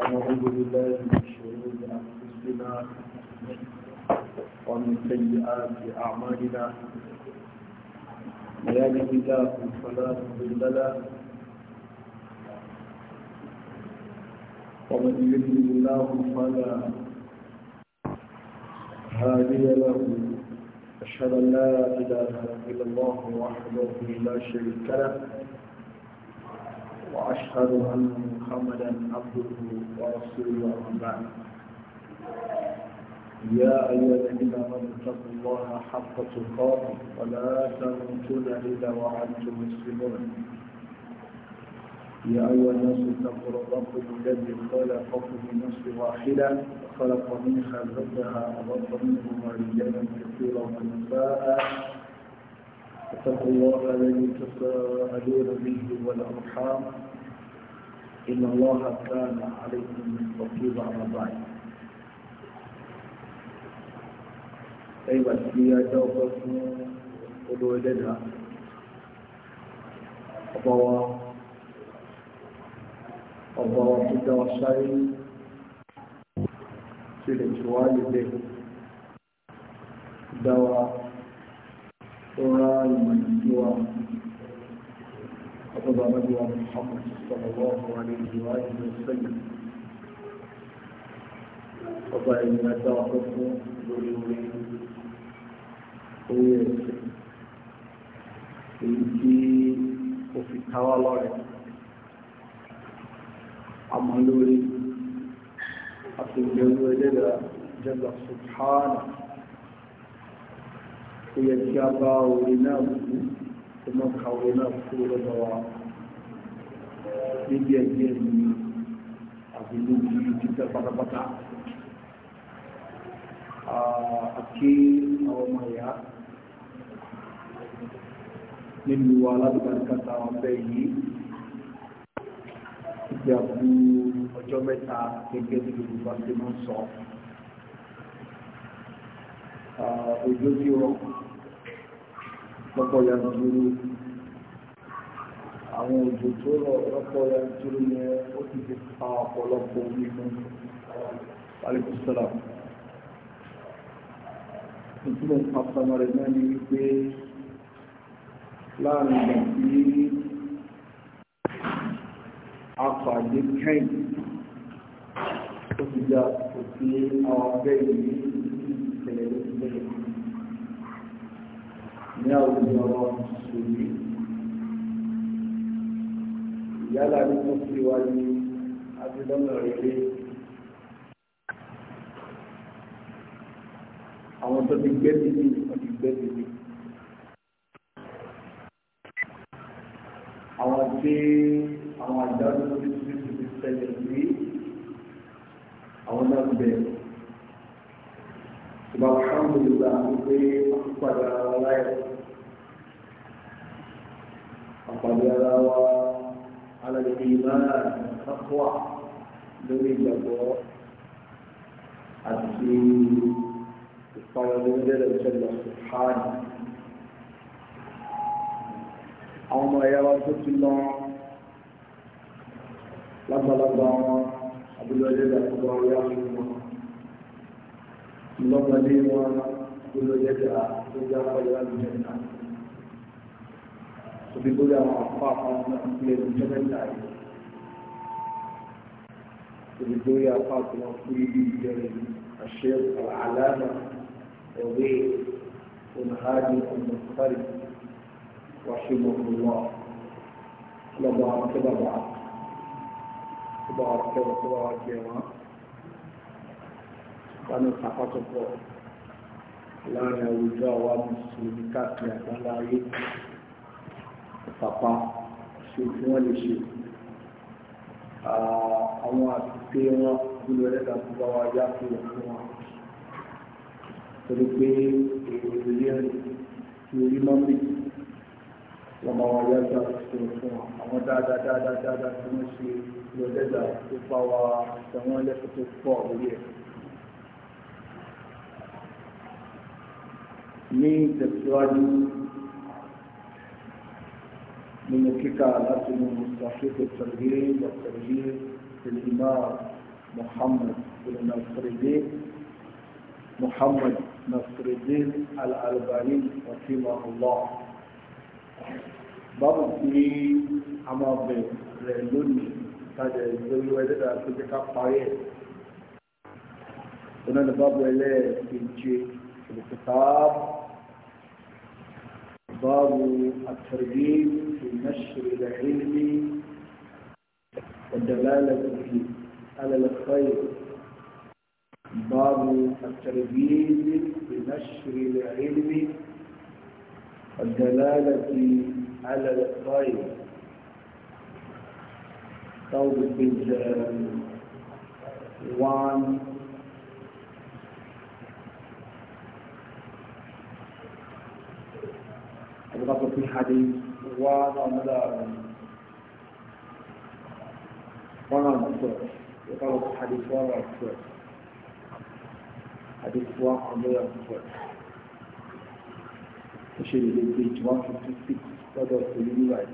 ونعوذ بالله من شرور أنفسنا ومن سيئات أعمالنا من يهده الله فلا مضل له ومن يضلل الله فلا هادي له أشهد أن لا إله إلا الله وحده لا شريك له وأشهد أن محمدا عبده ورسوله أما بعد يا أيها الذين آمنوا اتقوا الله حق تقاته ولا تموتن إلا وأنتم مسلمون يا أيها الناس اتقوا ربكم الذي خلقكم من نفس واحدة خلق منها زوجها وبط منهما رجالا كثيرا ونساء اتقوا الله الذي تساءلون به والأرحام إن الله كان عليكم رقيبا وبعد أيوة هي توقف ولولدها أبوا أبوا كده وشاي سيلة والده دواء قرآن من وقضى نبوة محمد صلى الله عليه وآله وسلم ọba ìrìnà dá ọkọ̀ fún lórí orí orí ẹ̀sẹ̀ èyí tí ó fi káwá lọ́rẹ̀ àmọ́ lórí àtòjẹ́rú ẹlẹ́dà jẹ́gbà sùpáànà ó yẹ kí a bá orí náà wù tó mọ́ kàwé náà kó lọ́dọ̀ wa níbi ẹgbẹ́ ní àbúrò yìí títẹ́ pátápátá àti àwọn ọmọ ìyá nínú wa alábùkátà ọ̀fẹ́ yìí ìgbà fún ọjọ́ mẹ́ta gẹ́gẹ́ bí Yorùbá ti máa sọ ojú tí ó rọ̀ lọ́pọ̀ yanturu àwọn òjò tó rọ̀ lọ́pọ̀ yanturu yẹn ó ti fi pa ọ̀pọ̀lọpọ̀ omi fún alẹ́kùsọ́là ìtumọ̀ pàtàkì rẹ̀ náà ni wípé láàrin ìgbà tí a pàdé kẹ́yìn ó ti jẹ́ àkókò àwọn abẹ́ ní àwùjọ mùsùlùmí yálà ní tó fi wá ní abidọ́nà rere àwọn tó ti gbé bíbí wọ́n ti gbé bíbí àwọn tí àwọn àjálù tó ti ti ti ṣẹlẹ̀ sí àwọn náà bẹ̀rẹ̀ ìbáwọ̀ sáwọn olùgbà wípé wọ́n padà láyé àpàdé ara wa alàgbé ìmáà àkọ́wà lórí ìgbàgbọ́ àti ìpàrọ̀lẹ́gbẹ̀rẹ̀ ìṣẹ̀lẹ̀ ṣùgbọ́n àwọn ọmọ ẹ̀yà wa tó ti lọ lágbàlagbà wọn abúlọ́lé àkọ́kọ́ orí àwọn ọmọ lọ́gbàlé wọn abúlọ́lé àkọ́kọ́ orí àwọn ọmọ وبكل أعطاها ومن في يد الجبل لا يدري وبالدنيا قاتل وفي بيجر الشرق العلامة وغير ومهادي المنفرد رحمه الله لبارك لبارك تبارك وتبارك يا رب سبحان الحقات الله لا نوجه ومسلمكات يا بلائي Papa, ṣe tí wọ́n lè ṣe àwọn àti wọn gbúdọ̀ ẹ̀dá tó bá wa yá sí ẹ̀fún wọn torí pé èrò ìrìn tí orí máa ń bì wọ́n máa wá yá sí ẹ̀fún wọn àwọn dáadáa dáadáa dáadáa tí wọ́n ṣe lọ́dẹ́dà tó bá wa tẹ̀wọ́n lẹ́sẹ̀ tó pọ̀ lórí ẹ̀. ní ìtẹ̀síwájú من الكتاب من تحقيق الترغيب والترهيب للإمام محمد بن نصر الدين محمد نصر الدين الألباني رحمه الله باب في a بين bẹ̀rẹ̀ قد lónìí tájà ìgbéyìí wẹ́ẹ́ dáadáa tó jẹ́ ká parí ẹ̀ باب الترغيب في نشر العلم ودلالته على الخير باب الترغيب في نشر العلم والدلالة على الخير توبة 1 الربط في الحديث ونعمل ونعمل الصوت يطلب الحديث ونعمل الصوت حديث ونعمل الصوت تشير إلى البيت 156 بدأ في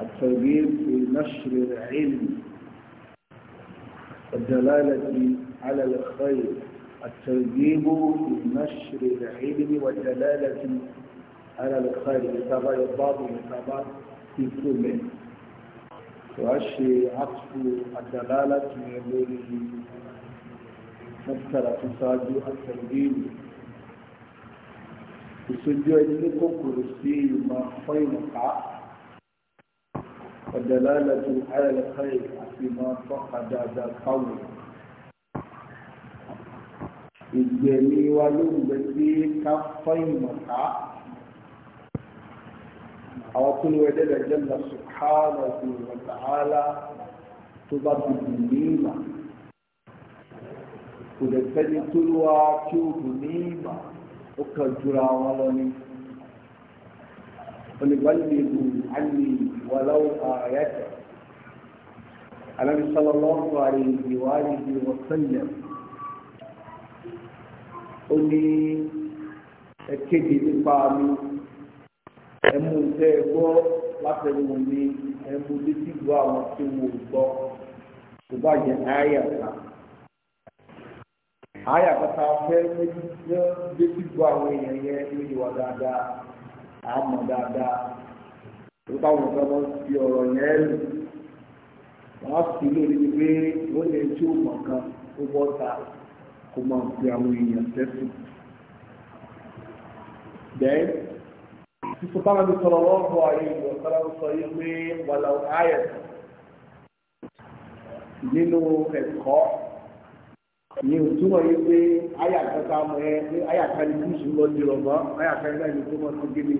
الترغيب في نشر العلم الدلالة على الخير الترغيب في نشر العلم والدلالة على الخير بتابع بعض ومتابع في كل من تؤشي عطف الدلالة من يقوله مبتلى تساجو الترغيب تسجو إنكم كرسي ما خينك والدلالة على الخير فيما فقد هذا القول ìgbẹ̀mí wa ló ń gbẹ sí ká fọ́ ìmọ̀ ká àwọn tó lè wẹ́dẹ́ lè jẹ́ lọ subhanahu wa ta'ala tó bá ti dùn ní ìmọ̀ kò lè fẹ́ni tó lù wá tí ó dùn ní ìmọ̀ ó kàn jura wọn lọ ní. onígbàlejò àlè wàláwò ààyè tẹ̀. alẹ́ sọ́lọ́lọ́ fún àlè ìwádìí wọ́n ó ní ẹ̀kéde nípa mi ẹ̀mú tẹ́ ẹ gbọ́ látẹnu mi ẹ̀mú létí gbọ́ àwọn tí mo gbọ́ kò bá yẹ àyà kan àyà kan tá a fẹ́ létí gbọ́ àwọn èèyàn yẹn ló yẹ wá dáadáa àmọ̀ dáadáa tó táwọn ọ̀gá wọn fi ọ̀rọ̀ yẹn lù wọ́n á sì lórí pé ó lè tí ó ó bọ́ ta kó máa fi àwọn èèyàn tẹ́sùn. Bẹ́ẹ̀ sísọ táwọn ẹbí sọ̀rọ̀ wọ́n bọ̀ ayé ìwọ̀ sára sọ yìí pé wàlà ayẹ̀ nínú ẹ̀kọ́ ní òtúmọ̀ yìí pé ayàkẹta mọ̀ ẹ́ pé ayàkẹta ní kúùsù lọ di rọ̀mọ́ ayàkẹta ní kó máa tó gé ní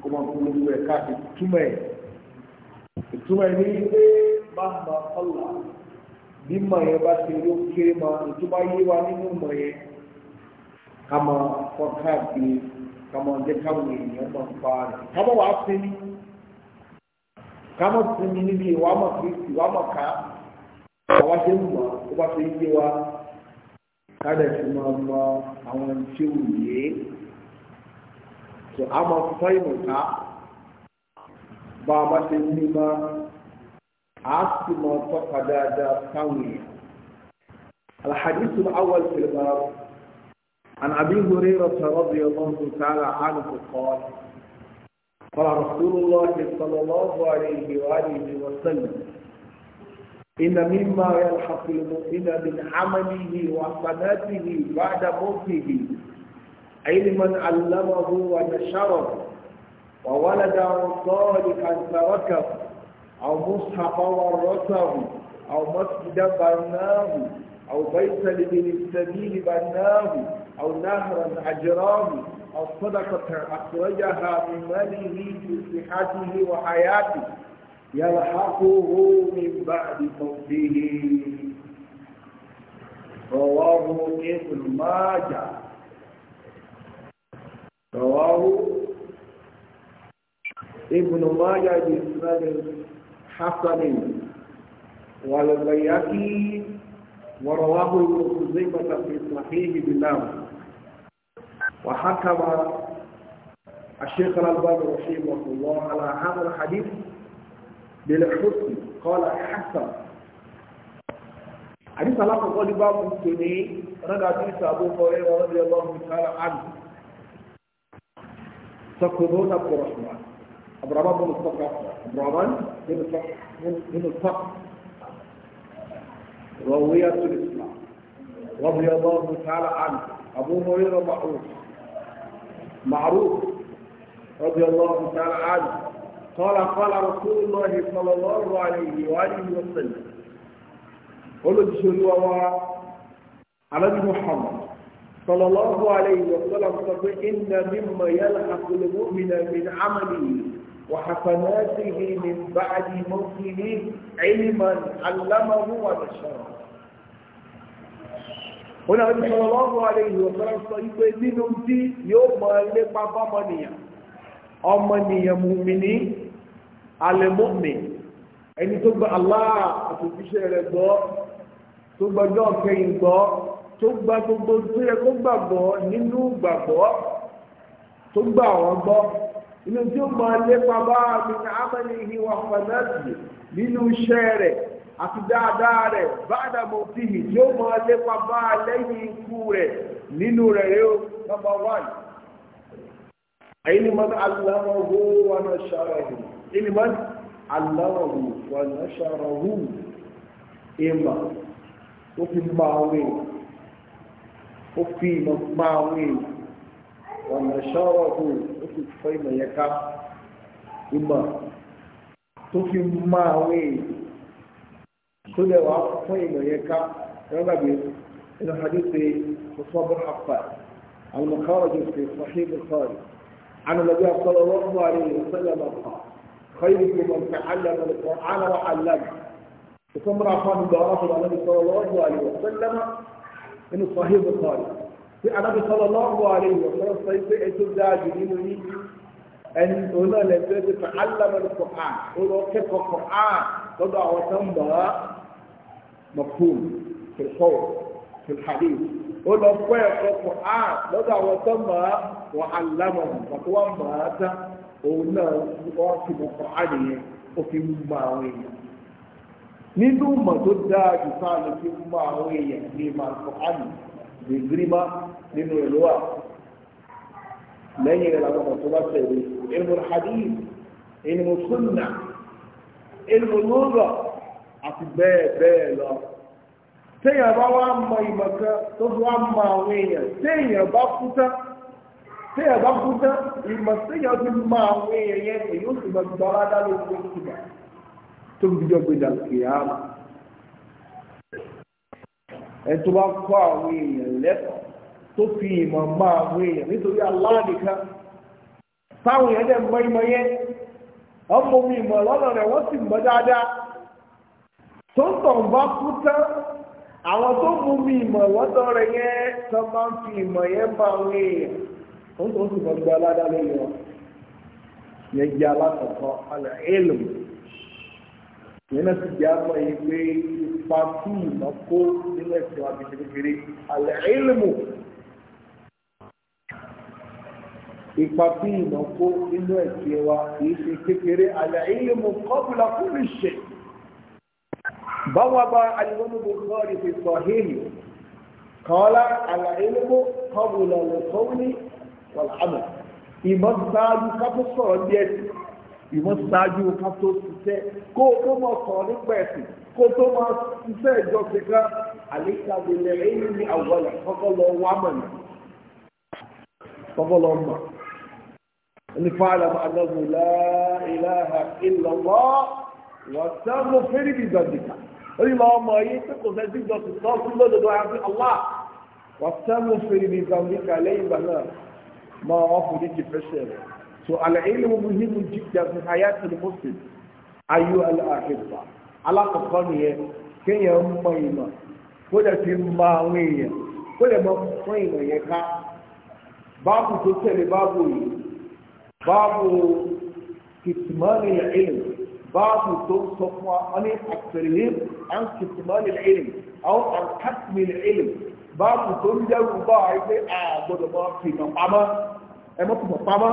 kó máa kó lóko ẹ̀ka ìtumọ̀ ẹ̀ ìtumọ̀ ẹ̀ ní pé bá ń bá ọ̀la bí mọ̀ yẹn bá ti rí ó kéré mọ ìtumọ̀ yé wa nínú mọ̀ yẹn ká mọ fọ́n káàkiri ká mọ jẹ́ káwọn èèyàn mọ̀ nípa rẹ̀ ká mọ̀ wá sinmi ká mọ̀ sinmi níbi ìwà mọ̀ kristi ìwà mọ̀ ká àwa ṣe ń mọ̀ ó bá ti ń yé wa ká dẹ̀ fi mọ̀ mọ àwọn tí ò yé so a mọ̀ fọ́ ìmọ̀ ká bá a bá ti ń ní mọ́. a sì máa tọ́ka الحديث الأول في الباب عن أبي هريرة رضي الله تعالى عنه قال قال رسول الله صلى الله عليه وآله وسلم إن مما يلحق المؤمن من عمله وصلاته بعد موته علما علمه ونشره وولد صالحا تركه أو مصحف ورثه أو مسجدا بناه أو بيتا لبن السبيل بناه أو نهرا أجراه أو صدقة أخرجها من ماله في صحته وحياته يلحقه من بعد موته رواه ابن ماجه رواه ابن ماجه بإسناد حسن والبياقي ورواه ابن خزيمة في صحيح بالله وحكم الشيخ الألباني رحمه الله على هذا الحديث بالحسن قال حسن حديث الله قال باب سني رد حديث أبو هريرة رضي الله تعالى عنه أبو الرحمن عبد من بن الصقر من الرحمن بن الصقر بن الصقر روية الإسلام رضي الله تعالى عنه أبو هريرة معروف معروف رضي الله تعالى عنه قال قال رسول الله صلى الله عليه وآله وسلم قل بشهدوا على محمد صلى الله عليه وسلم قال إن مما يلحق المؤمن من عمله وحسناته من بعد موته علما علمه ونشره هنا النبي صلى الله عليه وسلم sọ nínú tí yóò máa lépa bọ́mọnìyàn ọmọnìyàn mùmìnì alẹ́mọ́mì ẹni tó gba Allah àtòkíṣẹ́ rẹ̀ gbọ́ tó gbọ́jọ́ kẹyìn gbọ́ tó gba gbogbo tó yẹ kó gbàgbọ́ nínú gbàgbọ́ tó gbà wọ́n gbọ́ inú tí ó máa lépa bá mi ní amẹ́lẹ́hìn wà fẹ̀lẹ́sì nínú iṣẹ́ rẹ̀ àti dáadáa rẹ̀ báàdà mọ̀ tìhì tí ó máa lépa bá lẹ́yìn ikú rẹ̀ nínú rẹ̀ rẹ̀ ó nọ́mbà wán. Ilman alamahu wa nasharahu. Ilman alamahu wa nasharahu. Ìmọ̀ ó fi máa wé. Ó fi ìmọ̀ máa wé. Wa nasharahu. kọ́ ìmọ̀ yẹn ká ìmọ̀ tó fi mọ àwọn èèyàn tó lè wá fún ìmọ̀ yẹn ká ẹ̀rọ gbàgbé inú hadith ọ̀sán bọ́n àpá àwọn mọ̀káwájú ṣe sahih bukhari عن النبي صلى الله عليه وسلم قال خيركم من تعلم القرآن وعلمه ثم رأى النبي صلى الله عليه وسلم إنه صحيح البخاري tí anábì sọ́lọ́ lọ́wọ́ ààrẹ ìwọ̀n sọ pé ètò dáàbì nínú yín ẹni òun náà lè fẹ́ pé alámọ̀lù kọ̀ọ̀án ó lọ kẹ́kọ̀ọ́ kọ̀ọ̀án lọ́dọ̀ àwọn tó ń bọ̀ á mọ̀kùn kìlkọ́ kìlkàdé ó lọ kọ́ ẹ̀kọ́ kọ̀ọ̀án lọ́dọ̀ àwọn tó ń bọ̀ á wọ́n alámọ̀lù bàtú wọn bọ̀ á tán òun náà wọ́n ti mọ̀ kọ̀ọ̀án yẹn ó fi ń gbà àwọn èèyàn nínú mọ̀ tó dáa jù fáwọn ti ń gbà àwọn èèyàn ní ìmọ̀ àlùkò dìgírímà nínú ìlú wa lẹ́yìn rẹ̀ làwọn ọmọ tó bá tẹ̀lé ilmu hadith ilmu sunna ilmu lóòrọ̀ àti bẹ́ẹ̀ bẹ́ẹ̀ lọ téèyàn bá wá mọ ìmọ̀ kan tó fi wá mọ àwọn èèyàn téèyàn bá kú tán téèyàn bá kú ìmọ̀ téèyàn fi mọ àwọn èèyàn yẹn èyí ó sì mọ gbọ́ládá lórí tó ti mọ̀ tó fi jọ gbé dàgbé àmọ́. ẹni tó bá kọ́ àwọn èèyàn lẹ́kọ̀ọ́ tó fi ìmọ̀ mọ́ àwọn èèyàn nítorí aláàdìkan táwọn èèyàn dẹ̀ mọ ìmọ̀ yẹn ọmọ mi ìmọ̀ lọ́nà rẹ̀ wọ́n sì mọ̀ dáadáa tó ń tàn bá kú tán àwọn tó mú mi ìmọ̀ lọ́dọ̀ rẹ̀ yẹn tó máa ń fi ìmọ̀ yẹn àwọn èèyàn tó ń aládàá wọn yẹn jẹ́ alákọ̀ọ́kọ́ alẹ́ ìyẹn náà sì jẹ́ àmọ́ yìí pé ipa tí ìmọ̀ kó nínú ẹ̀sìn àbíjì kékeré alẹ́ ìlmù ipa tí ìmọ̀ kó nínú ẹ̀sìn wa kìí ṣe kékeré alẹ́ ìlmù kọ́bùlà fún mi ṣe. báwa bá alìmọ́nù bukari fi sọ hìlì kọ́lá alẹ́ ìlmù kọ́bùlà lẹ́kọ́ọ́lì wàlámù ìmọ̀ sáájú ká tó sọ̀rọ̀ díẹ̀ ìmọ̀ sáájú ká tó sọ iṣẹ́ kó o tó mọ̀ sàn nípa ẹ̀sìn kó o tó mọ̀ iṣẹ́ ìjọsìn kan àlékàgbé lẹ́rẹ́ yìí ní àwọlẹ̀ kọ́kọ́ lọ wá mọ̀ ní kọ́kọ́ lọ mọ̀ ní fàlà àdàbò láìláha ìlọ́wọ́ wọ́n sábò fẹ́rí ìjọsìnkà orí lọ́wọ́ mọ̀ yìí pé kò fẹ́ sí ìjọsìn tó kú lódodo àti Allah wọ́n sábò fẹ́rí ìjọsìnkà lẹ́yìn ìgbà náà fún ní kìfẹ́ṣẹ̀ rẹ̀ so àlẹ́ ìlú muhimu jìkìyà fún hayat al-muslim ayú aláàfíìfà alákọ̀ọ́kọ́ nìyẹn kéèyàn ń mọ ìmọ̀ kó lè fi mọ àwọn èèyàn kó lè mọ fún ìmọ̀ yẹn ká báàbù tó tẹ̀lé báàbù yìí báàbù kìtìmọ́nì ìlú báàbù tó sọ fún wa wọn ní àtẹ̀lé àwọn kìtìmọ́nì ìlú àwọn àkàtìmì ìlú tó ń dẹ́rù bá wa pé àgbọ̀dọ̀ mọ́ fìmọ̀ pamọ́ ẹ mọ́ fìmọ̀ pamọ́.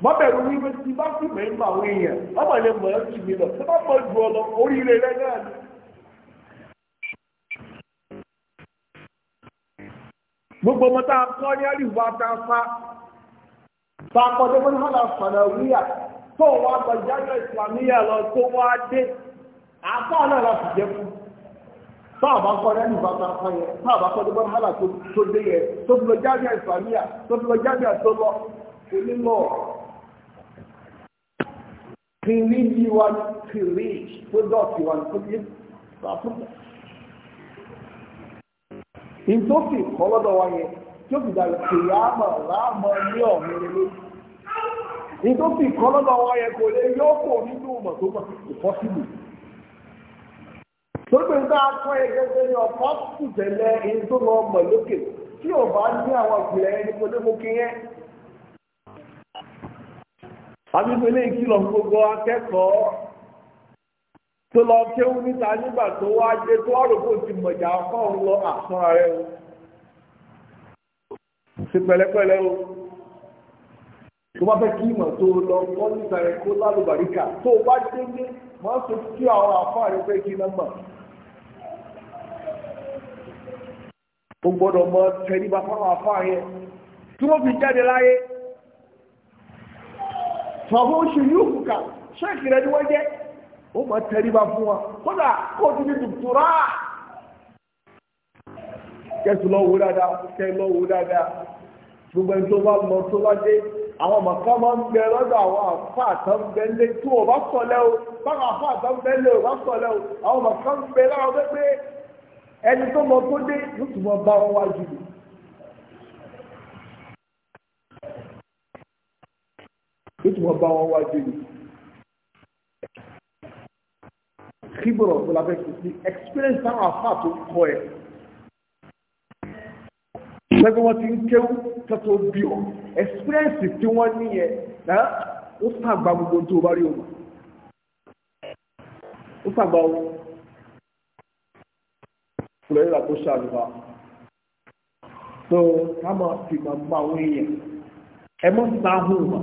má bẹ̀rù wípé tí bá sì mẹ́ mọ àwọn èèyàn ọmọ ilé mọ̀ ẹ́ jù mí lọ tí bá mọ̀ jù ọ lọ oríire rẹ náà ni. gbogbo ọmọ tá a kọ́ ní àríwá tá a fa tá a kọ́ tó fún hàlà fàlàwíyà tó wà gbàjáde ìsìlámíyà lọ tó wá dé àáfàá náà la sì jẹ́ fún sáàbà kọ́ra ẹni bàbá kan yẹn sáàbà kọ́ débọ́n hàlà tó dé yẹn tó fi lọ jáde ìsìlámíyà tó fi lọ jáde àtọ́lọ́ onímọ̀ kìrìjì wa kìrìjì tó dọ̀tí wa tó yé sàfúnà ìtòsí kọ́lọ́dọ̀ wa yẹn tí ó fi dàrú kìyàmọ̀ láàmọ̀ ní ọ̀mí lélẹ́ ìtòsí kọ́lọ́dọ̀ wa yẹn kò lè yọ kó nínú ọmọ tó bá ìfọ́sílù tó gbé nǹkan akọ yẹn gẹ́gẹ́ ní ọ̀pọ̀ tùtẹ̀lẹ̀ ẹni tó lọ mọ̀ lókè tí ò bá ní àwọn ìpìlẹ̀ ẹni kò lè mú kí yẹn àbíbélé ìkìlọ̀ gbogbo akẹ́kọ̀ọ́ tó lọ kéwú níta nígbà tó wá dé tó wá rògbò ti mọ̀jà fọ́ọ̀n lọ àfúnra rẹ o ṣe pẹ̀lẹ́pẹ̀lẹ́ o tó bá fẹ́ kí ìmọ̀ tó lọ kọ́ níta rẹ kó lálùbáríkà tó bá dé ní máa ń kí àwọn àfáà rẹ fẹ́ kí nọ́mbà. ó gbọ́dọ̀ mọ tẹríba fáwọn àfáà yẹn tí wọ́n fi jáde láyé fàwọn oṣù yóò kúkà ṣéèkì rẹ ni wọ́n jẹ́ ó mọ̀ tẹríba fún wa kódà kóòtù ní dùkúrà kẹsù lọ wò dáadáa kẹ lọ wò dáadáa gbogbo ẹni tó bá lọ tó bá dé àwọn màkà máa ń bẹ lọ́dọ̀ àwọn àfa àtàǹbẹ̀ lé tó o bá sọlẹ̀ o báwọn àfa àtàǹbẹ̀ lé o bá sọlẹ̀ o àwọn màkà ń bẹ láwọn pé pé ẹni tó mọ tó dé yóò tún mọ bá wọn wájú mi. ó tún wọn bá wọn wájú yìí kíbọ̀rọ̀ tó la fẹ́ kí sí experience táwọn afá tó kọ ẹ̀ lẹ́gbẹ́ wọn ti ń kéwú tọ́tọ́ bí ọ experience tí wọ́n ní yẹn náà ó sàgbà gbogbo tó o bá rí o ó sàgbà o fúlẹ́rì àti ṣàlùfà tó ká máa fi máa bá àwọn èèyàn ẹ mọ́ sáà hùwà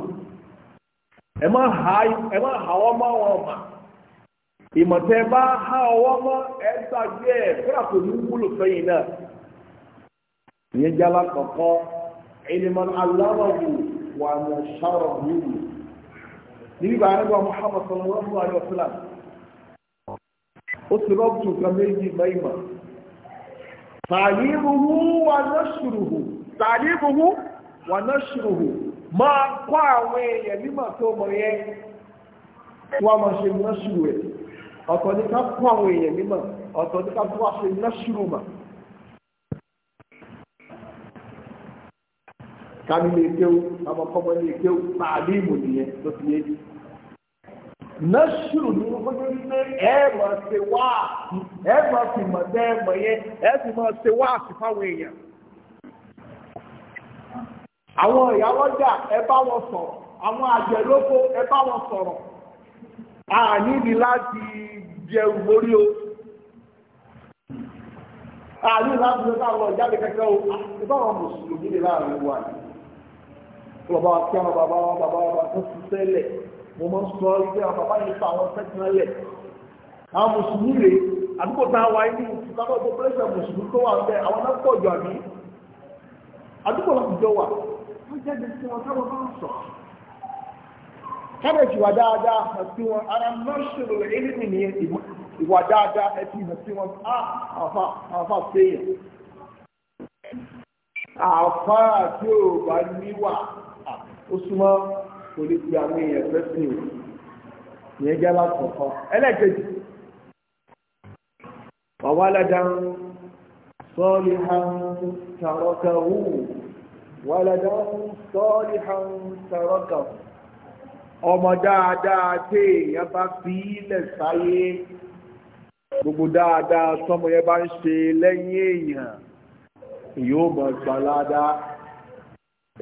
ẹ má ha ọwọ́ mọ́ àwọn ọmọ ìmọ̀tẹ́ bá ha ọwọ́ mọ́ ẹ gbàgbé ẹ̀ kúrò kò ní wúlò fẹ́yìn náà ìyẹn jálá kọ̀ọ̀kọ́ ìnìmọ̀ aláwọ̀wò wà mọ̀ sọ̀rọ̀ yìí níbi bá nígbà Muhammad sallallahu alaihi wa sallam ó ti rọ́pù nǹkan méjì mẹ́ìmọ̀ tàlíbùhù wà náṣùrùhù tàlíbùhù wà náṣùrùhù máa kọ́ àwọn èèyàn mímọ̀ tó mọ̀ yẹn wọ́n máa ṣe nọ́ṣù rẹ̀ ọ̀tọ̀ ní ká kọ́ àwọn èèyàn mímọ̀ ọ̀tọ̀ ní ká tó wá ṣe nọ́ṣù mà. kámi lè kéwú àwọn ọkọ̀ lè kéwú tààlí ìmọ̀ nìyẹn ló ti yé nọ́ṣù ni wọ́n kọ́jú pé ẹ máa ṣe wá ẹ máa fi mọ̀ tẹ́ ẹ mọ̀ yẹn ẹ sì máa ṣe wá àti èèyàn. àwọn ìyálọ́jà ẹ bá wọn sọ̀rọ̀ àwọn àjẹlóko ẹ bá wọn sọ̀rọ̀ àníbi láti jẹun lórí o láti lọ sáwọn ìjáde o mùsùlùmí ni láàrin wa ni kí àwọn bàbá bàbá tó ti mo máa ń sọ àwọn bàbá yìí fa àwọn àwọn mùsùlùmí àdúgbò tá a wà ní ìfúkàbọ̀ tó pẹ́lẹ́sẹ̀ mùsùlùmí tó wà àwọn náà wọ́n jáde sí wọn táwọn bá ń sọ. kábẹ̀jì wà dáadáa hàn sí wọn ara mọ́ṣúrù ìlímì ní ìwà dáadáa ẹ fi hàn sí wọn á ah, àfa àfa séyà. àfa àti níwà ó súnmọ́ kò àwọn èèyàn fẹ́ sí o ìyẹn jẹ́ alákọ̀ọ́kọ́ ẹlẹ́ẹ̀kejì wàwáládàá sọ́ọ́lì hàn tàrọ́kà wù wàlàdà sọ́ọ̀lìhà sọ̀rọ̀kà ọmọ dáadáa tí èèyàn bá fi ilẹ̀ sáyé gbogbo dáadáa sọmọ yẹn bá ń ṣe lẹ́yìn èèyàn yóò mọ̀ gbàládá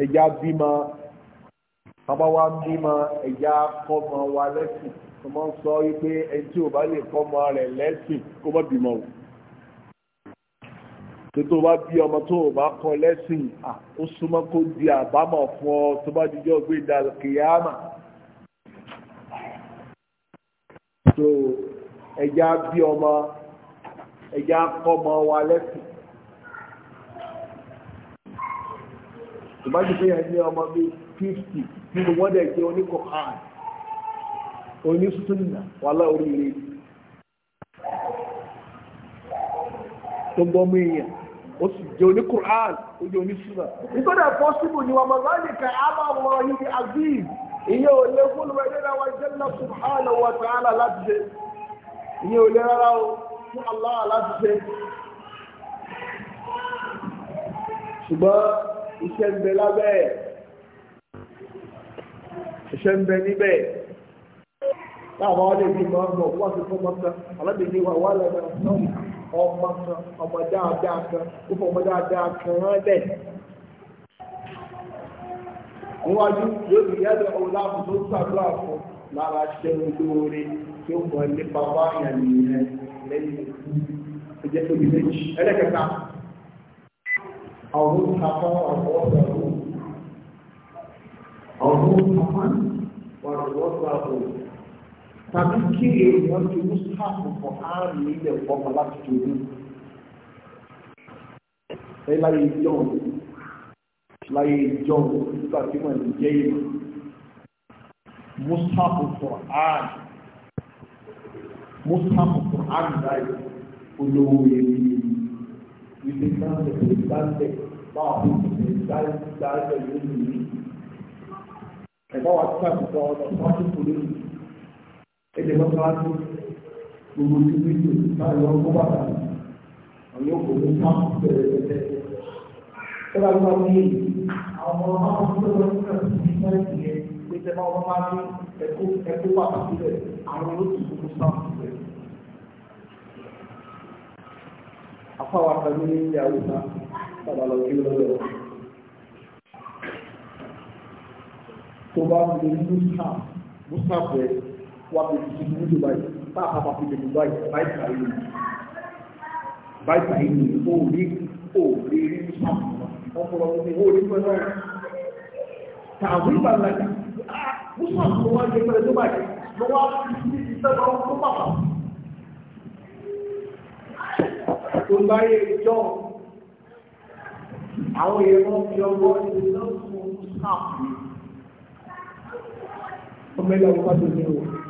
ẹja bímọ bàbá wa ń bímọ ẹja kọ́mọ wa lẹ́sìn ọmọ sọ wípé ẹni tí ò bá lè kọ́mọ rẹ̀ lẹ́sìn kó má bímọ o tó bá bí ọmọ tó bá kọ lẹ́sìn ó súnmọ́ kó di àbámọ̀ fún ọ tó bá dijọ́ gbé da kìyàmà so ẹja bí ọmọ ẹja kọ́mọ wa lẹ́sìn tó bá ti fẹ́yà ní ọmọ bíi fifty nínú wọ́n dẹ̀ jẹ́ oníkọ̀ọ́hàn onísùnà wàhálà oríire gbogbo ọmọ èèyàn ó sì jẹ́ oní Qur'an ó jẹ́ oní Sunnah. nítorí ẹ̀fọ́ síbò ni wàá máa ní ká aláwọ̀ ibi azeez ìyẹn ò lè fún ìwé nílẹ̀ wa jalla subhanahu wa ta'ala láti ṣe ìyẹn ò lè rárá o fún Allah láti ṣe. ṣùgbọ́n iṣẹ́ ń bẹ lábẹ́ ẹ̀ iṣẹ́ ń bẹ níbẹ̀ láwọn ọdẹ bíi máa ń bọ̀ wọ́n ti fọ́ mọ́ta alábìíní wa wà lẹ́nu náà ọmọ kan ọmọ dáadáa kan ó fọ ọmọ dáadáa kan rán lẹ̀. níwájú yóò fi yẹ́dọ̀ ọ̀la tó sàdúrà fún lára ṣe olóore tí ó mọ̀ nípa báyà nìyẹn lẹ́yìn ìjẹ́ tóbi méjì ẹlẹ́kẹta àwọn olùkàkọ́ ọ̀rọ̀ ọ̀rọ̀ ọ̀rọ̀ ọ̀rọ̀ ọ̀rọ̀ tàbí kí èèyàn ti mú sáàpù pọ̀ áàrùn ilẹ̀ ọmọ láti jòlú ẹ láyé john láyé john nígbà tí wọ́n ti jẹ́ ìmọ̀ mú sáàpù pọ̀ áàrùn mú sáàpù pọ̀ áàrùn láyé olówó èmi ìdí náà lè fi gbáǹdẹ̀ báwọn fi lè gbáǹdẹ̀ lónìí ẹ̀dá wa ti sáàpù pọ̀ ọ̀dọ̀ fún àtúntò lónìí ẹ̀jẹ̀ lọ́sọ á tó gbogbo tí wí tó báyìí lọ kó bàtà àwọn yóò kó ní pàm bẹ̀rẹ̀ bẹ̀rẹ̀. Tọ́lá ló wá ní àwọn ọmọ máa ń tó lọ sí ẹ̀sìn ní sáyẹ̀sì yẹn pé tẹ máa wọ́n máa ní ẹ̀kọ́ ẹ̀kọ́ bàtà sílẹ̀ àwọn yóò tún kó bá ń lo ní Mùsùlùmí, Mùsùlùmí wà pé tuntun ní ìlú bá a pàpà fi lè lù báyìí báyìí sàrí ni báyìí sàrí ni ó rí ó rí rí sàmùlọ ọpọlọ ní ó rí pẹ́ náà tààwí bàlá ní mùsùlùmí tó wá jẹ pẹ́rẹ́ tó bàjẹ́ ló wá fi sí iṣẹ́ lọ tó pàpà. tó ń báyé ìjọ àwọn èèyàn fi ọgbọ́n ìlú náà fún mùsùlùmí. ọmọ ẹgbẹ́ ọgbọ́n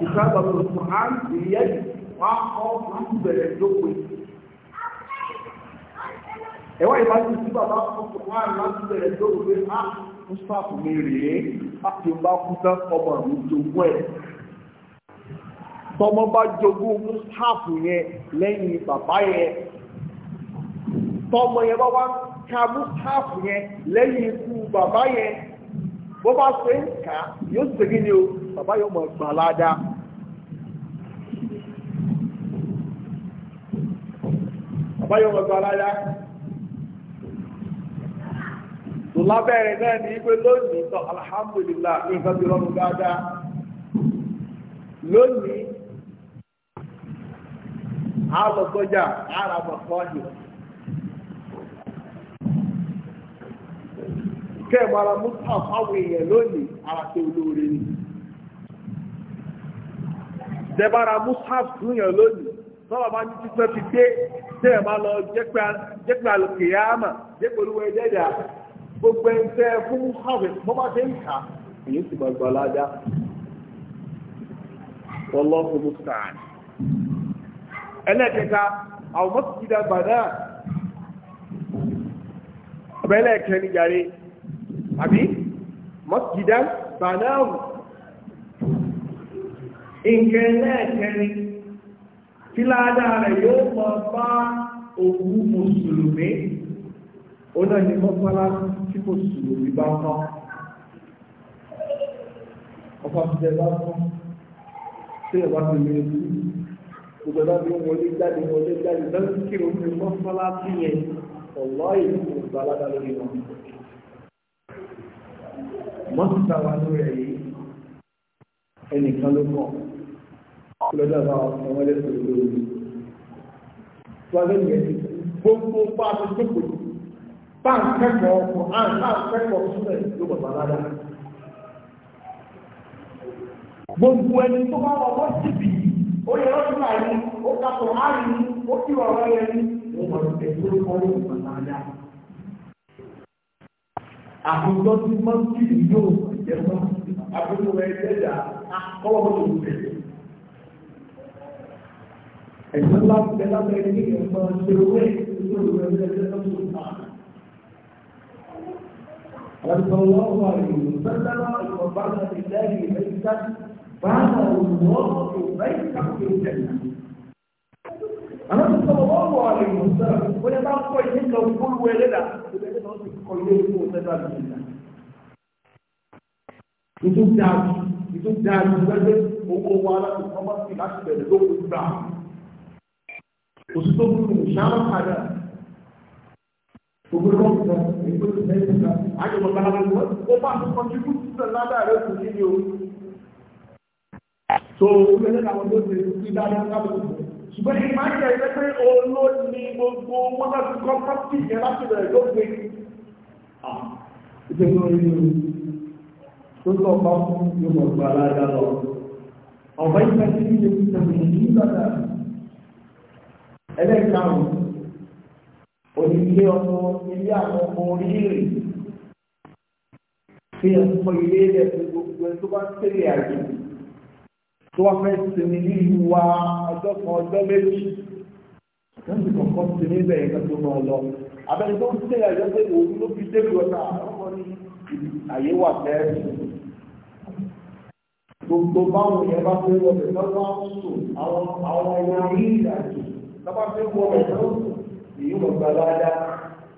كتاب القرآن بيد وقف عن بلدوه ẹwà ìbájú tí bàbá ọkọ̀ wà láti bẹ̀rẹ̀ lóòrò pé a ń sáàpù mi rèé láti bá kú tán ọmọ mi jogún ẹ̀ tọmọ bá jogún mú sáàpù yẹn lẹ́yìn bó bá ṣe ń kà á yóò ṣe kí ni o bàbá yóò mọ̀ gbà ládàá. bàbá yóò mọ̀ gbà ládàá. tó lábẹ́rẹ̀ náà ní pé lónìí tán alhamdulillah ní nǹkan ti rọrùn dáadáa. lónìí a lọ sọ́jà ara kẹ́ẹ̀mọ́ ara mustaf àwọn èèyàn lónìí ara tó olóore ni dẹ̀bára mustaf túnyàn lónìí sọ́wọ́ bá ní títọ́ ti dé tẹ́ẹ̀mọ́ lọ jẹ́pẹ́ alùkìyàmà jẹ́pẹ́ olúwa ẹ̀dẹ́dà gbogbo ẹ̀ńtẹ́ fún mustaf bọ́ bá dé ìka èyí sì máa gbọ́ ládá wallahu musta'an ẹlẹ́kẹta àwọn mọ́sídìdà gbàdá ọbẹ̀ ẹlẹ́kẹ́ ní yàrá àbí masjidan banahu nǹkan lẹ́ẹ̀kẹrin tí ládàá rẹ̀ yóò mọ bá òkú mùsùlùmí ó náà ní mọ́sálásí tí mùsùlùmí bá kọ́ ọkọ̀ àtijọ́ bá kọ́ tí ìwà ti lè rí gbogbo ẹ̀dá bí wọlé jáde wọlé jáde lọ́sí kí mọ́sítà wà lórí ẹ̀ yìí ẹnìkan ló mọ̀ lọ́jọ́ bá ọmọ ẹlẹ́sìn olóòrùn wọ́n lé gbogbo bá mi jókòó bá ń kẹ́kọ̀ọ́ ọkọ̀ á ń bá ń kẹ́kọ̀ọ́ sílẹ̀ ló bàbá ládá gbogbo ẹni tó bá wọ bọ́sì bì í ó yẹ ọdún láyé ó kàtó áyì ó kí ọ̀rọ̀ yẹn ní ìwọ̀n ẹ̀dúró kọ́ ló bàbá ládá àkójọ tí mọ́sílì yóò jẹ́ mọ́sílì àkójọ ẹgbẹ́dà ah, kọ́wọ́ tó tẹ̀. ẹ̀sán bá ti bẹ́ẹ̀ lábẹ́ ní ìmọ̀ ṣe owó ìṣòro rẹ̀ ní ẹgbẹ́ tó tó tà. Àlùfáà wọ́n wà nínú sẹ́sẹ́lá ìfọ̀bá náà ti lẹ́yìn ìrẹsì sáà bá àwọn olùwọ́ òfin rẹ̀ ìtàkùn ìjẹ̀lá àwọn tó sọ wọn wọ àlè ìwò sọ̀rọ̀ wọn yẹ bá kọ ìdí nǹkan olúwo ẹlẹ́dà ìbẹ̀ ẹ̀dá wọn ti kọ ilé ìwò sẹ́dá àti ìlà. ìtú dáàbì ìtú dáàbì gbẹ́gbẹ́ owó wa láti kọ́mọ́ sí láti bẹ̀rẹ̀ lóko gbà. òtútù gbúdú ìṣàmọ́ padà gbogbo ẹ̀rọ kan ègbè ẹ̀sìn kan àjọpọ̀ balaba wọn ó bá tó kọjú sílẹ̀ ládàá rẹ̀ kù sí ni o. so ìgbẹ́lẹ́ làwọn tó ṣùgbọ́n ìgbà jẹ́ ẹgbẹ́ pé olóòní gbogbo wọn bá ti kọ́ pọ́pì yẹn láti bẹ̀rẹ̀ ló gbé ìgbésẹ̀ orí ni tó sọ ọba fún yóò mọ̀ gba aláàdá lọ ọba yìí fẹ́ sí ní ìlú tẹ̀lé ní ìlànà ẹlẹ́ẹ̀kanù onílé ọmọ ilé àwọn ọmọ orílẹ̀ fi ẹ̀kọ́ ilé rẹ̀ gbogbo ẹ̀ tó bá ń tẹ̀lé àjò tó wá fẹ́ sinmi ní ìlú wa ọjọ́ kan ọjọ́ méjì wọ́n ti kọ̀ọ̀kan sinmi bẹ́ẹ̀ ká tó máa lọ abẹ́rẹ́ tó ń tẹ̀ ẹ̀yọ́ pé òun ló fi dé lọ náà ọmọ ní àyè wà bẹ́ẹ̀ gbogbo báwọn yẹn bá fẹ́ wọ bẹ̀ lọ́wọ́ àwọn sùn àwọn àwọn ẹ̀yà rí ìdájọ́ lọ́wọ́ fẹ́ wọ bẹ̀ lọ́wọ́ sùn èyí wọ̀ gbalada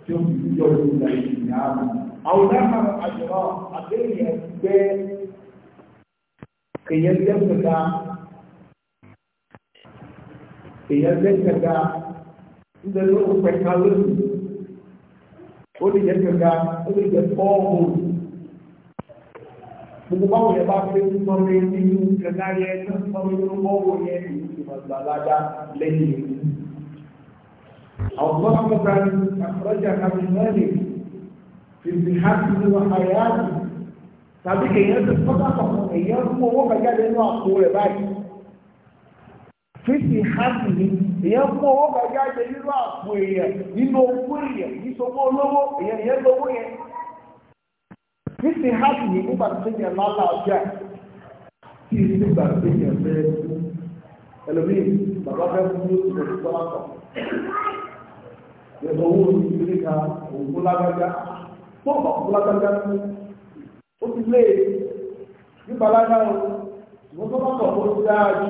tí ó fi jọ ìlú ìlànà ìyá àwọn náà èèyàn lẹ́sẹ̀ká èèyàn lẹ́sẹ̀ká nítorí ó pẹ̀ka lónìí ó lè jẹ́ pẹ̀ka ó lè jẹ́ fọ́ọ̀mù gbogbo báwo yẹn bá fẹ́ fún ọmọ ẹni ní kẹta yẹn tó ń sọ wípé fọ́ọ̀mù yẹn ní ìfọ̀gbà ládá lẹ́yìn ìlú. àwọn tó ń bá ń bá ń àkọ́jà kàmí mẹ́rin fìdí hàkì ní wàhálà tàbí kèèyàn ti sọ́dọ̀ àkọ́kọ́ èèyàn mú owó kàjáde nínú àpò rẹ̀ báyìí fífi hàmì ni èèyàn mú owó kàjáde nínú àpò èèyàn nínú owó èèyàn ní olówó èèyàn yẹn lówó yẹn fífi hàmì ni nígbà tó yẹn lálá ọjà kí ní nígbà tó yẹn bẹ́ẹ̀ ẹlòmíì bàbá fẹ́ mú ní oṣù tó sọ́dọ̀ àkọ́ owó ìdílé ka òun kó lágbájá tó bá kó lágbájá tó ó ti lé nípa e. lágbára ìwọ́n tó bá kọ̀ ó ti dáa jù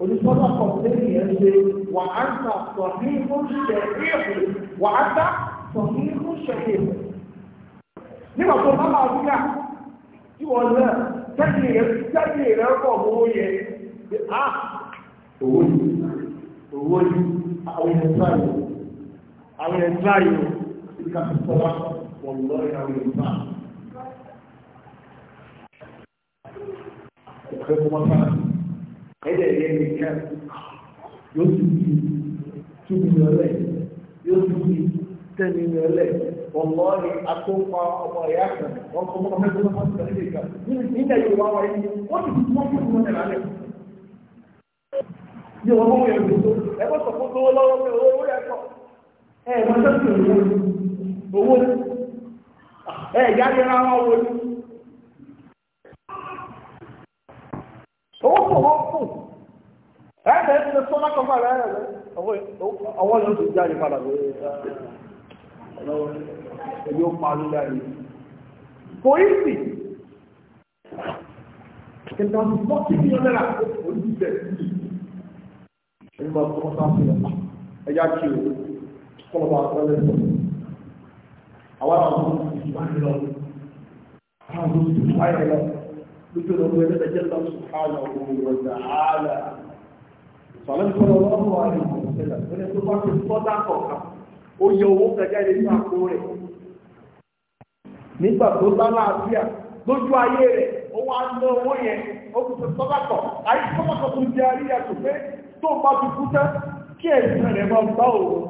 onísọ́nà kan lẹ́yìn yẹn ṣe wà á ń ta sọ̀hí ó ń ṣe éèkù wà á dá sọ̀hí ó ń ṣe éèkù. nígbà tó bá máa wúyà tí wọ́n lẹ̀ tẹ́lẹ̀ rẹ̀ tẹ́lẹ̀ rẹ̀ pọ̀ mọ́ yẹ pé á ah, owó yìí owó yìí àwọn èèyàn tíra yìí àwọn èèyàn tíra yìí ó ti ká fi sọ́wọ́ wọ́n lọ́ọ́ yà wọ́n yìí báyìí. ọ̀fẹ́ kó wọ́n sára ẹ̀dẹ̀ yẹn ní ká yóò tún di two million lẹ̀ yóò tún di ten million lẹ̀ ọ̀pọ̀ ni akópa ọmọ ẹ̀yà kan wọ́n kọ́ ọmọ ẹgbẹ́ wọn sọ̀rọ̀ ẹ̀dẹ̀ kan nígbà yóò wá wáyé wọ́n ti tún wọ́n fún wọn lẹ̀ ní wọn mọ̀ yẹn gbogbo ẹgbẹ́ sọ fún gbogbo lọ́wọ́ pé owó yẹn kọ̀ ẹ̀ wọ́n sọ̀rọ̀ owó ẹ̀ yára wọn wọlé. kù ti sọ lákọ̀ fàrà ẹ̀rẹ̀ rẹ̀ ọwọ́ yóò ti jáde padà lórí ẹ̀yí ó pa lórí ayé kò í sì ìgbà tó ti bí ọlẹ́ra olùdíjẹ ìgbà tó ẹ̀yà kí o لكن هو يتجلى سبحانه وتعالى صلى الله عليه وسلم من يتبقى الصدقة ó yọ owó kẹjáde nínú àpò rẹ̀ nígbà tó bá láàbíà lójú ayé rẹ̀ ó wá ń lọ owó yẹn ó kò fẹ́ sọ́bàtọ̀ àyè sọ́bàtọ̀ tó di àríyá tó pé tó bá ti kú tán kí ẹ̀sìn rẹ̀ máa bá òun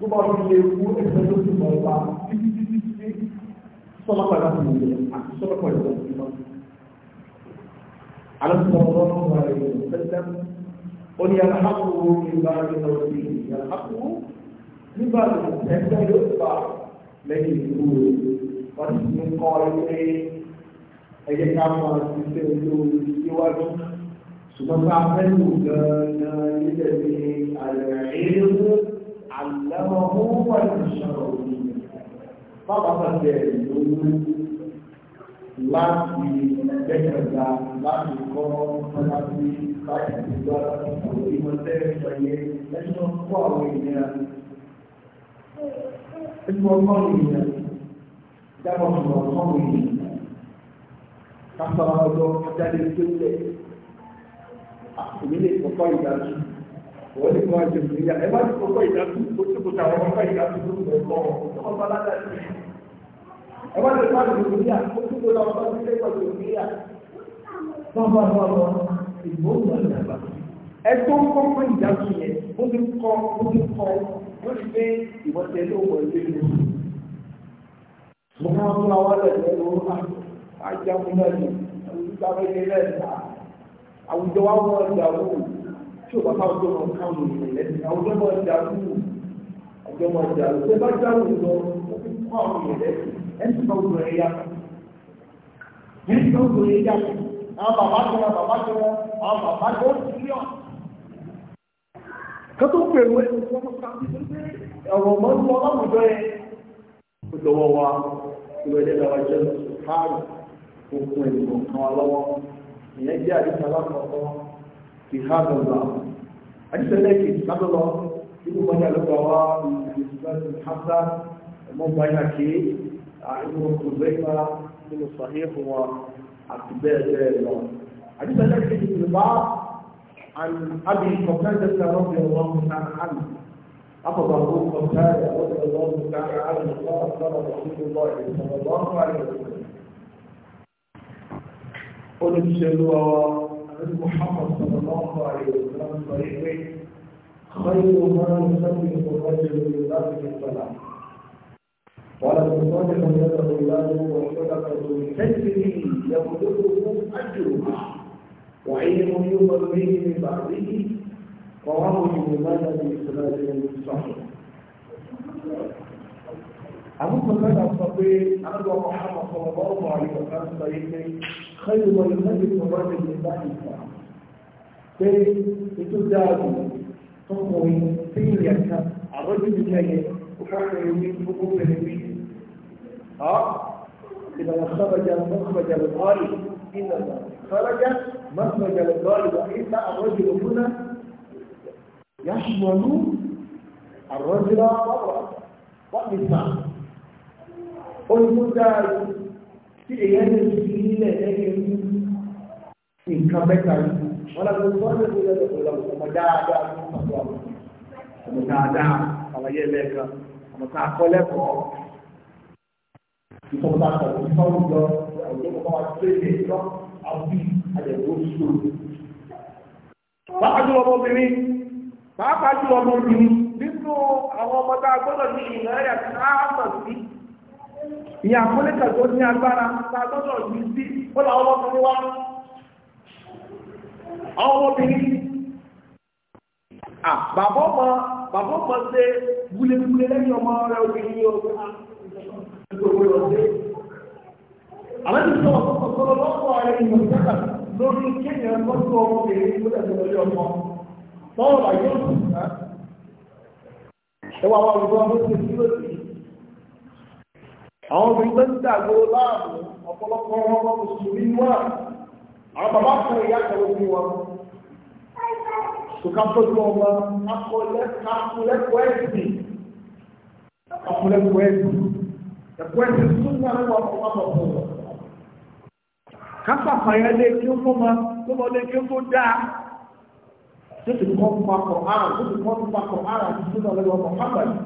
tó bá fi lè kú ẹ̀sìn tó ti mọ̀ على صلى الله عليه وسلم قل يلحقه من بعد موته يلحقه من بعد موته حتى يتبع لكن يقول واسم قائل ẹyẹ ká máa ti fẹ́ olórí síwájú ṣùgbọ́n láti kọ́ ọ̀nà sí láti gbígbá àwọn ìmọ̀tẹ́ ìṣẹ̀yẹ lẹ́yìn ọkọ̀ àwọn ènìyàn. Ẹgbẹ́ ọgbọ́n ènìyàn dábọ̀ sọ̀rọ̀ ọgbọ́n ènìyàn. Kására ọjọ́ ajáde tó lẹ̀. Àkùnrin lè kọ́kọ́ ìdájú. Wọ́n lè máa jẹ ìgbéyà. Ẹ bá ti kọ́kọ́ ìdájú, ó ti kò tàwọn ọkọ̀ ìdájú tó lẹ̀ kọ́ ọ̀. Ẹ bá ti kọ́kọ́ ìdájú, ó ti kò tàwọn ọkọ̀ ìdájú tó lẹ̀ kọ́ bábábábá ìgbó ìgbà ìjàmbá ẹ̀tọ́ ń kọ́ fún ìdájú yẹn ó ti kọ́ ó ti kọ́ ó ti gbé ìwọ́tẹ lówó ẹgbẹ́ mi. mo máa ń mú àwọn ẹlẹ́dẹ̀ẹ́ lọ́wọ́ ajagunlẹ́nu olùgbàgbẹ́lẹ́nu àwùjọ wa wọ́n ẹ̀dá wò tí o bá bá ọjọ́ wọn káwọn ènìyàn lẹ́nu àwùjọ wọn ẹ̀dá wò ọjọ́ wọn ẹ̀dá wò tó bá dá wò lọ ó fi kọ́ àwọn ènìyàn lẹ́nu ẹ̀ńtí bá wù ẹ̀ yá ẹ̀ńtí bá wù ẹ̀ yá àwọn bàbá tó wọn bàbá tó wọn àwọn bàbá tó wọn ti wọ́n mú ká bíi mọ́ ń lọ láwùjọ yẹn. ó wa ìwé ẹ̀dẹ́ lọ́wọ́ jẹ́ káàrù okun ènìyàn kan wa lọ́wọ́ ìyẹn jẹ́ àdìsá lákọ̀ọ́kọ́ ti há lọ́la àdìsá àti bẹ́ẹ̀ bẹ́ẹ̀ lọ. àdìsẹ́lẹ̀ kejì ti bá àbí kọ̀pẹ́tẹ̀ ti àwọn أخذ أبو قتادة رضي الله تعالى عنه قال قال رسول الله صلى الله عليه وسلم قل ابشروا عن محمد صلى الله عليه وسلم طريقي خير ما يسمي الرجل من بذلك الصلاة ولتصادق الجنة عباده والصدقة تجري يبلغه أجرها وعلم يؤمن به من بعده رواه الإمام بإسناد صحيح أبو بكر الصديق أبو محمد صلى الله عليه وسلم سيدي خير المجد الرجل لله تعالى pé ètò dáàbò tọkùnrin tí في àjá àrọ́jú ìjẹyẹ ó fọ́pẹ̀rẹ̀ wí gbogbo pẹ̀lẹ̀ ها إذا خرج مخرج الغالب إنما خرج مخرج الغالب وإذا الرجل هنا يشمل الرجل والنساء والمدار في أيام الدين لأنه nǹkan mẹ́ta ولا wọ́n lọ sọ ọ́ lẹ́kọ̀ọ́ lẹ́kọ̀ọ́ lọ́wọ́ ọmọ dáadáa ọmọ dáadáa àlàyé ẹlẹ́ẹ̀kan ọmọ tá ìfọwọ́sá kan ìfọwọ́ lọ àwùjọ kọ̀ọ̀kan wa tó lè lọ àwùjọ àjẹ̀wò sùúrù. Pàápàá jùlọ ọmọbìnrin pàápàá jùlọ ọmọbìnrin nínú àwọn ọmọ tá a gbọ́dọ̀ ní ìrẹ́lẹ̀ àti àmọ̀ sí. Ìyá àpọ́lẹ́kà tó ní agbára tá a gbọ́dọ̀ yìí sí ó làwọn ọmọkùnrin wá. Àwọn ọmọbìnrin bàbá ọmọ bàbá ọmọ ṣe wúlewúle lẹ́yìn ọmọ rẹ̀ obìnrin yóò àwọn ti sọ ọ̀pọ̀lọpọ̀ lọ́wọ́ ààrẹ ìmọ̀ ìjọba lórí kéèyàn lọ́sọ ọmọbìnrin tó dẹ̀ lórí ọmọ lọ́wọ́ bá yóò sùn ná ẹwà wà lùgbọ́n ló ti sí lòdì àwọn obìnrin tó ń dàgbò láàbù ọ̀pọ̀lọpọ̀ ọmọ mùsùlùmí wà àwọn bàbá kan ìyá kan lóbi wọn kò ká tọ́jú ọmọ akọlẹ́kọ̀ọ́ ẹ̀sìn akọlẹ́kọ̀ọ́ ẹ̀sìn ẹ̀kọ́ ẹ̀sìn súnmọ́ àwọn ọmọ ọmọ fún wọn. kápákọ̀ yẹn lé kí ó fún ma tó mọ lé kí ó tó dáa tó ti kọ́ fún akọ̀ ara tó ti kọ́ fún akọ̀ ara tó ti sọ́nà lọ́wọ́ ọmọ pàtàkì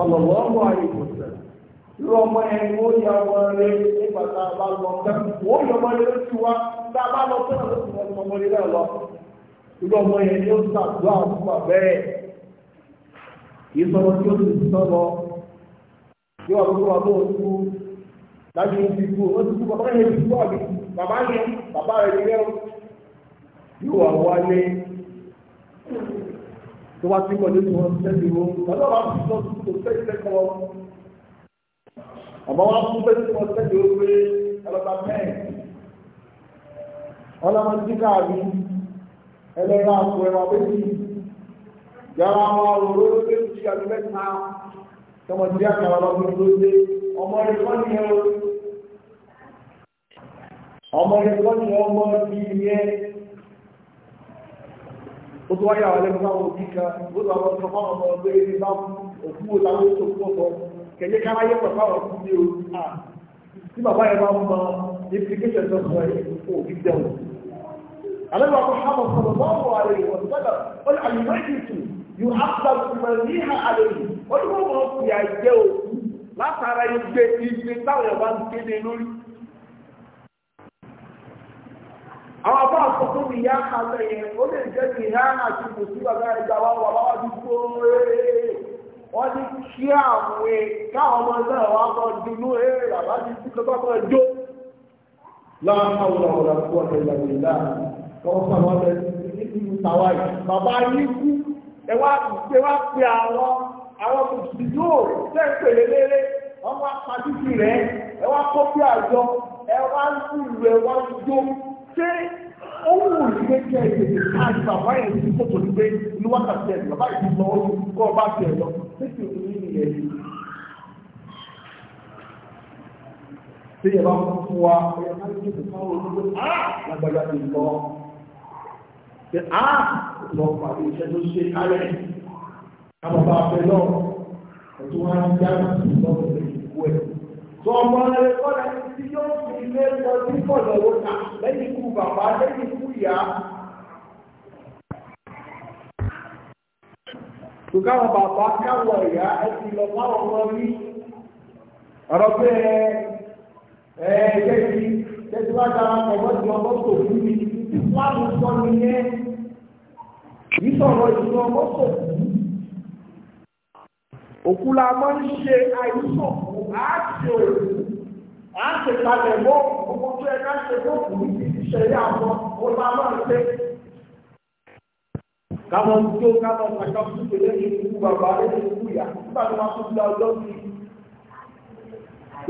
ọ̀lọ́wọ́ ọmọ ayé kò sẹ̀. irú ọmọ yẹn ni a bá lọ sẹ́nu ó yọ ọmọ yẹn lóṣù wa tá a bá lọ sẹ́nu ló ti wọ́n ọmọ yẹn lọ. yóò wà lóko àbọ̀ lájú ibi ikú ó bàbá yẹn ti àbí bàbá yẹn bàbá rẹ̀ ti rẹ̀ yóò wà wálé tó wá sí wọ́n ti tẹ́lẹ̀ tó tẹ́lẹ̀ tọmọdé bí àkàrà ọlọ́gbọ́n ló dé ọmọ rẹ̀ kọ́ ni ẹ ọmọ rẹ̀ kọ́ ni ọmọ bí yẹ ó tó wáyà wọlé fún àwọn òbí kan ó lọ àwọn ọmọ ọmọ ọgbẹ́ ilé bá òkú òláwó tó kú ọkọ kẹ̀yẹ kára yẹ pẹ̀lú àwọn òkú ní orí à tí bàbá yẹn bá ń mọ implication tó sọ yìí kó òbí dẹ̀wọ̀. àlejò àkọ́kọ́ àmọ̀ sọ̀rọ̀ bọ́ọ̀lù àlejò ọ̀sẹ̀dọ̀ you have that mọ̀lẹ́hà àlejò olùkọ́ wọn fi àjẹ òkú látara igbe igbe táwọn ẹ̀wà ń kéde lórí. àwọn abọ́ àkọ́kọ́ mi yá kalẹ̀ yẹn ó lè jẹ́ kí ìhá àti kòsí bàbá ẹ̀dá wa wà wá wájú gbóòó wọ́n ní kí àwọn e, káwọn ọmọ náà wá bọ́ dunú ẹ̀rẹ̀ bàbá ti kú lọ́gbà bọ́ jó. ẹ wá gbé wá pé àwọn àwọn mùsùlùmí yóò tẹ̀ ń pèlè léré wọ́n wá pàdúkì rẹ̀ ẹ wá kó pé àjọ ẹ wá ń lù ẹ wá ń jó ṣé ó wù ní pé kí ẹ tètè káàdì bàbá yẹn ti kó tòun pé inú wákàtí ẹ bàbá yìí ti lọ ó kó ọba tiẹ̀ lọ tètè òun ní ìyẹn ni. ṣé yẹ bá fún wa ẹ máa ń tètè káwọn olùkọ́ á lágbàdá ti pé á lọ pàdé iṣẹ́ tó ṣe kálẹ̀ àbàbà àfẹ́ náà ọ̀tún wá ń dá lọ́wọ́ ìkú ẹ̀. sọ ọmọ rẹ kọ́lá tí yóò fi ilé lọ sí kọ̀lọ̀ owó ta lẹ́yìn ikú bàbá lẹ́yìn ikú ìyá. tùkáwọn bàbá káwọ ìyá ẹ ti lọ báwọn ọmọ rí ọ̀rọ̀ pé ẹ ẹ jẹ́ ti jẹ́ ti wá dára pọ̀ mọ́ ti ọmọ tó fún mi ìsìláàmù sọ nìyẹn kì í sọ̀rọ̀ ìṣúná mọ́tò òkú la ń ṣe àìsọ̀kù àáṣe òkú àáṣe kalẹ̀ mọ́ ọmọ tó ṣe tó kù ní ìṣẹ̀lẹ̀ àwọn ọba máa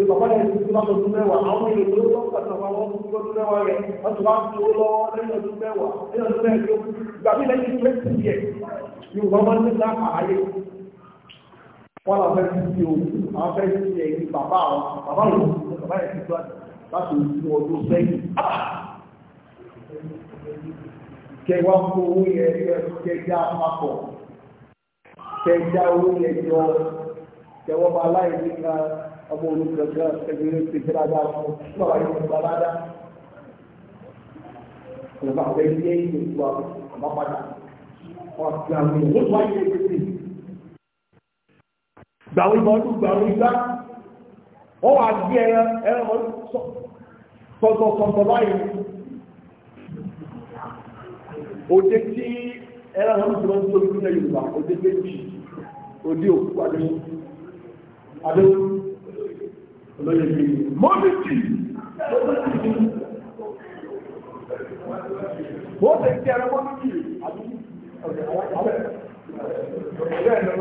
bí bàbá yẹn ti fi lọ́dún mẹ́wàá àwọn èèyàn tó lọ́ pàtàkì àwọn ọdún mẹ́wàá rẹ̀ wọ́n ti wá ń tó lọ lẹ́yìn ọdún mẹ́wàá lẹ́yìn ọdún mẹ́jọ gbà mí lẹ́yìn twenty years ni wọ́n máa ń ní láàpá wọ́n lọ fẹ́ ti fi àwọn fẹ́ ti fi ẹ̀yìn bàbá àwọn bàbá òun bàbá yẹn ti tó láti ojú ọdún sẹ́yìn ah! kẹwàá ń kó owó yẹn kẹjá papọ̀ kẹjá owó yẹn jọ kẹwọ́ bá aláìní kan ọmọ olùkọ́jọ́ ẹgbẹ̀rún ti fi dáadáa fún lọ́wọ́ yìí fún balada. Ìjọba àwọn ilé ìgbà àbápadà ọ̀sẹ̀ àwọn èèyàn ló wáyé lórí. Gbàwé bọ́ọ̀lù gbàwé gbá. Wọ́n wá bí ẹran ẹran ọdún sọ̀tọ̀sọ̀tọ̀ báyìí. Òde tí ẹran ọdún tó ń tóbi nílẹ̀ Yorùbá, òde méjì, òde òkú adéwọ̀. Adéwọ̀ olóyè bí mọ́bìtì wọ́n tẹ̀ sí ẹ̀rọ mọ́bìtì àbí ọ̀rẹ́ ọ̀rẹ́ ọ̀rẹ́ ẹ̀rọ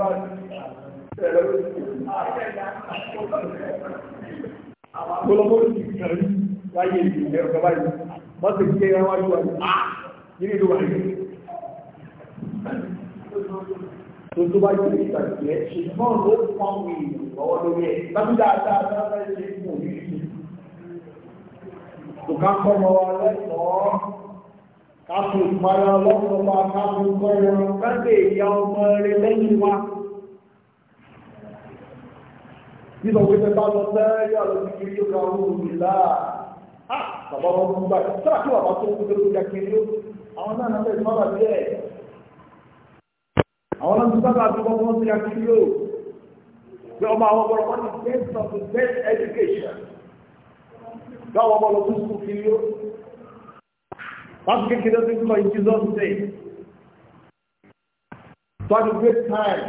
Gbọ́lọ́gbọ́lọ́gbì ìrìn láyé ìrìn ẹ̀rọ kọba yìí, bọ́ ti jẹ́ ẹwà yíwa yìí, ah, yìí ni ìlú wà yìí tó tó bá jẹ́ ìtàkìlẹ̀ ṣùgbọ́n ló pọ́n mi lọ́wọ́ lórí ẹ̀ lábí dáadáa dáadáa ṣe ń mú mi sí kò ká kọ́ lọ lẹ́tọ̀ọ́ ká fi ìpara lọ́pọ̀ wa ká fi kọ́ lọ ká lè ya ọmọ rẹ lẹ́yìn wa nígbà wo ṣe bá lọ sẹ́yìn àlọ́sí kiri yóò ká wọ́n mi là á bàbá wọn mú báyìí sábà kí bàbá tó tó kú jà kiri ó àwọn náà náà fẹ́ẹ́ àwọn náà tún sábà tó kọ́kọ́ sí akíló pé ọmọ àwọn ọmọ ọmọ ní best of the best education báwọn ọmọ lọ tún sùn kí ló láti kékeré tó ń lọ in Jesus name to have a great time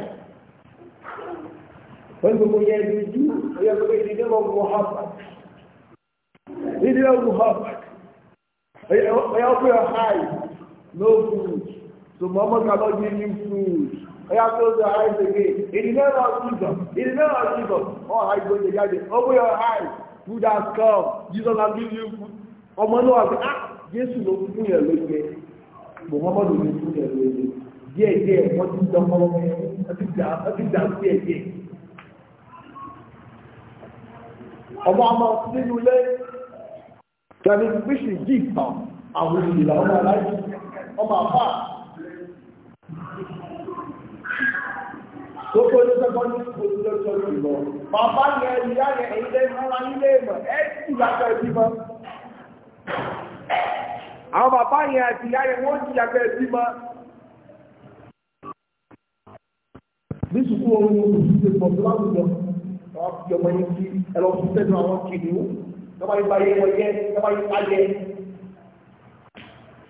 wọ́n gbogbo yẹ ẹni ojú ọyọ gbogbo ìdílé wọn wọ harvard ìdílé wọn wọ harvard ọyọ ọkọ yọ high no good. So Muhammad cannot give you food. I have closed your eyes again. In is not our Jesus. In is not our Jesus. Oh, I go to the garden. Open your eyes. Food has come. Jesus has given you food. Ọmọ náà wà pé, ah, Jésù ló fún yẹn ló jẹ. Muhammad ló fún yẹn ló jẹ. Díẹ̀ díẹ̀ wọ́n ti dán ọmọ ẹ̀ wọ́n ti dà sí ẹ̀ díẹ̀. Ọmọ ọmọ nínú ilé. Kẹ̀mí Bíṣì jì tán. Àwọn ìlànà aláìsí. Ọmọ àpá. gbogbo ní sẹ́kọ́ ní ìgbòsílẹ̀ tó ti lọ. Bàbá yẹn ìyá yẹn èyí lé mọ́ra nílé ìmọ̀ ẹ́ sì yàtọ̀ ẹbí mọ́. Àwọn bàbá yẹn àti ìyá yẹn wọ́n sì yàtọ̀ ẹbí mọ́. Ní sùkú ohun oṣù ṣe pọ̀ tó láwùjọ, wọ́n fi ọmọ yẹn sí ẹlọ fún sẹ́nu àwọn kìnìún. Lọ́wọ́ yìí báyé wọ yẹ, lọ́wọ́ yìí báyẹ.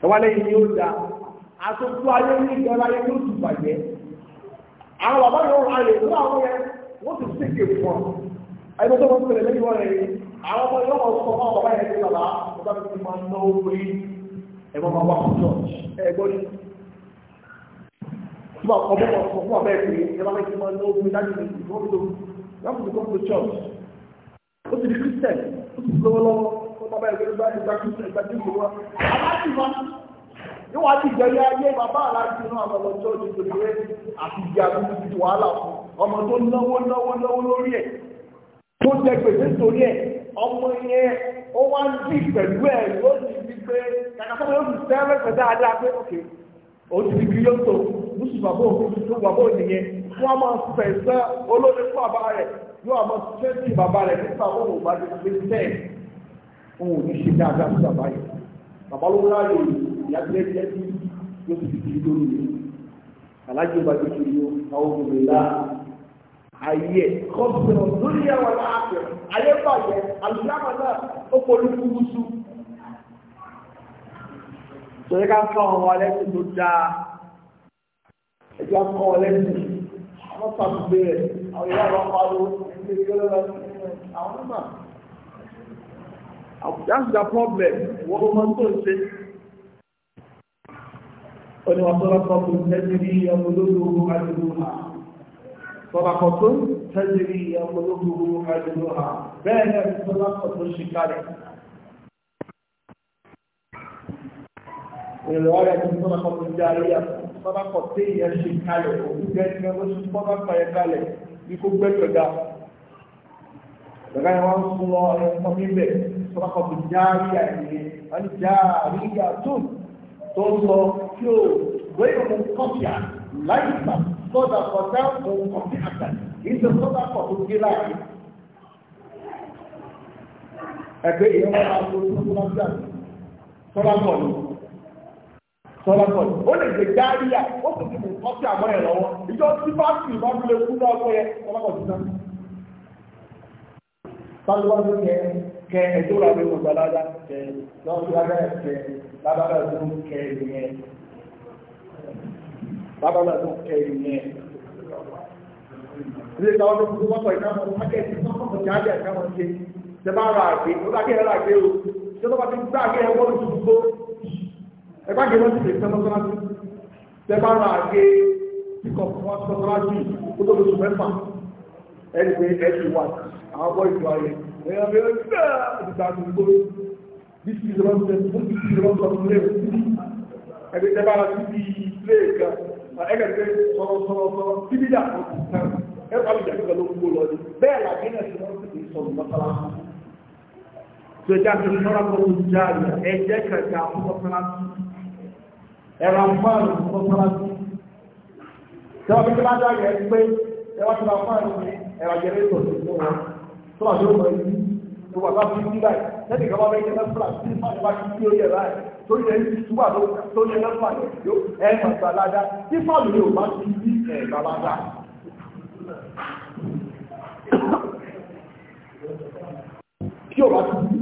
Lọ́wọ́ lẹ́yìn ni ó da. Àtúntò ayé ní ìjọba ayé ló tù bàjẹ́ àwọn bàbá yóò rà lè ní àwọn yẹn wọ́n ti sí kéwì wọn ẹni tó wọ́n tẹ̀lé lẹ́yìn wọn rẹ̀ àwọn ọmọ yóò wọ́n sọ fún bàbá yẹn ní bàbá bàbá mi ti máa ná owó yìí ẹ̀mọ́ máa wá fún church ẹ̀gbọ́n ni tí wọ́n kọ́ bọ́ sọ fún ọ̀bẹ́ pé ẹ bá ti máa ná owó yìí láti ìgbọ́n church ó ti di christian ó ti lówó ó bàbá yẹn gbé níwọ̀n àti ìgbẹ̀yẹ ayé bàbá aláàjì náà lọ́lọ́ tó ti tó pé àti ìjà tó ti di wàhálà fún ọmọ tó náwó náwó náwó lórí ẹ̀ tó jẹ gbèsè torí ẹ̀ ọmọ yẹn ó wá ń dì pẹ̀lú ẹ̀ yóò ti di pé kàkà sọ́mọ yóò ti sẹ́rẹ̀ pẹ̀ dáadáa pé òkè òun ti di kílótò lùsù bàbá òun tó bàbá òun nìyẹn wọ́n máa fẹ̀sẹ̀ olóde fún bàbá rẹ̀ yóò àmọ́ sẹ́ẹ̀tì bàbá rẹ̀ nípa òun ò bá ti fi sẹ́ẹ̀ òun ò ní ṣe dáadáa fún bàbá yẹn bàbá ló láàyò yìí ìyá gbẹ́gbẹ́bí ló fi lórí rẹ̀ alájọ bá ti fi àwọn obìnrin lá ayé kọ́sọ̀rọ̀ lórí àwọn aláàfẹ́ ayé bàjẹ́ alùpàmọ́ náà ó polú kúkúsú sọ̀rọ̀ ká fọ́ ọmọ ọlẹ́sìn tó dáa ẹ̀jẹ̀ kọ́ ọlẹ́sìn wọ́n sàtúgbé rẹ̀ àwọn ìyá àwọn pariwo ẹgbẹ́ ìgbẹ́lẹ́lẹ́ àwọn náà. That's the problem. Wọ́n mọ́ tó ń ṣe ni wọ́n tọ́lá kọ́kùn tẹ́jìrí ọmọlógún àjòlóhà tọ́lá kọ́kùn tẹ́jìrí ọmọlógún àjòlóhà bẹ́ẹ̀ náà ni tọ́lá kọ́kùn ṣe kalẹ̀ ìrọ̀lẹ́ tí tọ́lá kọ́kùn járe tọ́lá kọ́kùn yẹn ṣe gẹ́gẹ́ yóò غير منقطع ليس صدقة منقطعة إذا صدقة جلال ẹgbẹ́ ìyẹn wọn máa lo sọ́kúnlá sọ́lákọ̀lù sọ́lákọ̀lù ó lè gbé dáríà ó sì ti mú ọtí àmọ́ ẹ̀ lọ́wọ́ ìjọ tí bá sì bá fi lè kú náà pé ẹ sọ́lákọ̀lù náà. sálúwájú kẹ kẹ ẹjọ́ rà kẹ lọ́sí ládàá kẹ ládàá bàbá náà tún kẹ ìyẹn ilé ìtawọ́ tó kúrú mọ́tò ìkáwọn ọmọ mákẹ́tì tó kọ̀ọ̀kan jáde àkáwọn ṣe ṣe bá ra àgbé ó dá kéèyàn ra àgbé o ṣé tó bá ti gbá àgbé ẹwọ́ lóṣù gbogbo ẹgbẹ́ àgbé wọn ti lè tẹ́ mọ́tọ́láṣí ṣe bá ra àgbé kíkọ̀ fún wọn tọ́tọ́láṣí ó ẹgbẹ̀rẹ̀ sọ̀rọ̀sọ̀rọ̀ bíbí dà ó ti tán ẹ wà lójà nígbà ló ń gbó lọ ní bẹ́ẹ̀ làbí náà ti wọ́n ti sọ̀rọ̀ mọ́tàlá tó ẹja tó sọ́ra kó ń já rẹ̀ ẹjẹ́ kẹta fún mọ́tàlá ẹ̀rọ márùn fún mọ́tàlá tí wọ́n fi kí lájà rẹ̀ pé ẹwà tó bá márùn ẹ̀rọ jẹ́rẹ́ tó ti tó wọn tó wà ló mọ̀ ẹ̀yìn lẹ́nu ìjọba bẹ́ẹ̀ jẹ́ lẹ́fúlà tí nípa nípa ti kí ó yẹ láì tó yẹ túbà tó yẹ lẹ́fúlà yóò ẹ̀ mọ̀ gbàládá tí fáàlù yóò bá ti rí ẹ̀ gbàládá. Kí o bá ti rí.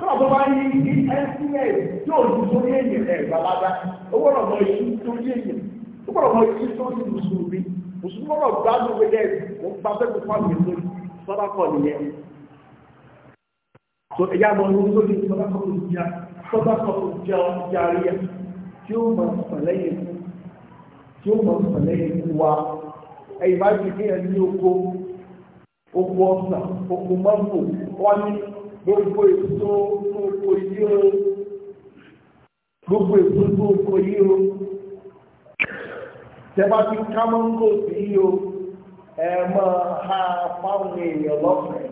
Kọ́nà tó bá ní ní NCA yóò ju sórí èyàn ẹ̀ gbàládá. Ó gbọ́dọ̀ mọ ìṣú sórí èyàn. Ó gbọ́dọ̀ mọ ìṣú sórí mùsùlùmí. Mùsùlùmí gbọ́dọ̀ gbádùn pé ẹ̀ gbàgbẹ́ So, ẹ̀yà mọ̀ ní orí lórí sọ́dákọ̀ọ́ jẹ́ ọjàríyà tí ó mọ̀ pẹ̀lẹ́yìn tí ó mọ̀ pẹ̀lẹ́yìn wa ẹ̀yìn máa fi kí ẹni oko oko ọ̀sà oko mọ́mù wọ́n ní gbogbo èso oko yìí o gbogbo oko yìí o tẹ́bá ti ká mọ́ngò sí yìí o ẹ̀ máa ha fáwọn èèyàn lọ́fẹ̀ẹ́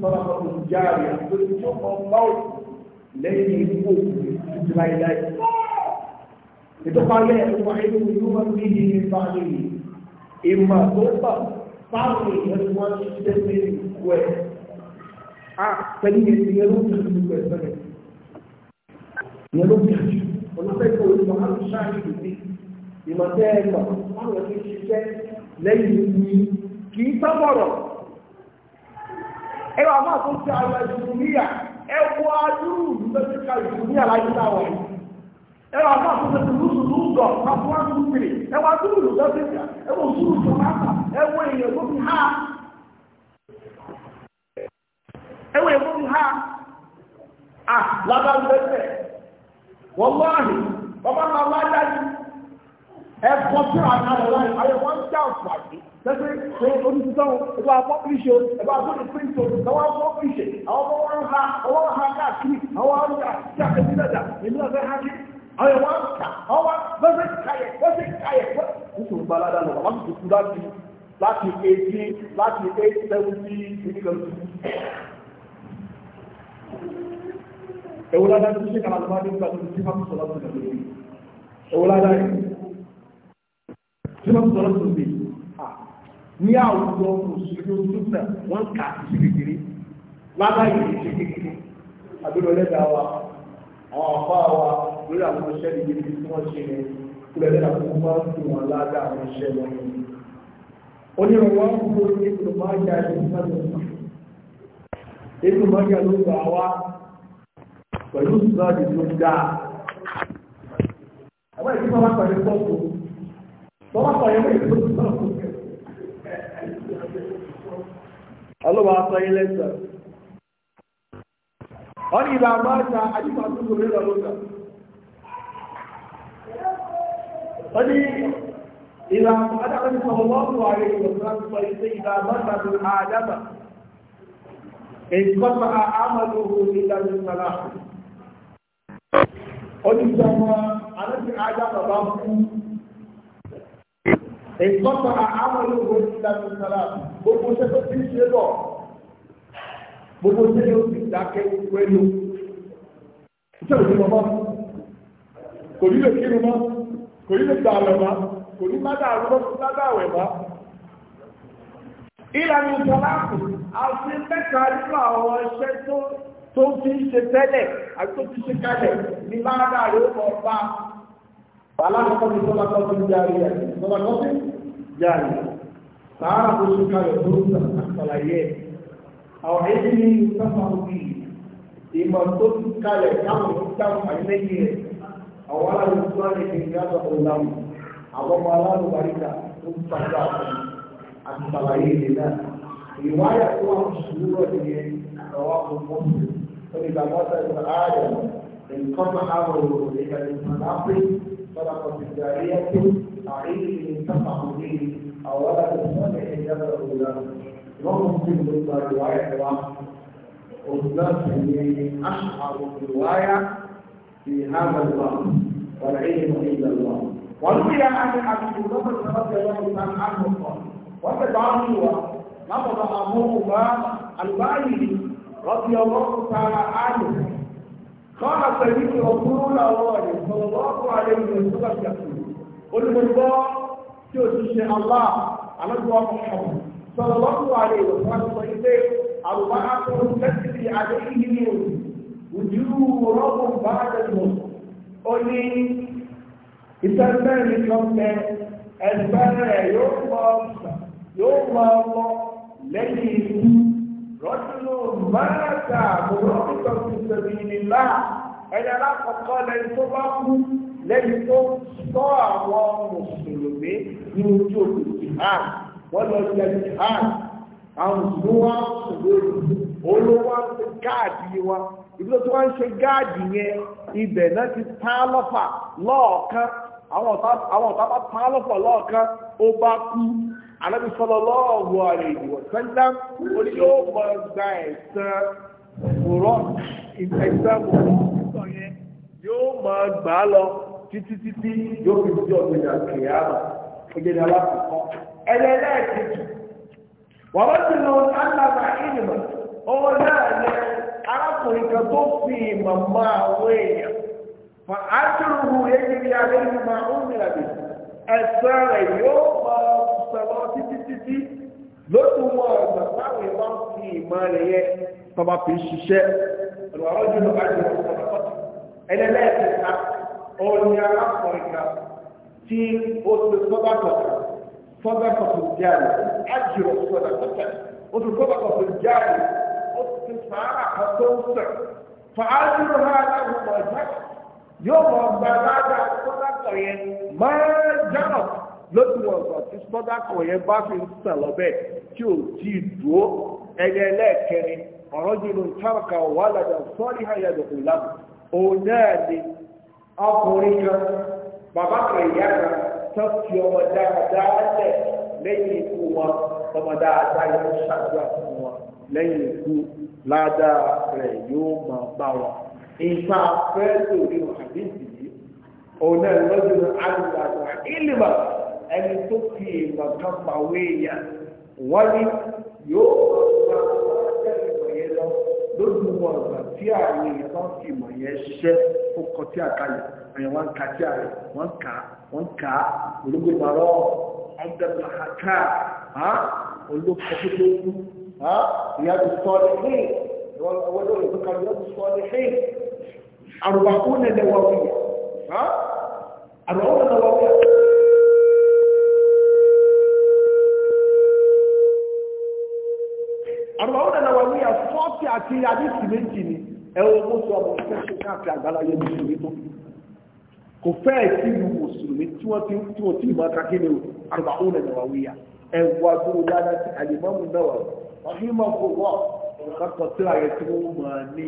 sọ́dọ̀kọ̀tò járe lórí tí ó kọ́ máwò lẹ́yìn ikú títí láìláì. ìtọ́pálẹ̀ ẹ̀rọ ayé ló wà ní ìdílé fáwọn èyí ìmọ̀ tó bà fáwọn èèyàn tí wọ́n ti ṣiṣẹ́ sí ìkú ẹ̀. a pẹ̀lú ìdílé yẹn ló ń tẹ̀lé ìkú ẹ̀ sọ́dọ̀ yẹn ló ń tẹ̀lé olùfẹ́kọ̀ọ́ olùmọ̀ àlùsáàyè ìdí ìmọ̀ tẹ́ ẹ̀kọ́ fáwọn èèyàn ti ṣiṣẹ́ lẹ́yìn ní kì í sábọ̀rọ̀ ẹ wà máa tó ti àwọn ẹ̀dùnkù níyà ẹ wọ adúrú lóṣù ká ìdùnkù níyà láyé láwọn yìí ẹ wà máa tó ti lùsù lùgọ̀ káfọ́ àdúgbìrì ẹ wà adúrú lóṣù ká ẹ wọ sùúrù tó máa kà ẹ wọ èèyàn tó fi há ẹ wọ èèyàn tó fi há à lábàá lẹ́sẹ̀ wọ́n lọ́ọ̀hìn bàbá máa wá dájú ẹ̀kọ́ tí a náà lọ́wọ́ ayé wọ́n ń dá àǹfààní lẹ́sẹ̀ pé oníṣẹ́ ọba pọ́píṣẹ́ ọba agbóni píríṣẹ́ ọba pọ́píṣẹ́ àwọn ọmọ wọn ha ọwọ́ ha káàkiri àwọn ọmọ ha káàkiri dada èmi náà fẹ́ ha kí ayé wọ́n kà ọwọ́ bẹ́sẹ̀ káyẹ̀ bẹ́sẹ̀ káyẹ̀ bẹ́sẹ̀ ń gbala dáná wọn ti kú láti láti eighty láti eight seventy eighty kan tó. ẹ̀wọ́n ládàá tó ṣe kàlá lọ́wọ́ adé nígbà tó ti fà tí wọ́n sọ̀rọ̀ tó dé ní àwùjọ òṣèlú súnà wọ́n kà sí kékeré lábáyé ṣe kékeré àbúrò lẹ́dàá wa àwọn àpá wa lórí àwọn iṣẹ́ ìdílé tí wọ́n ṣe ní kúrẹ́ lẹ́dàá fún wọn fún wọn ládàá àwọn iṣẹ́ wọn yìí. onírànwọ́ ń kúrò ní ètò máa ń ya ẹni sáré ọ̀sán ètò máa ń ya ló gbà wá pẹ̀lú ìsúná ìdílé dáa. àwọn ìdílé wọn pẹ̀lú pọ́ọ̀pù Ọlọ́wọ́ aṣọ ilẹ̀ sọ. ìlà àmọ́ta àjíkà tó kò rírọ lóta. Wọ́n ní ìlà àmọ́ta àti sọ̀rọ̀lọ́pọ̀ ààrẹ ìwọ̀n tó sọ ìlà àmọ́ta tó àádámà. Èkọ́ta àmàlòhò ìlà ìsàlá. Ó ìtọ́ta àwọn olóògbé ìdájọ́ sára gbogbo ṣẹ́fẹ́ tí ń ṣe lọ gbogbo ṣe ló ti dákẹ́ pẹ́lú iṣẹ́ òní mọ́ kò ní lè kírun mọ́ kò ní lè gbà àwẹ̀ mọ́ kò ní má dáa lọ́wọ́ tó dáa àwẹ̀ mọ́ ìlànà ìtọ́láàpù àti mẹ́ta nínú àwọn iṣẹ́ tó tó fi ń ṣe tẹ́lẹ̀ àti tó fi ṣe kalẹ̀ ní ládàá ló mọ̀ bá Palavra para o Salvador de Aria. Salvador jáde sàárà tó ṣe kalẹ̀ tó ń sàlàyé àwọn ẹni ní sáfà òbí ìmọ̀ tó ti kalẹ̀ káwọn tó dáhùn àyẹ́yẹ rẹ̀ àwọn aláwọ̀ tó wà ní ìgbìyànjú àtọ̀kọ̀ ìlànà àwọn ọmọ aláwọ̀ baríkà tó ń sàgbà àti sàlàyé rẹ̀ náà ìwáyà tó wà ní ṣùgbọ́n ìyẹn ọwọ́ àkọ́kọ́ فلتمت الآية إن قطع أمره إلى الفلاح صدقة جارية ضعيف انتفع به أو ولد صالح جبره له ومسلم ضد رواية واحدة وبنفس أشعر الرواية في هذا الوقت والعلم عند الله وروي عن أبي رضي الله تعالى عنه قال وقد عرفوا نبض أمرهما الوالد رضي الله تعالى عنه قال سيدي رسول الله صلى الله عليه وسلم olùgbòǹgbò tí ó ti ṣe Allah alágbó ọmọkùnrin sọ̀rọ̀ lọ́kùnrin àlè ìwòsàn sọ ilé àrùbá akọrin lẹ́sìlì àdéhìí ní òjò rọ́gùn bá dẹ̀mọ̀ ó ní ìtẹ́lẹ́rin kan bẹ ẹgbẹ́rẹ́ yóò mọ yóò mọ ọmọ lẹ́yìn ìlú rọ́dúnú mẹ́ta àbúrò ìtọ́sí sẹ̀mìnìlá ẹ̀yà lákọ̀ọ́kọ́ lẹ́yìn tó bá kú lẹ́yìn tó sọ àwọn mùsùlùmí ní ojú òkú jihad wọ́n lọ sí ẹni jihad àwọn mùsùlùmí wá sùgbọ́n olówó ṣe gáàdì wa ibi tó wá ń ṣe gáàdì yẹn ibẹ̀ náà ti tá lọ́fà lọ́ọ̀kan àwọn ọ̀tá bá tá lọ́fà lọ́ọ̀kan ó bá kú alábi sọlọ lọ́ọ̀wọ́ rẹ̀ ìwọ sẹ́ńdá ó ní yóò mọ gba ẹ̀sán òrọ̀ ẹ̀sán òrọ̀ yóò mọ gbà lọ títí títí yóò fi jọ ìgbèjà kìíyàmà ìgbèjà alákọ̀ọ́ ẹlẹ́lẹ́ẹ̀kejì wà wọ́n ti lọ alága ìnìmọ̀ ọwọ́ náà lẹ arákùnrin kan tó fi ìmọ̀ máa wọ èèyàn mà á tẹ̀rù èyí ni alẹ́ ní ma ó nira bì ẹ̀sẹ̀ rẹ̀ yóò máa sọ̀rọ̀ títí títí lótú wọn ọ̀gbà táwọn ìwà ń fi ìmọ̀ rẹ̀ yẹ tọba fi ṣiṣẹ́ ọ̀rọ̀ ọ̀rọ̀ jùlọ àjọ ọ̀rọ̀ ẹlẹ́lẹ́ẹ̀kẹta òun ni arákùnrin kan tí ó ti sọ́dà kọ̀ọ̀kan sọ́dà kọ̀ọ̀kan jáde ájúrò sọ́dà kọ̀ọ̀kan ó ti sọ́dà kọ̀ọ̀kan jáde ó ti sàárà kan tó ń sẹ̀ fàájúrò ha láwùjọ ìjà yóò mọ̀ gba dáadáa sọ́dà kọ̀ yẹn máa jáná lójú ọ̀gbà tí sọ́dà kọ̀ yẹn bá fi ń sẹ̀ lọ́bẹ̀ tí ò tí ì dúró ẹ̀yẹ ẹlẹ́ẹ̀kẹrin ọ̀rọ̀ jùlọ ń tàbàkà wàhálà ọkùnrin kan bàbá kan ìyá kan tó fi ọmọ dáadáa lẹ̀ lẹ́yìn ikú wọn ọmọ dáadáa yóò ṣàdúrà fún wọn lẹ́yìn ikú ládàá rẹ̀ yóò máa bá wọn. nǹkan afẹ́ lórí àdéhùn yìí òun náà lọ́dún alùpàdà ẹni tó fi ìmọ̀ kan pàwé yà wọ́n ní yóò máa bá wọn lójú wọn ọ̀gbà tí àwọn èèyàn bá ń fi ìmọ̀ yẹn ṣiṣẹ́ ó kọ tí àkàlẹ̀ èèyàn wọn ka tí àrẹ wọn kà wọn kà ológun ìbárọ̀ ọ̀dẹ̀gbà àká olókọ tó tó kú ìyá ti sọ ọ́ ní ìwọ́n lórí ìtọ́ka ìyá ti sọ ọ́ ní àrùbákú nílẹ̀ wọ́n wíyà àrùbákú nílẹ̀ wọ́n wíyà. àti àdísì méjì ni ẹwọ owó sọ ọmọ fẹ́ ṣe káàkiri àgbáláyé mùsùlùmí tó kò fẹ́ sí ìlú mùsùlùmí tí wọ́n ti tí wọ́n ti mọ akákéde o àrùbá òun lẹ̀ náà wíyà ẹ̀wọ́ agbóró dáadáa ti àlìmọ́mù náà wà ọ̀hìn mọ̀ kó wọ́ kọ́kọ́ tí ààrẹ tí wọ́n mọ̀ ní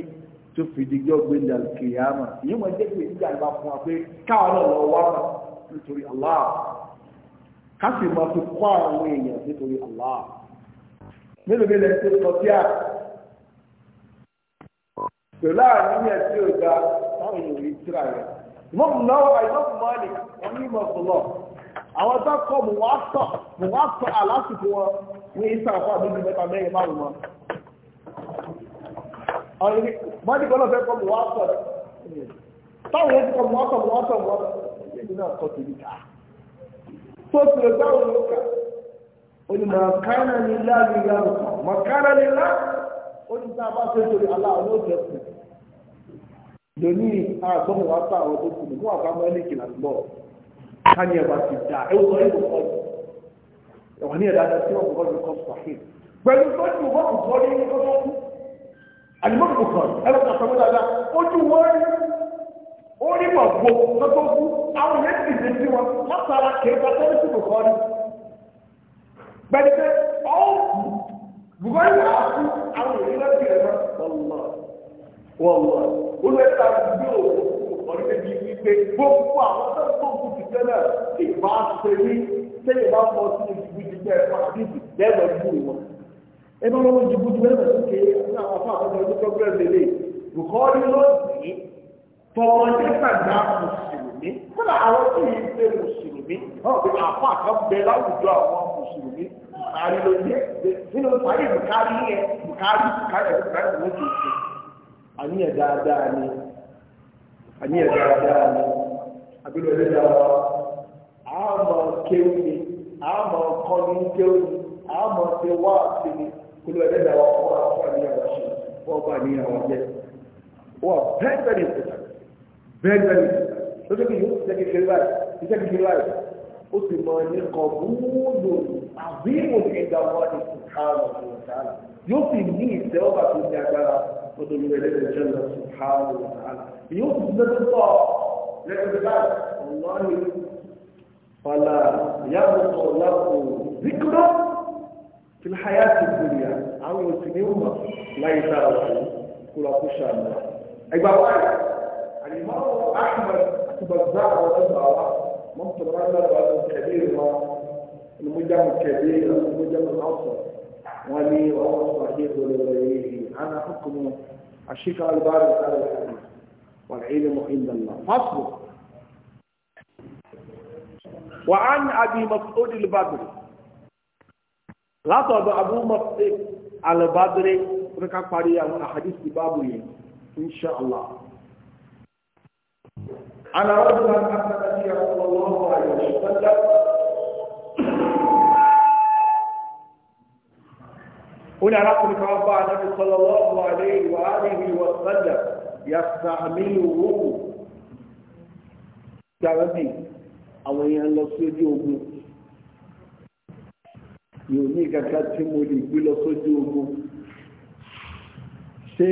tó fi dijọ́ gbé dàlùkìyàmà ìyẹn mọ̀ jẹ́ pé ìjà ìbá fún wa pé káwọn lọ wá mà nítorí Allah ká máa fi kọ́ àwọn èèyàn nítorí Allah mélòó mélòó ẹni pẹ̀lú àníyàn tí ó ga táwọn èèyàn rí tíra rẹ̀. ìmọ̀mù náà àìmọ̀mù mọ́ọ̀lì wọn ní ìmọ̀ ọ àwọn tó kọ́ mù wá sọ mù wá sọ àlásìkò wọn ní ìsàkó àbíbi mẹ́ta mẹ́rin márùn wọn. fẹ́ kọ́ wá sọ táwọn ti kọ́ wá sọ wá sọ wá sọ ká. tó ti lè òun lóka ní màkánà nílá nílá màkánà nílá ó torí jẹ́ kù. lóní àgbọ̀nà wá bá àwọn tó kù nínú àbámọ́ ẹni kìlà ń bọ̀ ká ní ẹ̀bà ti dà ẹ̀wọ̀n ẹ̀wọ̀n ní ẹ̀dá tí wọ́n kọ́ kọ́ sàfihàn pẹ̀lú tọ́jú wọ́n kọ́ ní ẹni tó kọ́ àdìmọ́tò kò kàn ẹ̀rọ kan sọ mọ́tàlá ojú wọn rí ó rí bọ̀ gbó lọ́tọ́ kú àwọn yẹn ti kọ́ ní wọ́n wọ́n olùwẹ́ta gbòò ọ̀rẹ́ mi wípé gbogbo àwọn tó ń gbòòkù ti tẹ́lẹ̀ ìbá ṣe ní sẹ́yìn bá mọ sí ìdìbò ti tẹ́ ẹ̀fọ́ àbí lẹ́gbẹ̀ẹ́ ìbú wọn. ẹ bá lọ́wọ́ ìdìbò ti lẹ́gbẹ̀ẹ́ sí ké ní àwọn afọ àkọ́kọ́ ọdún tó gbẹ́rẹ́ lélẹ̀ bùkọ́rí lónìí tọmọdé sàgbà mùsùlùmí kódà àwọn tí yìí ṣe mùsùlùmí ọ̀gbìn àfọ àkọ́bẹ láwùjọ àwọn mùsùlùmí bùkárí lónìí nínú sáré bùkárí yẹn bùkárí bùkárí bùkárí àníyàn dáadáa ni àníyàn dáadáa ni àbílẹ̀ ẹ̀rẹ́ dáadáa àmọ́ kéwù ni àmọ́ kọ́ni kéwù ni àmọ́ ṣe wá sí ni kúlú ẹ̀rẹ́ dáadáa fún wa fún àníyàn wa ṣe fún ọba àníyàn wa jẹ́ wà very very important very very important lójú kìí yóò ṣiṣẹ́ kékeré láì ṣiṣẹ́ kékeré láì ó sì mọ ní kọ̀ọ̀bùúlù àbí ìwòsàn ìdáwọ́ ni sùkárù ọ̀sán yóò sì ní ìtẹ́wọ́gbà tó ní agbára ودل إليه جل سبحانه وتعالى يثبت الله لعباده والله فلا يبقى له ذكر في الحياة الدنيا أو يسلمها لا يتعرف كل قشة الله أي أيوة الإمام أحمد أتبزع وأتبع ممكن رجل بعد الكبير المجمع الكبير المجمع الأوسط ولي وهو صحيح لغيره هذا حكم الشفاء البارد على الحكم والعلم عند الله فصل وعن ابي مسعود البدري لطب ابو مسعود البدري ركب فريا من حديث بابه ان شاء الله انا رجل ان حدث النبي صلى الله عليه وسلم هنا رقم توفى النبي صلى الله عليه وآله وسلم يستعمله جابي àwọn èèyàn lọ sójú ogun yóò ní kàkà tí mo lè gbé lọ sójú ogun ṣé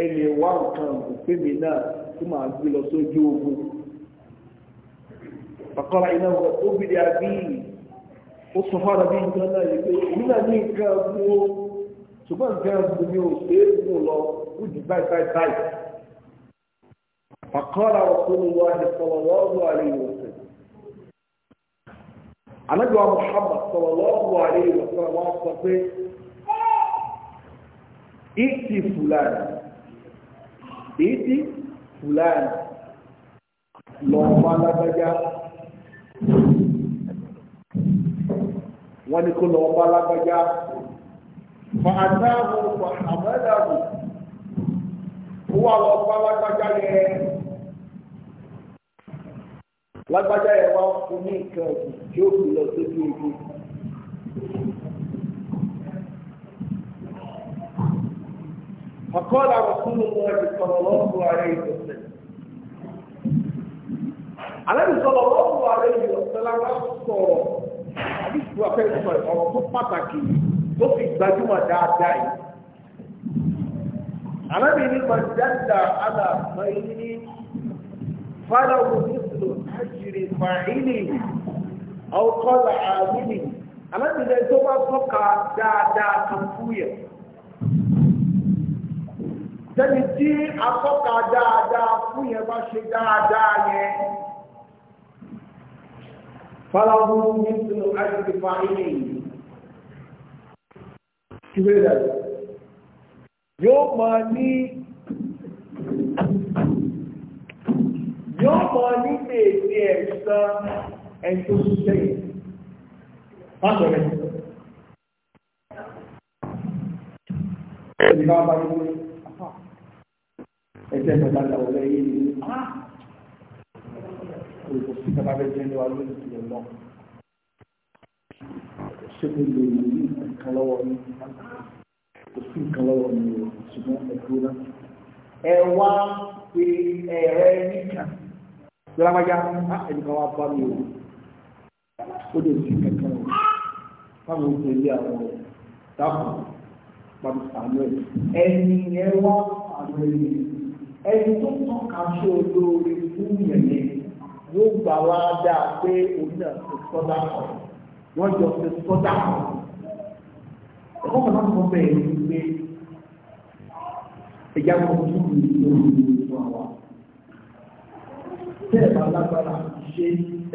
ẹni wá nǹkan òfin mi náà tí màá gbé lọ sójú ogun. فقرأ إنه قبل أبيه ó sọ fára bí ìjọ náà yìí pé èmi náà ní nǹkan mú o ṣùgbọ́n nǹkan mú mi ò ṣe é mú lọ ó di báyìí báyìí báyìí. fàkọ́ra ọkùnrin wa ni sallallahu alaihi wasallam. ànágbà Muhammad sallallahu alaihi wasallam wọn sọ pé ìtì fúlàní ìtì fúlàní lọ́ọ́ alágbájá. wọ́n ní kó lọ bá lágbájá fàádáhùn fàámẹ́dàhùn ó wà lọ bá lágbájá yẹn lágbájá yẹn wá fún ní nǹkan ọ̀sìn tí ó fi lọ sójú ogun. فقال رسول الله صلى الله عليه وسلم عليه صلى الله عليه وسلم sọ̀rọ̀ àdìsú afẹ́sùn ọ̀rọ̀ tó pàtàkì tó fi gbajúmọ̀ dáadáa yìí. Àlábì ní Màdídàdà Àlà Fàíní Fáláwù Nísìlò Ájìrì Fàíní Ọkọ̀lá Àmìnì. Àlábì ní tó bá tọ́ka dáadáa kan fúyẹ̀. Sẹ́ni tí atọ́ka dáadáa fúyẹ̀ bá ṣe dáadáa yẹn. فله مثل أجر فاعلين كبيرة yóò máa ní yóò máa ní èdè ẹ̀sán ẹni tó ṣiṣẹ́ yìí wọ́n sọ rẹ̀ ẹ̀dì bá bá yóò ẹ̀sẹ̀ ìpàdánù ọ̀rẹ́ yìí ni kò sí ìjọba bẹ́ẹ̀ jẹ́ ní wa lórí ìpìlẹ̀ náà kò sí mi lè rí nǹkan lọ́wọ́ mi kò sí nǹkan lọ́wọ́ mi o ṣùgbọ́n ẹ̀dúró náà ẹ wá pé ẹ̀rẹ́ nìkan gbọ́lágbájá á ẹnìkan wá bá mi o ó lè sí kankan o báwo ló lé àwọn ọ̀rọ̀ dáàbò pàmì sàánú ẹ̀ ẹni ẹ sàánú ẹ̀ ẹni tó tọ́ka sí olóore fún yẹn yóò gbà wá dáa pé òun náà ti sọ́dá kọ̀ wọ́n jọ ti sọ́dá kọ̀. ẹ̀kọ́ kan náà sọ bẹ́ẹ̀ ni pé ẹ̀yà kan tún lè lò ó fún wa. bẹ́ẹ̀ bá lágbára ṣe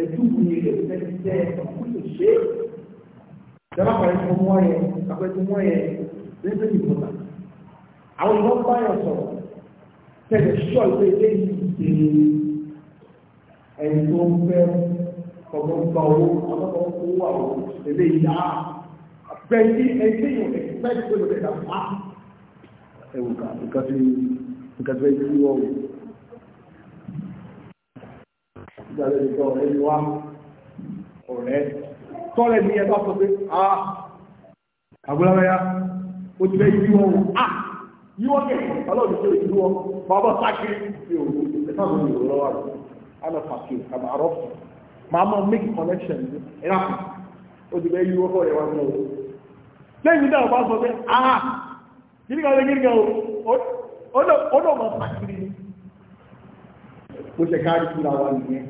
ẹ̀dùn ní ilé ìfẹ́ni tẹ́ ọ̀kú lè ṣe é. ìjọba kan ẹ̀kọ́ mọ́ ẹ̀ àpẹẹrẹ mọ́ ẹ̀ lẹ́sẹ̀ ìbọ̀dà. àwọn ìwọ́n báyọ̀ sọ̀rọ̀ tẹ̀lé ṣọ́ọ̀ ilé ilé yìí ẹni tó ń fẹ́ ọmọ gba owó ọlọ́pàá owó àwọn èlé ìyá bẹ́ẹ̀ni ẹni tí yóò ẹ̀kẹ́tì pé lóde ìdá fà. ẹ wò ká nǹkan tí nǹkan tí wọ́n ti wọ́ o. ìgbà tó ti kọ ẹni wá ọ̀rẹ́ tọ́lẹ̀ ní ẹ bá sọ pé a ah, àgbọ̀lábẹ́yà ó ti fẹ́ yí wọ́n a ah, yí wọ́n kẹ̀ tó yí bàbá sákìrì ti òun ẹ̀fọ́ àwọn ìrọ̀lọ́wọ́ ana fàkì àbá àrọ́pù màá máa make connection ẹ̀rọ ó ti bẹ́ẹ̀ yíwọ́ fọ́ ẹ̀wà náà lẹ́yìn náà bá sọ pé ah gírígà lé gírígà ó náà máa fàkìrì ni bó ṣe kárí síra wa nìyẹn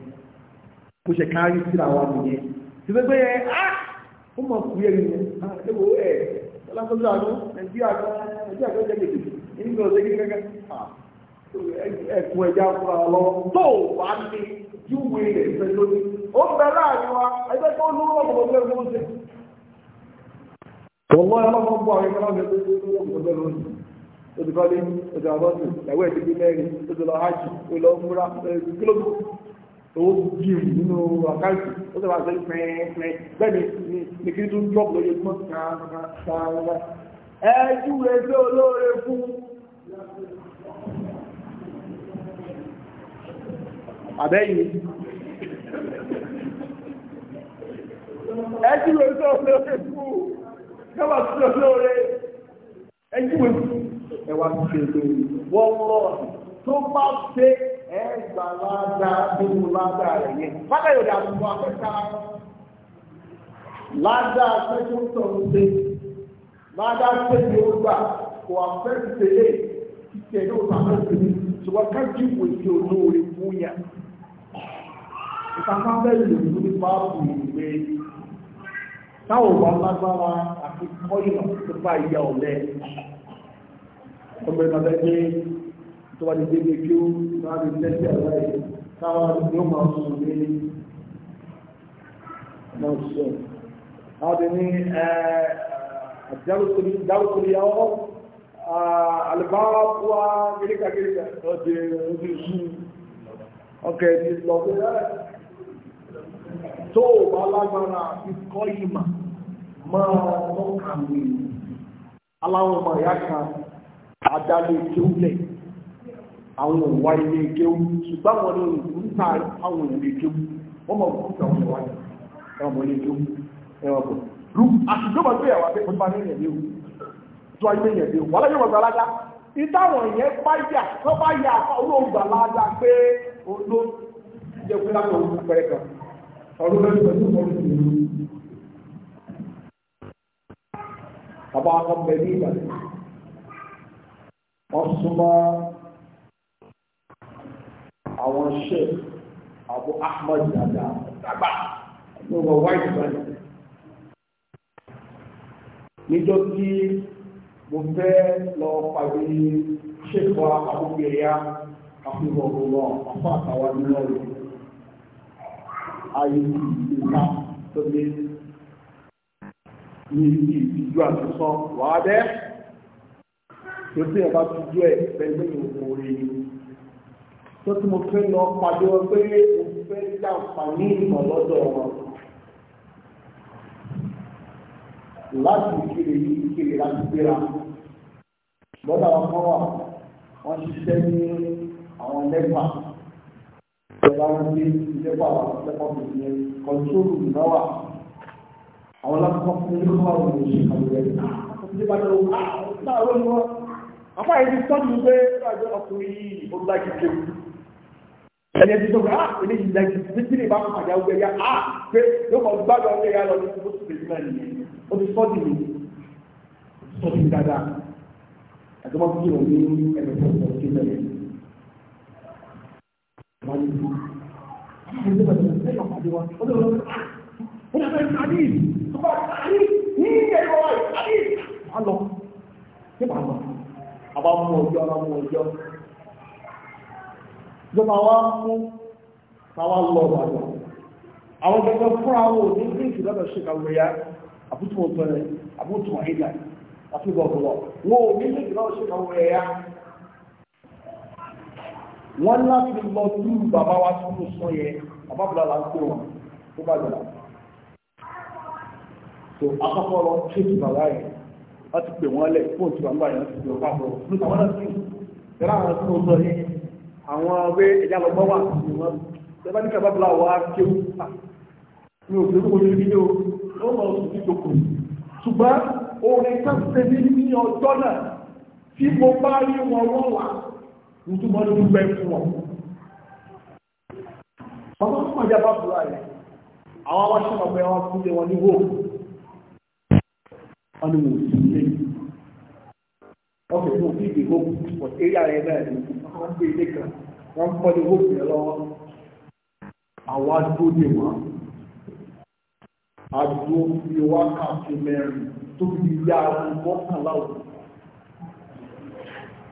bó ṣe kárí síra wa nìyẹn ti fẹ́ pé ẹ ah ó mọ̀ kú ẹ̀rí ni ah ẹ̀wọ̀ ẹ̀ ọlọ́sọ́sọ́ àná nàìjíríà kan nàìjíríà kan jẹ́ gbèsè nígbà ọ̀sẹ̀ gírígà kan ah ẹ̀kùn ẹ̀já fúnra lọ tó bá ní júwe rẹ̀ ìfẹ́ lónìí ó ń bẹ láàrin wa ẹgbẹ́ tó lóró ọ̀pọ̀ ọ̀gbẹ́ ló ń ṣe tọ́lọ́ ẹ lọ́mọ bọ́ àwọn ìkọlá ọ̀gbẹ́ tó lóró ọ̀pọ̀ ọ̀gbẹ́ ló ń ṣe ó ti kọ́lé ó ti àbọ́sì ẹ̀wẹ́ ti bí mẹ́rin ó ti lọ hajj ó lọ múra kílógù owó jíìm nínú àkáǹtì ó ti wà sí pẹ́ẹ́pẹ́ bẹ́ẹ̀ ni ni kí n tún dọ́ọ̀bù lóye mọ́ ẹ júwe sí olóore fún àbẹ́yìn ẹjú lórí tó lórí fún kọ́wà tó lórí ẹjú ẹwà tó lórí wọ́n lọ tó bá ṣe ẹgbà ládàá nínú ládàá rẹ̀ yẹn fádà yóò dà bọ̀ afẹ́ta ládàá pẹ́jú tó ń ṣe ládàá pẹ́jú ó gbà kò afẹ́ tẹ̀lé títẹ̀ ní òtún afẹ́ tẹ̀lé ṣùgbọ́n kájú ìwé tí olóore fún yàn ìtàkà bẹ́ẹ̀ lè ní báàbù ìwé táwọn wà lágbára àti kọ́yìnà tó bá ìyá ọ̀lẹ́ ọgbẹ́ ìgbàgbẹ́ pé tó wà ní gbégbé kí ó máa rí lẹ́sẹ̀ aláì táwọn yóò máa sùn ní náà sọ àwọn ní dárúkúrí ọwọ́ alìbára fúwa gíríkà gíríkà ọdẹ ojú ọkẹ̀ ti tó o bá lágbára àti kọ́ ìmọ̀ máa tọ́ka mi aláwọn ọmọ ìyá kan adalẹ̀ kéwúlẹ̀ àwọn òwà ilé kéwú ṣùgbọ́n àwọn ọmọ ìlú ta àwọn ilé kéwú wọ́n mọ̀ òkú ta àwọn ìwáyé ẹ̀wọ̀n ilé kéwú ẹ̀wọ̀n bọ̀ rú àtijọba pé pípa ní o tó ayé o ìtàwọn bá yà tó bá yà pé ọdún mẹ́rin pẹ̀lú ọdún ìlú bàbá ọmọbẹ ní ìbàdàn wọ́n súnmọ́ àwọn ṣe àbú Ahmad dada dàgbà ní ọmọ white man níjọ́ tí mo fẹ́ lọ pàdé ṣèkọ àbúgbèrè àfihàn ọ̀rọ̀ àfọ àtàwọn nínú ọ̀rọ̀ ayé ìta tó lé ní ìtìjú àtúnṣọ wàá bẹ́ tó tí ẹ bá tìjú ẹ pẹ̀lú ìwòkò rèé tó tí mo fẹ́ lọ pàdé wọn pé mo fẹ́ jàǹfààní ìmọ̀ lọ́dọ̀ wọn láti ìkéde yìí ìkéde láti gbéra lọ́dọ̀ àwọn kan wà wọ́n ṣiṣẹ́ ní àwọn lẹ́gbàá ìjọba wọn gbé ìjẹ́pọ̀ àwọn akẹ́kọ̀ọ́ tó ti yẹn kọ̀ntúrù ìnáwà àwọn alákọ̀ọ́ fún ilé kọ́ àwọn òṣì kàwé rẹ̀ àpá ìdí tọ́jú pé ọjọ́ ọkùnrin yìí ó lájú kéwù ẹni ẹni tó gbà á ilé yìí lájú ní tí ní ìbá fún àjà ọgbẹ́ yá á pé yóò kọ́ gbádùn ọgbẹ́ yá lọ ní oṣù kejì náà nìyẹn ó ti sọ́ọ̀dì mi sọ́ọ̀dì mi dáadáa àti wọ́n fi hàn ní ẹgbẹ̀rún ọ̀sẹ̀ sílẹ̀ yẹn. Ìjọba Àwọn gẹ́gẹ́ fún àwọn òní ní ìṣìlọ́dọ̀ ṣe kàwé ya, àbútù ọ̀tọ̀ rẹ̀, àbútù ọ̀hìnà, àti ìbọ̀bọ̀lọ̀. Wọ́n òní ní ìṣìlọ́dọ̀ ṣe kàwé ya, wọ́n láti lọ lúrù bàbá wa tó ló sọ yẹ àbábùlà là ń pè wọn tó bá gbàlá tó akọ́kọ́ lọ tréṣì bàbá yẹn wọ́n ti pè wọ́n lẹ̀ fóònù tí bàbá yẹn ti pè wọ́n pàpọ̀ ní àwọn náà sí ìrà àwọn tó sọ yẹ àwọn ọgbẹ́ ẹ̀yà lọ́gbọ́n wà ní wọn tẹ́lá ní kábàbùlà wà á kéwù pa mi ò fẹ́ kó lè rí ní o lọ́wọ́ sùn ní gbogbo ṣùgbọ́n orin kan ṣe ní ọjọ́ náà tí mo bá rí wọn wọ́n wà á ìtumọ̀ ló dúpẹ́ fún ọ. ọmọ tó mọ̀ jábá fúra rẹ̀ àwọn wá ṣe ọ̀pẹ wọn fún lé wọn ní wò wọn ni wò sí ilé ọkọ̀ tó fi ìdè hó pọ̀ sí eré ara ẹgbẹ́ rẹ̀ wọ́n ń gbé ilé kan wọ́n ń kọ́ ní hó pẹ̀ lọ́wọ́ àwọn adúró dè wọ́n adúró fi wákàtí mẹ́rin tó fi yá ọdún mọ́kànlá òkú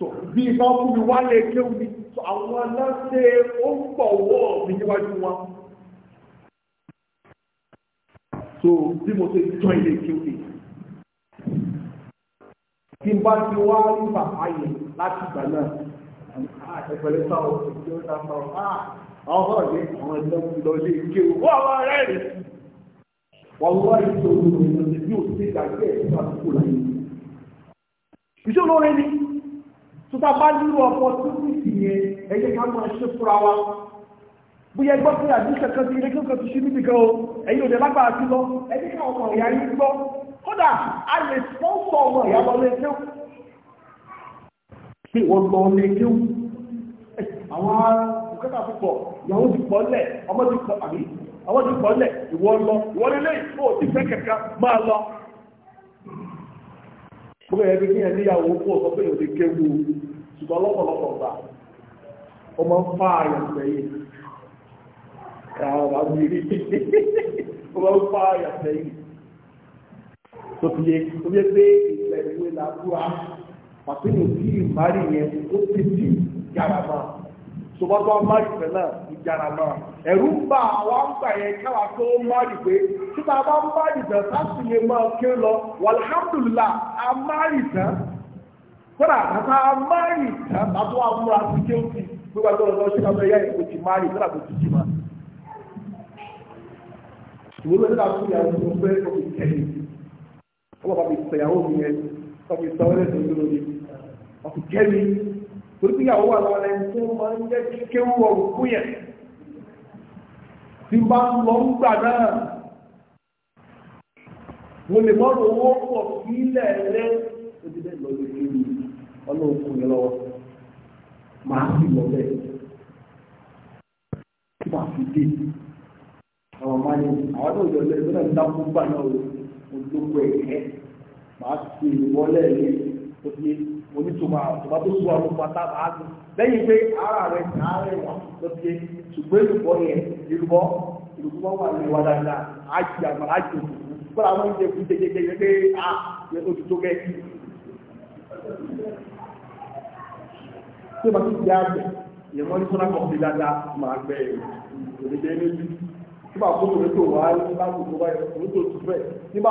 so bí ìbá fún mi wá lè kéwù mi so àwọn aláṣẹ ó ń pọ̀ wọ́ mi níwájú wọn. so bí mo ṣe jọ ilé kéwù mi kí n bá ti wá rí bàbá yẹn láti ìgbà náà ẹgbẹ̀rẹ̀ sáwọ́ ẹgbẹ̀rẹ̀ sáwọ́ àwọn ọ̀rọ̀ yẹn àwọn ẹgbẹ́ mi lọ lé kéwù wọ́n wá rẹ́rìn wọ́n wá ìṣòro ìrìnàjò bí ó ti dàgbé ẹ̀ fún àdúgbò láyé. ìṣòro rẹ ni tó bá bá ọ̀pọ̀ tó sì sì ẹ̀yẹ ká máa ṣe fúra wa bóyá ẹgbọ́ pé àdúṣe kan ti ilé kí ó kan ti ṣe níbi gan o ẹ̀yin òde lágbára sí lọ ẹni ká ọmọ ìyá yín gbọ́ kódà a lè sọ́ọ̀sọ̀ ọmọ ìyá lọ lé kéwù pé wọ́n lọ lé kéwù àwọn bùkátà púpọ̀ ìyàwó ti pọ̀ lẹ̀ ọmọ ti pọ̀ àbí ọmọ ti pọ̀ lẹ̀ ìwọ lọ ìwọ lélẹ́yìn gbogbo ẹ̀ bí kíyàn níyàwó ọ̀sọ́ pé òde kéwu ṣùgbọ́n lọ́pọ̀lọpọ̀ gbà ó máa ń fa àyàn àwọn ọ̀gá mi rí ó sẹ́yìn tó fi yé pé ìgbà ìwé làbúrà pàtó yóò kí ti di yàrá sọgbọ́n tó márì pẹ̀lẹ́ ìjára náà ẹ̀rù ń bá àwọn àgbà yẹn káwà tó márì pé títa bá márì tán láti lè máa ké lọ wàlhámdùlá a márì tán kódà kàtà a márì tán bàtọ́ àmúra sí ké òkè gbogbo àgbà ọ̀dọ́ ṣe káfẹ́ yá ìkó ti márì kódà kò ti jì má. ìwé ló ń dà fún ìyàwó tó fẹ́ òkè tẹ̀lé ọlọ́pàá mi sẹ̀yàwó mi yẹn ọkùnrin sọ torí ìyàwó wà lára ẹni tó máa ń jẹ́ kí kéwú ọ̀rùn fún yẹn tí bá ń lọ ń gbà náà mo lè mọ́ lọ owó pọ̀ sílẹ̀ rẹ̀ ó ti bẹ́ẹ̀ lọ sí kéwú ọlọ́run fún mi lọ́wọ́ màá sì lọ bẹ́ẹ̀ tí màá fi dé àwọn máa ní àwọn náà yọ lẹ́yìn lọ́dọ̀ nígbà fún gbà náà o mo dókòó ẹ̀kẹ́ màá sì wọlé ẹ̀yẹ tó fi onítùmọ̀ àtùmọ̀ tó sùn àwọn pátá máa dùn lẹ́yìn pé ara rẹ̀ sàárẹ̀ wọn ló ti ṣùgbọ́n ìlúbọ yẹn ìlúbọ ìlúbọ wà ní ìwà dáadáa àjì àgbà àjì òkú fúnra wọn jẹ kú jẹjẹjẹ pé a yẹ oṣù tó kẹ. tí o bá ti di àgbẹ̀ ìyẹn wọn ní sọ́nà kọ̀ọ̀tì dáadáa máa gbẹ ẹ̀ òdìjẹ́ méjì nígbà tó tó tó wà á ní bá tó tó bá yẹ kó tó tó bẹ́ẹ̀ nígbà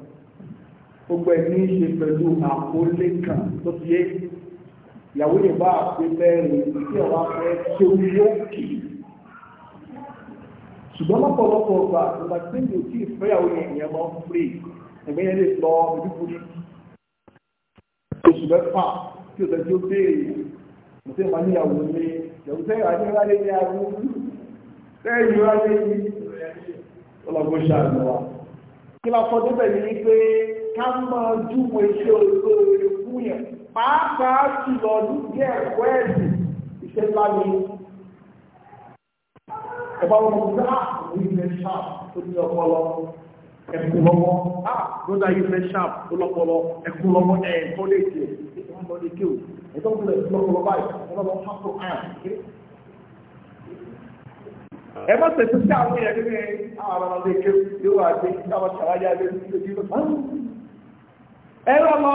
gbogbo ẹ̀ ní í ṣe pẹ̀lú àkólé kan tó ti yé ìyàwó lè bá àpé bẹ́ẹ̀rẹ̀ tí ọ̀wá fẹ́ ṣe yóò kì í ṣùgbọ́n lọ́pọ̀lọpọ̀ ọgbà ìgbà tí mi ò tí ì fẹ́yàwó yẹn ìyẹn máa ń pè ẹ̀gbẹ́ yẹn lè lọ ojúkúrú oṣù mẹ́fà tí òṣèlú tí ó béèrè mo tẹ́ máa níyàwó ní ìyàwó sẹ́yìn àti ìrọ̀lẹ́ ní àwọn sẹ́yìn ìrọ̀lẹ́ ní ọlọ́gbọ́n ṣàlùwà kí la fọ́ débẹ̀ ní pé ká máa júmọ̀ iṣẹ́ olóore fún yẹn pàápàá jùlọ níbi ẹ̀kọ́ ẹ̀sìn iṣẹ́ ńlá ni ẹ̀bá wọn gbá àwọn ah, ilẹ̀ sharp tó ní ọpọlọ ẹ̀kú lọ́wọ́ á lọ́dà ilẹ̀ sharp tó lọ́pọlọ ẹ̀kú lọ́wọ́ ẹ̀kọ́ lè jẹ́ ẹ̀kọ́ lè jẹ́ ẹ̀kọ́ lè jẹ́ lọ́pọlọ báyìí ọlọ́wọ́ pápó àyà ẹ má tẹ̀sí sí àwọn èèyàn nínú àwọn ọmọdé kéwù yóò wà dé àwọn ṣàwáyé adé ní ojú lọ́pọlọ ẹ̀rọ lọ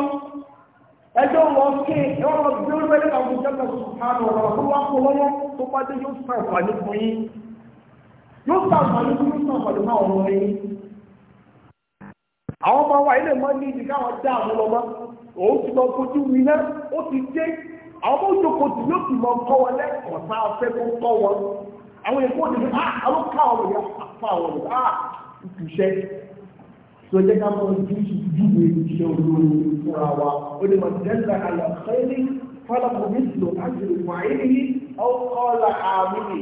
ẹjọ́ lọ kí ẹ̀rọ lọ bí ó lórí àwọn ìjọba sùhánù ọ̀rọ̀ tó wá kó lọ́wọ́ tó bá dé yóò sàǹfààní fún yín yóò sàǹfààní fún yóò sàǹfààní fún àwọn ọmọ yín àwọn ọmọ wa ilé mọ́ ní ìdíkà wọn dá àwọn ọmọ òun ti lọ fojú wí náà ó ti dé àwọn ọmọ òjòkó tí yóò ti lọ kọ́ wọn lẹ́kọ̀ọ́ tá a kọ́ wọn àwọn èkó tó jẹ́ ká máa dúdú dúdú iṣẹ́ olóró fúnra wa ó lè máa dẹ́sà àlàfẹ́lẹ́ fọlọ́pọ̀ mísìlò láti lè wà ní ọkọ̀ọ̀là àmúlè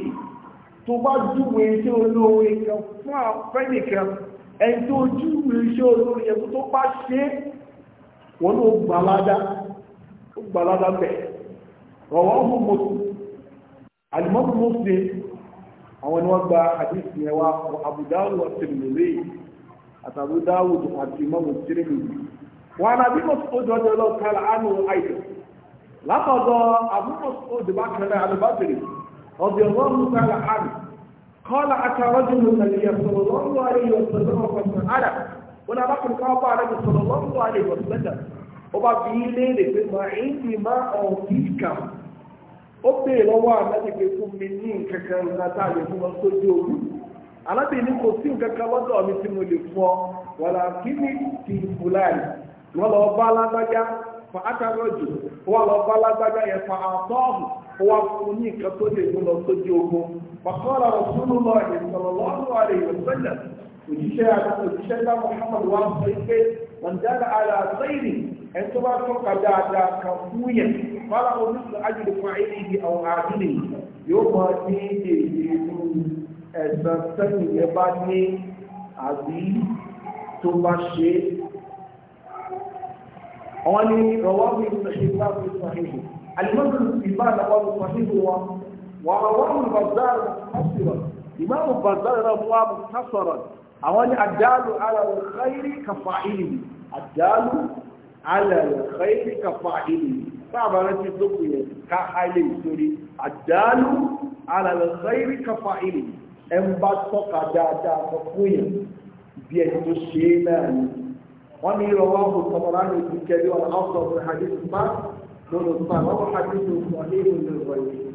tó bá dúwe iṣẹ́ olóró kan fún afẹ́nìkan ẹni tó dúwe iṣẹ́ olóró yẹn tó bá ṣe wọn ló gbàládá ó bẹ̀ rọ̀wọ́ mú mo àlùmọ́kù àwọn ni wọ́n gba àdìsí yẹn wa Abu Dawud wa àtàbí dáwùd àti mọ́mù tìrìmì wọn àbí mọ́sùkòdì ọjọ́ ọlọ́kàlà ánú àìsàn látọ̀dọ̀ àbí mọ́sùkòdì bákẹ́rẹ́ àlùbáṣẹ̀rẹ̀ ọ̀dẹ̀ ọlọ́run sálà ánú kọ́lá àtàrọ́jú ló nàlẹ́ yẹ sọ̀rọ̀ lọ́wọ́ àríyọ̀ sọ̀rọ̀ ọ̀sán àdà wọn alábìnrin kò sí nǹkan kan lọ́dọ̀ mi tí mo lè fọ wàlá kí ni ti fúláì wọ́n lọ bá lágbájá fa átàrọ̀jù wọ́n lọ bá lágbájá yẹn fa àtọ́ọ̀mù wọ́n fún ní nǹkan tó lè mú lọ sójú ogun bàkọ́lá ọ̀túnú lọ ìsọ̀rọ̀ lọ́rùn àrẹ ìrọ̀sẹ́lẹ̀ òjíṣẹ́ òjíṣẹ́ ńlá Muhammad wa sọ pé wọ́n dára ara sẹ́yìn ẹni tó bá tọ́ka dáadáa kan fún yẹn fara oníṣẹ́ ajínigbọ̀n ayé ìdí àwọn àdínì yóò máa ní èdè ìlú ẹ̀san tẹ́lẹ̀ yẹn bá ní àbí tó bá ṣe é àwọn ní rọwọ́ mi ń ṣe bá mi sàhìhù alimọ́tò ìbá àdáwọ́ mi sàhìhù wọn wọ́n rọwọ́ mi bàzáàrù kásìrọ̀ ìmáàmù bàzáàrù náà mú àmú kásọ̀rọ̀ àwọn ní àdáàlù alàwọ̀ káyírí kàfà ìlì àdáàlù tó kù yẹn ká àìlè ìsorí àdáàlù alàwọ̀ káyírí ẹ ń bá tọ́ka dáadáa sọ fún yẹn bí ẹni tó ṣe é náà ni wọ́n ní ìrọ̀wá kò sọ̀rọ̀ láti ìlú kẹ́lí ọ̀nà ọ̀sọ̀ ọ̀sọ̀ hadith bá lọ́dọ̀ sàn wọ́n hadith sọ ní ìlú ìrọ̀ yìí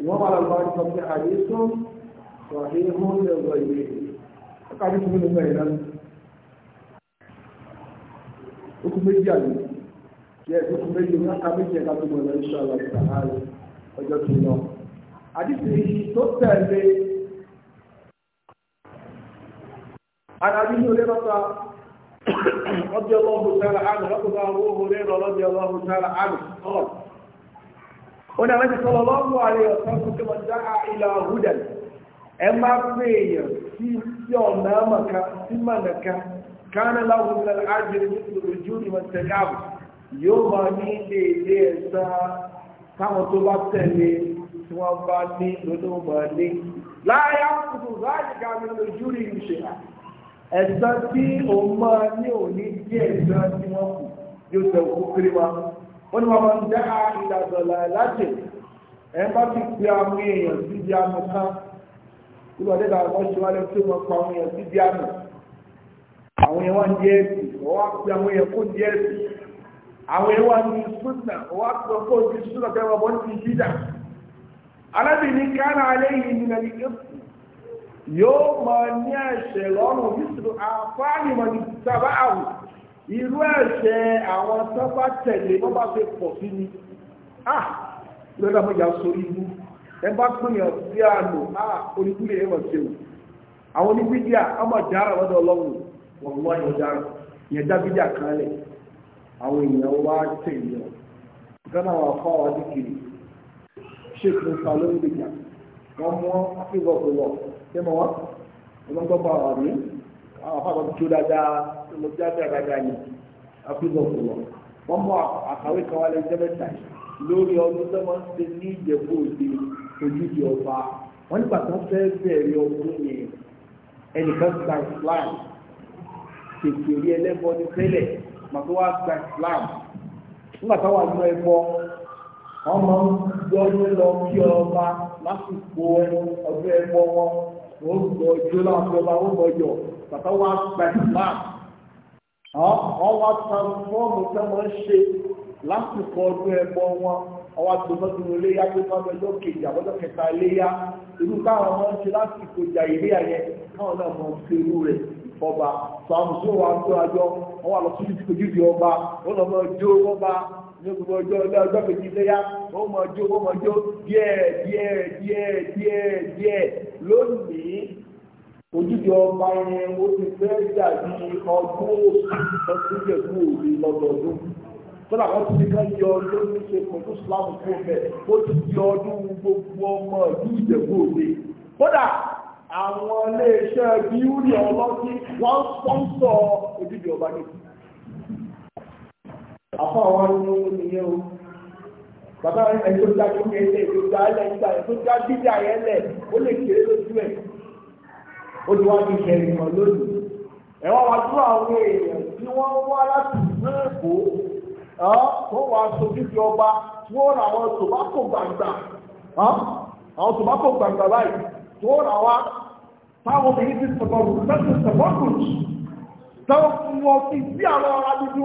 ìwọ́n wà lọ́wọ́ sọ pé hadith sọ ní ìlú ìrọ̀ yìí ọkọ̀ hadith mi ló mẹ́rin méjì ní ọ̀ka ẹ̀ka tó mọ̀ lọ́wọ́ ìṣọ́ àlọ́ ìṣàlàyé ọjọ́ tó lọ. àdìsí tó tẹ̀lé عن أبي هريرة رضي الله تعالى عنه لقد أبو هريرة رضي الله تعالى عنه قال هنا النبي صلى الله عليه وسلم كما دعا إلى هدى أما في يوم مكة في مكة كان له من الأجر مثل أجور من تبعه يوم نيلي ليسا كما تبتلي tí wọ́n bá ní lónìí mọ̀ ní láyé àkùtù láyé gàmìnà ìjúrí ìṣẹ̀lẹ̀ ẹ̀sán tí òun máa ní òní jẹ́ ẹ̀sán tí wọ́n kù yóò tẹ òkú kiri wa wọ́n ní wọ́n máa ń dá ìdàgbọ̀lá láti ẹ̀ bá ti pe àwọn èèyàn síbi àmì kan kúrò ọdẹ bá wọn ṣe wá lọ sí wọn pa àwọn èèyàn síbi àmì àwọn èèyàn wà ní ẹ̀sìn wọ́n wá pe àwọn èèyàn kó ní ẹ̀sìn àwọn èèyàn wà ní súnà wọ́n wá pe ọkọ̀ òjì súnà tẹ́wọ́ bọ́ ní ìdíjà alábìnrin kan alẹ́ yìí nínú ẹni kéfù yóò máa ní ẹ̀ṣẹ̀ lọ́rùn yusuf àfáàní mọ̀ ní sábà àwù irú ẹ̀ṣẹ̀ àwọn sábà tẹ̀lé wọ́n bá fi pọ̀ sí ni ah lọ́dọ̀ mọ́jà sórí ibú ẹ bá àlò ah oníkúlẹ̀ ẹ̀wọ̀n o àwọn ọmọ jára lọ́dọ̀ ọlọ́run jára àwọn èèyàn wá tẹ̀lé gánà wà fọ́ àwọn adìkiri wọ́n ṣé mo wọ́n ọmọ tó bá wà mí àwọn afọ àbọ̀tí tó dáadáa ọmọ tí a fẹ́ dáadáa ni àfihàn fún wọn wọ́n mú àkàwé kan wá lẹ́yìn jẹ́mẹ́ta lórí ọdún tó máa ń ṣe ní ìjẹ̀bú òde ojúde ọba wọ́n nígbà tó fẹ́ bẹ̀rẹ̀ ọdún yẹn ẹnìkan gba Islam kèké rí ẹlẹ́bọ ní tẹ́lẹ̀ mà tó wá gba Islam nígbà táwọn àgbọ̀ ẹ̀bọ wọ́n máa ń gbọ́ ló lọ kí ọba lásìkò ọdún ẹ̀bọ wọn wọ́n gbọ́ ijó láwọn tó bá wọ́n gbọ́ jọ bàbá wa gba ìgbà wọ́n wá transfọ́ọ̀mù tí wọ́n ṣe lásìkò ọdún ẹ̀bọ wọn ọwọ́ àtúntò iléyà tó bá bẹ lókèjì àbọ́dọ̀ kẹta iléyà irú táwọn ọmọ ń ṣe lásìkò ìjà ìléyà yẹn káwọn náà mọ̀ ń fi irú rẹ̀ ọba sàmùsùn wa ń tó àjọ wọn wà lọ sí ìdíjú di ọba wọn lọ mọ jó ọba ní gbogbo ọjọ́ ilé ọjọ́ kejì iléyà wọn mọ jó wọn mọ jó díẹ̀ díẹ̀ díẹ̀ díẹ̀ díẹ̀ lónìí ojúde ọba yẹn ó ti fẹ́ dàbí ọdún ọdún ìjẹ̀bú òde lọ́dọọdún tọ́lá wọn ti ká yọ ọdún ní ṣe kò tó sùlámù fún ọbẹ̀ ó ti di ọdún gbogbo ọmọ ìlú ìjẹ̀bú òde kódà àwọn iléeṣẹ́ bíúrì ọlọ́sí wọ́n sponsor ojúde ọba nìkan àfọ àwọn ọmọ ìyẹn o bàbá ẹni tó dá tó kẹ́ lẹ̀ tó dá lẹ̀ nígbà tó dá dídá yẹn lẹ̀ ó lè kéré lójú ẹ̀ ó ti wá ní ìṣẹ̀lẹ̀ kan lónìí ẹ̀wọ́n wá tó àwọn èèyàn tí wọ́n wá láti ìlú èkó tó wá sojú ti ọba tí wọ́n rà àwọn tòbákò gbàgbà àwọn tòbákò gbàgbà báyìí tí wọ́n rà wá táwọn obìnrin ti sọ̀tọ̀ lù sẹ́sìn sọ̀tọ̀ lù táwọn fún wọn fi sí àwọn ará dúdú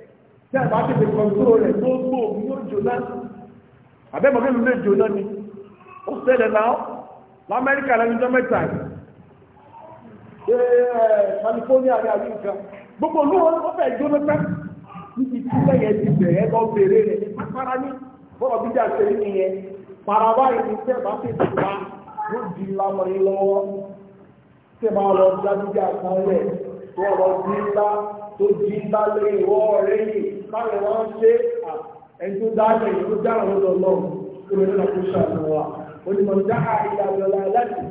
tí àgbà tètè kọ̀ǹtúrò rẹ̀ gbogbo òun yóò jóná àbẹ́mọ̀ mélòó lè jóná ni ó ṣẹlẹ̀ náà lamẹ́ríkà lẹ́nu jọ mẹ́ta California ní àríkà gbogbo olúwo ó fẹ́ jóná tán níbi tí lẹ́yẹ ti bẹ̀rẹ̀ lọ bèrè rẹ̀ ní pápára ní bọ́ọ̀ bí jà ṣe ní yẹn paraba yìí ní tẹ́ bá tètè wá yóò di lamọ̀ yìí lọ́wọ́ tẹ́ bá lọ jáde jà kan rẹ̀ tó tó jí bá lé ìwọ́ ọ̀rẹ́ yìí káwọn wọn ṣe ẹni tó dáná yìí tó dáná lọ́dọ̀ lọ́wọ́ tó lè lọ́dọ̀ tó ṣàtúnwò wa onímọ̀ dáhà ìlà ìlọ́lá aláàtì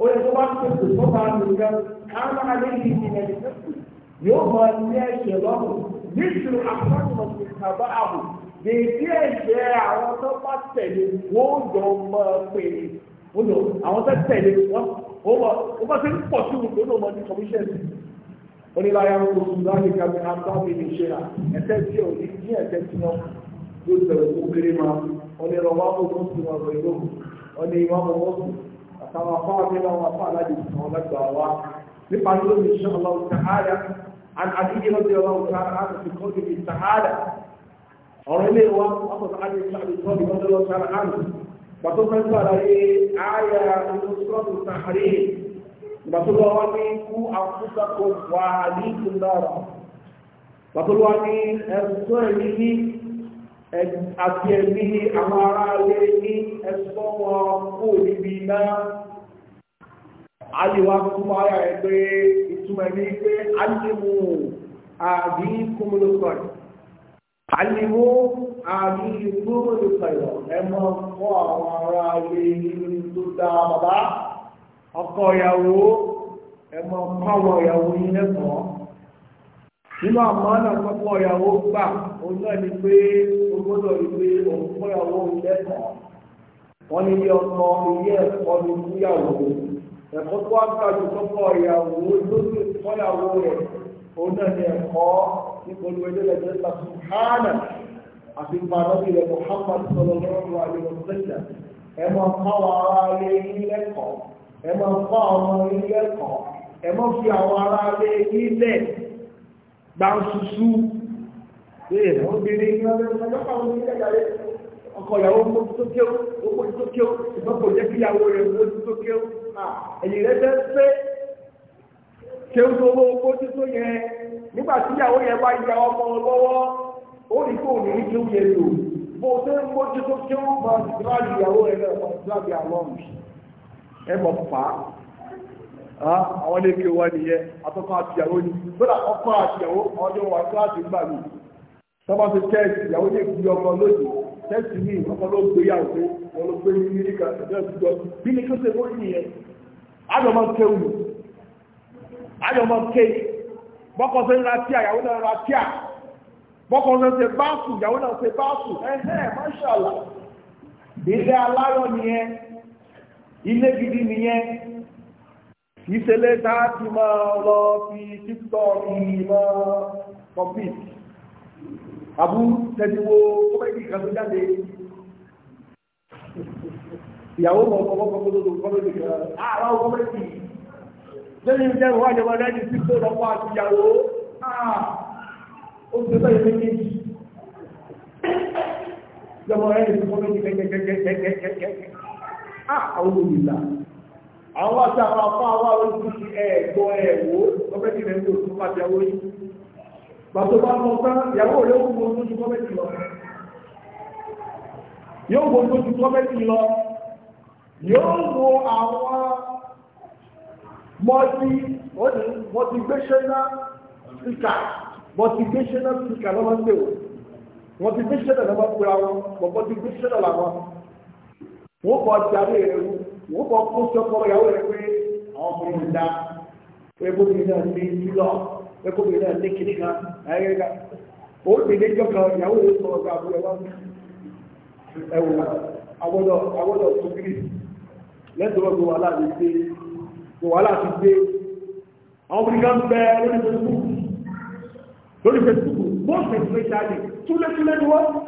ó yẹ tó bá ń pèsè tó bá ń lò gan káwọn alẹ́ yìí ti nà ẹ̀ṣẹ̀ yóò mọ ní ẹ̀ṣẹ̀ lọ́rùn nítorí àpapọ̀ ìkàbá àbò dèjì ẹ̀ṣẹ̀ àwọn tó bá wọ́n jọ mọ pé àwọn tó wọ́n ó bá ṣe ń pọ̀ sí òun tó náà mọ ní oníláyà ń kó sùn láti kàbí àtàbí ní ṣe à ẹsẹ tí ò ní ní ẹsẹ tí wọn ló bẹ̀rẹ̀ kó kéré máa onírọ̀ wá mú mú sí wọn pẹ̀lú ọní wọn mú mú sùn àtàwọn afá mi láwọn afá aláàjì sùn wọn lágbà wá nípa ló ní ṣe ọlọ́run sàhádà àdíjì lọ́dẹ ọlọ́run sàhádà á sì kọ́ níbi sàhádà ilé wa wọ́n sọ àdé sàhádà tó ní wọ́n lọ́ sàhádà á pàtó fẹ́ sọ àlàyé àyà ìlú sọ́ọ̀tù sàhárì ìgbàtọ́lọ́ wá ní kú àkúsàkó wà ní ìtúndára ìgbàtọ́lọ́ wá ní ẹ̀sùn ẹ̀mí ní àti ẹ̀mí ní àwọn ará alẹ́ ní ẹ̀sùn wọn kó níbi iná àdìwá túnmọ̀ ara ẹ̀ pé ìtumọ̀ ní pé àdìmú àbí kúmùlùkọ̀ àdìmú àbí kúmùlùkọ̀ ẹ̀mọ́ fún àwọn ará alẹ́ ní tó dáa bàbá ọkọ ìyàwó ẹmọ pàwọ̀ ìyàwó yín lẹ́kọ̀ọ́ nínú àmọ́nà pọ́pọ́ ìyàwó gbà òun náà ni pé ó gbọ́dọ̀ rí pé òun pọ́ ìyàwó lẹ́kọ̀ọ́ wọ́n ní ilé ọkọ ilé ẹ̀kọ́ ní fúyàwó ẹ̀kọ́ tó wá gbàdú pọ́pọ́ ìyàwó lórí ìfọ́yàwó rẹ̀ òun náà ni ẹ̀kọ́ nípolú ẹlẹ́lẹ́dẹ́ sàfihànà àti ìpàdánù ilẹ̀ Muhammad sọlọ́lọ́rọ̀ àlè ọ̀sẹ̀lẹ̀ ẹ̀mọ́ pàwọ̀ ara rẹ̀ yín lẹ́kọ̀ọ́ ẹ máa kọ́ ọmọ ilé ẹ̀kọ́ ẹ máa fi àwọn ará lé nílẹ̀ gbansusu ee obìnrin ní ọdún ọjọ́ kan ní ilé ìyàwó ọkọ ìyàwó mú tó kéwú owó tó kéwú ìgbọ́n kò jẹ́ kí ìyàwó rẹ̀ mú tó kéwú ẹ̀yìn rẹ̀ fẹ́ fẹ́ kéwú tó owó owó tó tó yẹ nígbà tí ìyàwó yẹn bá ya ọmọ lọ́wọ́ ó rí kó ní kéwú yẹn lò bó o tó ń mójútó kéwú máa ń gbáàlì ìyàwó rẹ̀ náà máa ń gbáàlì àwọn ọ̀hún. ẹmọ fà àwọn ilé kí wọ́n nìyẹn atọ́kọ́ àtìyàwó ni àtìyàwó ọjọ́ wa kíláàsì gbà mí ti ìyàwó lè fi ọkọ lóde tẹ́ẹ̀sì mi ọkọ ló gbé yàwó pé wọ́n ló gbé ní mílíkà ẹ̀jẹ̀ ìjọ bí ni kí ó ṣe wọ́n nìyẹn àjọmọ́ kéwù àjọmọ́ kéwù bọ́kọ̀ ṣe ń ra tíà ìyàwó náà ra tíà ṣe ìyàwó náà ṣe ilé gidi nìyẹn ìṣẹ̀lẹ̀ táàtì máa lọ fi tiktok ìmọ̀ compete àbú tẹ́tíwó kọ́mẹ́dì kan tó jáde ìyàwó mọ̀ ọkọ̀ ọkọ̀ tó tó kọ́mẹ́dì kan àwọn kọ́mẹ́dì lẹ́yìn jẹ́ wọ́n àjẹmọ́ lẹ́yìn tiktok lọ́pọ̀ àti ìyàwó ó ti bẹ́ẹ̀ méjèèjì jọmọ ẹni tó kọ́mẹ́dì kẹ́kẹ́kẹ́kẹ́kẹ́kẹ́kẹ́ Ah, àwọn olùlà àwọn àtàwọn afọ àwọn olùsí ẹ̀ẹ̀gbọ́ ẹ̀wò gọ́mẹ́tì rẹ̀ ń lò tó máa jáwó yìí bàtò bá mọ pé ìyàwó rẹ̀ ó mú ojú gọ́mẹ́tì lọ yóò mú ojú gọ́mẹ́tì lọ yóò mú àwọn mọ́tí motivational speaker motivational speaker lọ́wọ́ ń lè wọ́n motivational lọ́wọ́ pé àwọn motivational làwọn wọ́n kọ́ ti abẹ́ wọ́n kọ́ kó sọ́kọ́ ìyàwó rẹ̀ pé àwọn ọmọ yìí da pé náà ní jùlọ pé náà ní kìnnì kan ká ó ti lé jọ ìyàwó rẹ̀ sọ ọ̀gá àbúrò ẹ̀ wá àwọ̀dọ̀ àwọ̀dọ̀ tó kiri lẹ́tọ̀ọ́ wàhálà ti gbé gbogbo wàhálà ti gbé àwọn obìnrin kan bẹ lórí Facebook lórí Facebook bọ́ọ̀sì ìfẹ́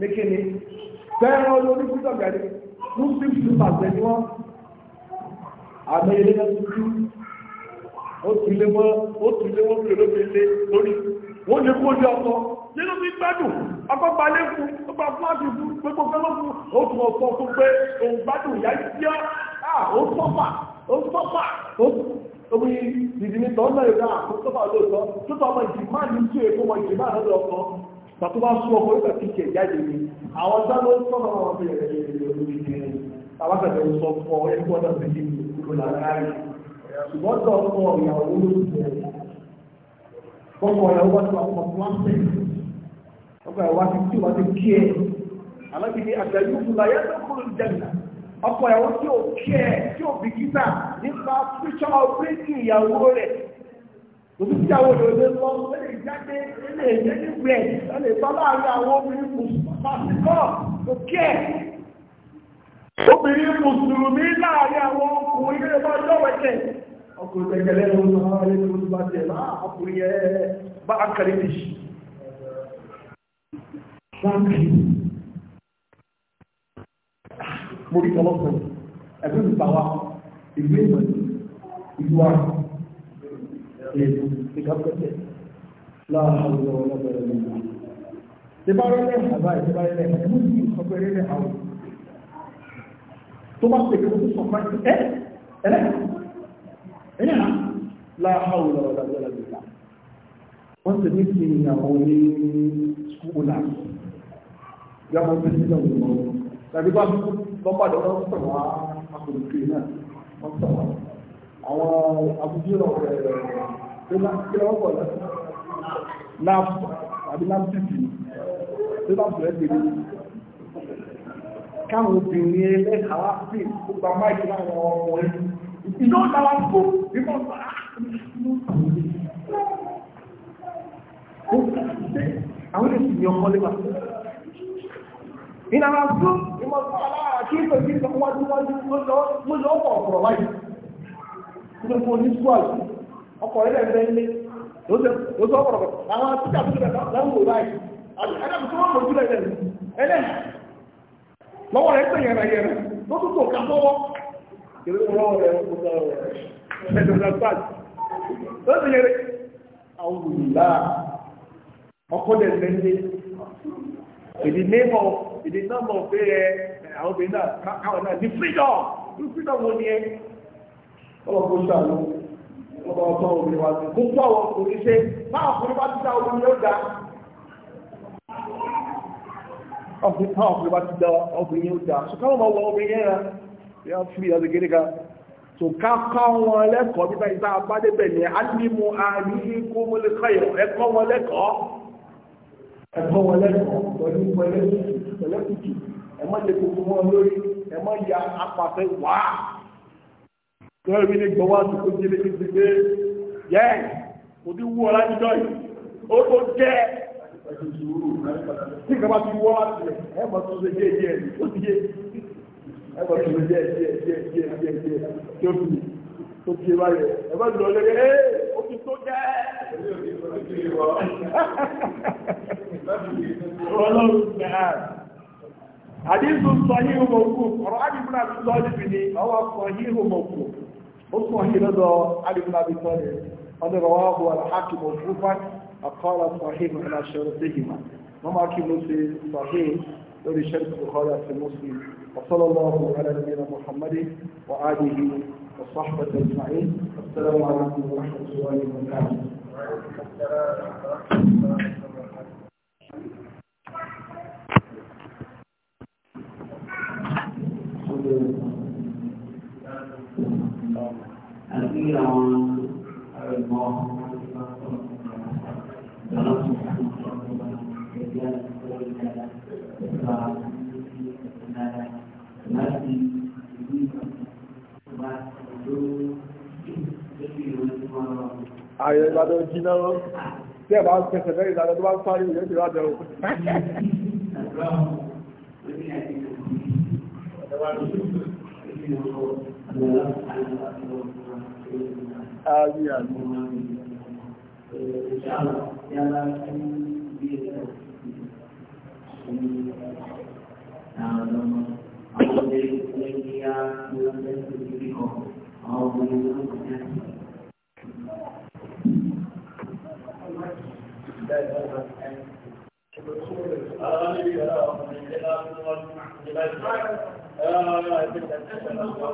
ní kíni fẹ́ràn olórí pítọ̀ gẹ̀rẹ́ muslim supers ẹni wọ́n àmì ilé náà tuntun ó tún lé wọ́n ó tún lé wọ́n lè lóbi lé lórí wọ́n lè kó lé ọkọ̀ nínú mi gbádùn ọkọ̀ balẹ̀ fún ọgbà fún àti fún gbogbo fẹ́ lọ́fún ó tún ọkọ̀ fún pé òun gbádùn ìyá yíyá ó sọ́fà ó sọ́fà ó omi ìdìní tọ́ náà yóò dáa ó sọ́fà lóòótọ́ tó tọ́ ọmọ ìjìmá ní tí èkó ọmọ ìjìmá lọ́dọ̀ ọkọ̀ pàtó bá sún ọkọ̀ nígbà tí ìkẹ̀ jáde ni àwọn dáná sọ̀rọ̀ àwọn bẹ̀rẹ̀ lórí lórí ìdílé tàbátàbẹ̀ sọ fún ọ ẹni gbọ́dọ̀ sí kí kúrò làárí ṣùgbọ́n tó ọkọ̀ ìyàwó ló ń bọ̀ ọkọ̀ ìyàwó wá sí ọkọ̀ tó wọ́n tẹ̀ ọkọ̀ ìyàwó ti tí wọ́n ti kí ẹ alábìíní àgbẹ̀yìn fúnra yẹn tó ọkọ̀ ìyàwó tí ò kí ẹ tí ò bìkítà nípa píṣọ́ ọ̀pẹ́ẹ̀tì ìyàwó rẹ̀ Òbí tí àwọn òdòdó lọ lórí ìjáde ilé ìjẹ́ nígbẹ̀ lọ́lè bá láàrin àwọn obìnrin mùsùlùmí kọ́ tó kí ẹ̀. Obìnrin mùsùlùmí láàrin àwọn ọkùnrin ilé bá lọ́wẹ́kẹ̀. Ọkùnrin tẹ̀gẹ̀lẹ́ ló ń sọ ayé tó ń bá tẹ̀ láà ọkùnrin ẹ bá akẹ́rẹ́ bì. Báńkì. Mo rí ọlọ́pàá ẹ̀fẹ́ mi bá wa ìwé ìwé ìwà ìdápẹ́tẹ̀ láàárọ̀ ọlọ́bẹ̀rẹ̀ lọ́wọ́ tẹbárẹ́lẹ̀ àbá ìtẹbárẹ́lẹ̀ ẹ̀mú sí ìsọpẹ́rẹ́lẹ̀ àwọn tó bá pẹ̀lú tó sọ pẹ́ ẹ́ ẹ̀rẹ́ ẹ̀rẹ́ láàárọ̀ ọlọ́bẹ̀rẹ̀ lọ́wọ́ wọ́n ti ní kí ìyàwó ní skúlà yàwó tó sílẹ̀ òun lọ tàbí bá lọ́pàdé ọlọ́pàá wá akọ̀lùkì náà wọ́n sọ̀rọ̀ àwọn abúlé náà rẹ̀ kílọ̀wọ́pọ̀ láàpù àbí láàpùtì tó bá bẹ̀rẹ̀ pẹ̀lú káwọn obìnrin ẹlẹ́kàwà sí gbogbo àmáìkì láwọn ọmọ ẹ̀ ìdó dáwà tó nígbà àwọn èsì ni ọmọ lẹ́wà ìlànà tó ìmọ̀ sí aláàkí ìpẹ̀lú ìpẹ̀lú wájú wájú lọ́pọ̀ ọ̀pọ̀ wáyìí nínú fún ní skúàlù ọkọ̀ ilẹ̀ ẹgbẹ́ ilé ló sọ ọ̀rọ̀ àwọn tíjà tó lẹ̀ láwọn òwúrọ̀ àìsí ẹlẹ́mù tó wọ́n lójú lẹ̀ ẹlẹ́mù lọ́wọ́ rẹ̀ pè yẹ̀rẹ̀ yẹ̀rẹ̀ tó tún kò ká sọ́wọ́ ìrìnwọ́ rẹ̀ ó ti yẹ̀rẹ̀ àwọn ọkọ̀ dẹ̀ lẹ́lẹ́ ìdí nẹ́mọ̀ ìdí nọ́mọ̀ fẹ́ àwọn obìnrin náà káwọn náà ní freedom ní freedom wọn ni ẹ ọlọ́ kó ṣàánú ọba ọtọ òbí wa sí kó pọ̀ àwọn òbí ṣe máa ọkùnrin bá ti dá omi yóò dá ọkùnrin táwọn ọkùnrin bá ti dá ọkùnrin yóò dá ṣùgbọ́n wọn máa wọ obìnrin yẹn ra yà fún ìyá gẹ́gẹ́ ká tó ká kọ́ wọn lẹ́kọ̀ọ́ nípa ìta abádébẹ̀ ni alimu alihi kó mo lè kọ́ ìrọ̀ ẹ̀kọ́ wọn lẹ́kọ̀ọ́ ẹ̀kọ́ wọn lẹ́kọ̀ọ́ pẹ̀lú pẹ̀lú pẹ̀lẹ́kùtù ẹ̀mọ́ jẹ kókó lọ́rọ̀ mi ní gbọ́wọ́ àti kó jílé kí ti gbé yẹ́ kò ní wú ọlá jíjọ́ yìí ó tó jẹ́ tí kaba ti wú ọlá tilẹ̀ ẹ mọ̀ tó ṣe yé yé ẹ̀ ó ti yé ẹ mọ̀ tó ṣe yé yé yé yé yé yé tí ó fi tó ti yé báyẹ̀ ẹ bá lọ lẹ́gẹ́ ẹ́ ó ti tó jẹ́ ọlọ́run náà àdéhùn sọ yìí ó mọ̀ kú ọ̀rọ̀ àdéhùn náà sọ yìí ó mọ̀ kú مصنع كده علي بن أبي طالب أن رواه الحاكم موقوفا أقال صحيح على شرطهما وما كان صحيح لدي شرط البخاري في مسلم وصلى الله على نبينا محمد وآله وصحبه أجمعين السلام عليكم ورحمة الله وبركاته Thank you. àti àwọn ẹ̀gbọ́n ọlọ́sùn ẹgbẹ́ ìgbà láti ìlú ìgbà tó Ààrẹ Ìbàdàn jìnà rán, tí ẹ̀bá ń pẹ̀sẹ̀ fẹ́ ìdàdà tó bá ń sáré ìyẹ́ ti rájẹ̀ ohun. Ẹgbẹ́ Ààrí àmì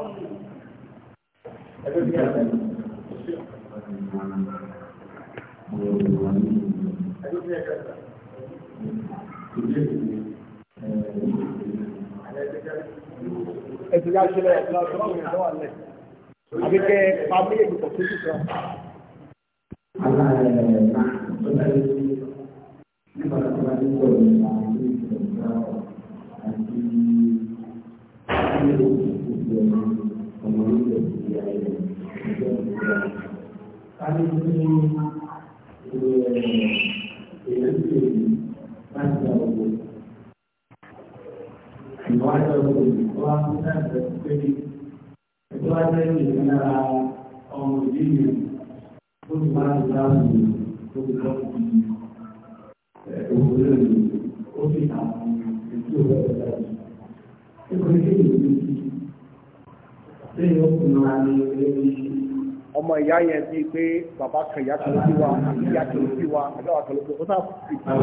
Thank you. Ẹ̀sìn yá ṣe lẹ́yìn ọ̀la ọ̀sán ọ̀gbìn tó wà lẹ̀. Àbíkẹ́ pàmí èdè pọ̀ sí ìṣọ́. Aláàrẹ̀ náà tó bá yẹ kí nígbà tó bá ní kọ̀ọ̀lù náà. àlejò ìyá yẹn bíi pé bàbá kan ìyá kan ló bí wa ìyá kan ló bí wa àgbàwà kan ló bí wa ó sáà fi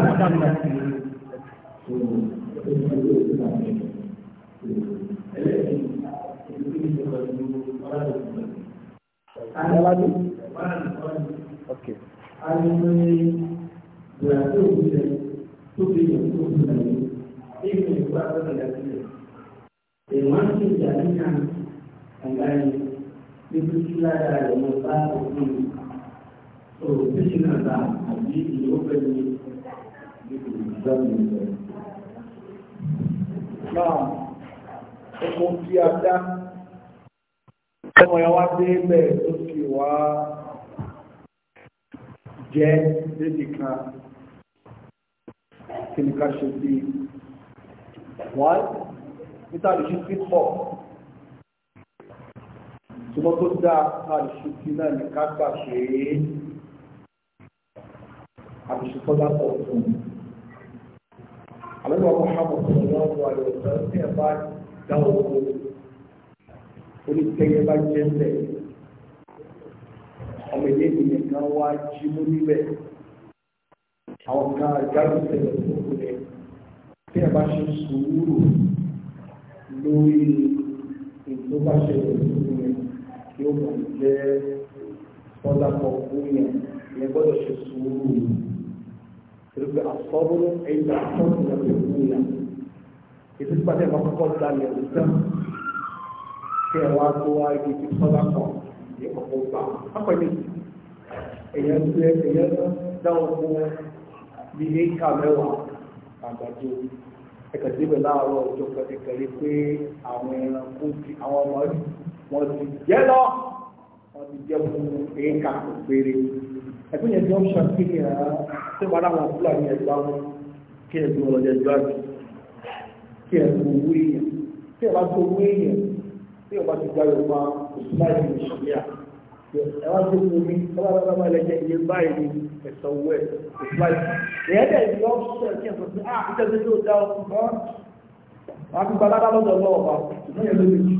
ìgbà wọn dáná. Aládùn. Ok. Alẹ́ ìgbà tó ń jẹ tó fi yẹ kó ń jẹ nínú ìgbà ẹ̀yìn ibi tí lára rẹ̀ lọ bá òfin òfin náà bá àbí ìlú pẹ̀lú ìlú ìjọba rẹ̀. Náà, ẹkùn tí a dá, ọmọ yẹn wá dé bẹ́ẹ̀ tó sì wá jẹ́ débi kan kí ni ká ṣe bí wọ́n nítorí ṣe sí ṣùgbọ́n tó dáa àdìsùkì náà ní ká gbà ṣe é àdìsùkọ́lá pọ̀ fún un. àlọ́gbà Muhammad sallallahu alaihi wasallam tí ẹ bá dá oko oníkẹyẹ bá jẹ́ ńlẹ̀ ọmọ ìdí ènìyàn kan wá jí mú níbẹ̀ àwọn kan àjálù tẹ̀lé òkú rẹ̀ tí ẹ bá ṣe sùúrù lórí ìtúbàṣẹ òkú yóò mọ̀ jẹ́ ọ̀dàpọ̀ fúnyàn yẹn gbọ́dọ̀ ṣe sùúrù torí pé àsọ́rù ẹ̀yìn àsọ́rù yẹn lè fúnyàn ètò ìpàdé ẹ̀ma kọ́kọ́ da yẹn lè tán kí ẹ̀ wá tó wá ibi tí ọ̀dàpọ̀ yẹn kọ́kọ́ gbà ápẹ́lẹ́ èyàn tó èyàn dáhùn fún bí éka mẹ́wàá àgbàdo ẹ̀kàdébẹ̀ láàárọ̀ ọjọ́ kẹ̀kẹ́ wọ́n ti jẹ́ lọ wọ́n ti jẹ́ fún èékà péré ẹ̀fún yẹn ah, tí wọ́n ṣe kí ni ṣé wàá láwọn fúlàní ẹ̀gbá wọn kí ẹ̀sùn ọlọ́jẹ́ ìgbàgbé kí ẹ̀sùn owó èèyàn tí ẹ̀ bá tó owó èèyàn tí ẹ̀ bá ti gba yorùbá oṣù láì ní ìṣẹ̀lẹ̀ ẹ̀ wá tó owó mi ẹ̀ bá bá bá lẹ́jẹ̀ iye báyìí ní owó ẹ̀ oṣù láì ẹ̀yẹ́ dẹ̀ ìlú ọ̀ṣẹ̀ ah ìtẹ́sí yóò dá ọkùnrin kan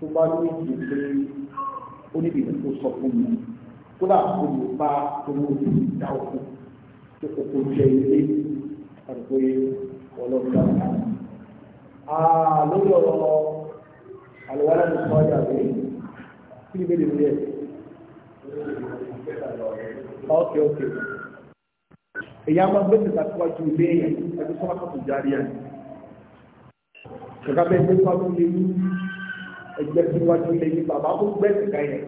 tó bá ní ìdí pé ó níbi ìdí kó sọ fún mi kódà kó lè bá owó tó ń dá oko tó kókó jẹ ilé àti pé ọlọ́run dá lórí ọ̀rọ̀ àlùwárà ní sọ́jà rẹ̀ kí ni bẹ́ẹ̀ lè rí ẹ̀? ok ok èyí á máa gbé tètè àtiwájú ilé yẹn ẹgbẹ́ sọ́wọ́n kò járí ẹ̀. kàkà bẹ́ẹ̀ gbé pàmò lè ní ẹgbẹ́ tí wọ́n ti lè ní bàbá tó gbẹ́ ìka yẹn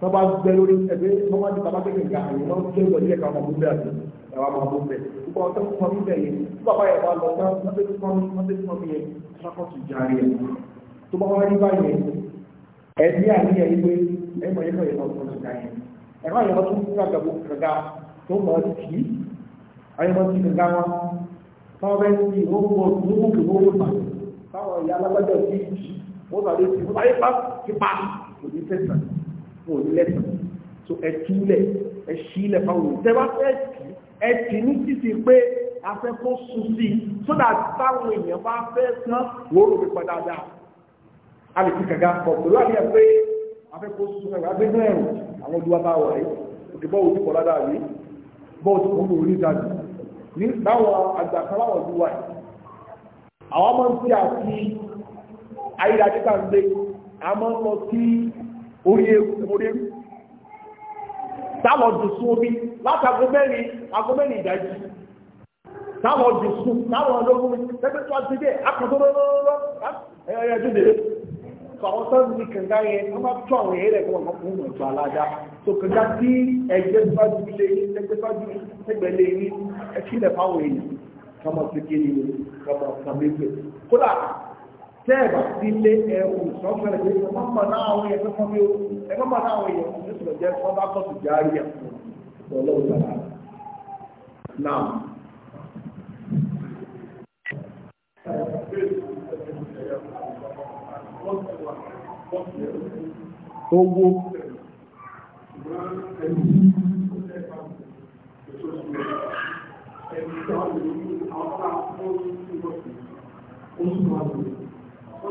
tó bá gbẹ lórí ẹgbẹ́ tó bá di bàbá kékeré ga àyè wọn tó wọlé ẹ̀ka ọmọ gbogbo àti ẹ̀wà ọmọ gbogbo ẹ̀ gbogbo ọtọ́ fún mi bẹ̀ yẹn tó bàbá yẹn bá lọ sá wọ́n tẹ́ fún mi wọ́n tẹ́ fún mi yẹn sákọ̀tù jàre ẹ̀ tó bá wáyé báyẹn ẹ̀dí àníyàn yìí pé ẹ̀mọ̀ yẹn yẹn lọ sọ̀tù ká yẹn ẹ̀rọ wọ́n bá lè ti wọ́n bá yẹ pa ti pa kò ní tẹ̀sán kò ní so ẹ túlẹ̀ ẹ sílẹ̀ fáwọn ìtẹ́wá fẹ́ tì ẹ tì ní títí pé afẹ́ kó sùn sí i sódà táwọn èèyàn bá fẹ́ tán wọ́n rò pé padà dáa a lè fi kàga pọ̀ pẹ̀lú àlẹ́ pé afẹ́ kó sùn ẹ̀rọ agbẹ́gbẹ́ ẹ̀rù àwọn ayírajú bá ń gbé a máa ń lọ sí orí orí sálọ dùn sún omi látago mẹ́rin ago mẹ́rin ìdájí sálọ dùn sún sálọ lógún pẹ́pẹ́ tó a ti dé akọ̀tọ́lọ́lọ́lọ́ ẹ̀yẹ́ tó dé àwọn tó ní kànga yẹn wọ́n bá tún àwọn èèyàn rẹ̀ kí wọ́n kọ́ fún ìwọ̀n ìgbà aláda tó kànga tí ẹgbẹ́ síwájú lé ẹgbẹ́ síwájú ẹgbẹ́ lé ní ẹkí lẹ̀ fáwọn èèyàn kọ́mọ sí kí ni kọ́mọ sàmẹ́gbẹ́ kódà tẹ́ẹ̀bà sí lé ẹ̀rù sọ́fẹ́rẹ̀ pé ẹ máa náà àwọn èèyàn fún mi o ẹ máa náà àwọn èèyàn fún mi sọ̀rọ̀ jẹ́ fún bá kọ́sù jẹ́ àríyá fún ọlọ́run sára. Now. Owó. Thank you.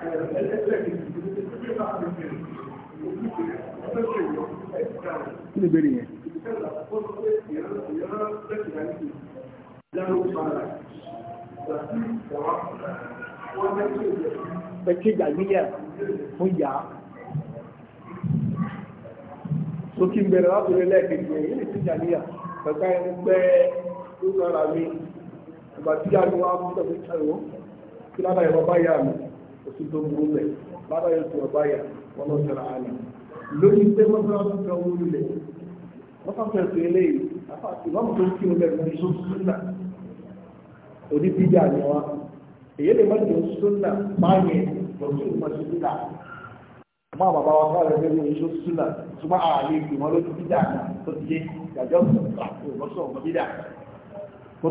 Kí ni ìbéèrè yẹn? Ẹ̀kí ìgbàgbíyà fún ìyá. Sókí bẹ̀rẹ̀ látòrí lẹ́ẹ̀kejì ẹ̀yìn lè sí ìgbàgbíyà. Kàkà ẹni pẹ́ ló sára mi. Ìgbà tí a ní wá fún ọ̀fẹ́ ìṣàlọ́. Kí lára ìrọ̀ bá yà mí òsì tó burú bẹ̀ bàbá yóò tó ọba yà wọn lọ sọ̀rọ̀ àná lórí pé mọ́sálásí kan wó lulẹ̀ mọ́sálásí tó eléyìí ìmọ̀mù tó ń kí olè ní sunna onídìjà ni wa èyí lè má jẹ sunna báyìí lọ́sùn ìmọ̀sí dídà mọ́ àbàbà wa káàrẹ̀ lórí oníṣó sunna ṣùgbọ́n ààrẹ ìgbìmọ̀ lójú dídà tó ti yé ìdájọ́ ìmọ̀sọ̀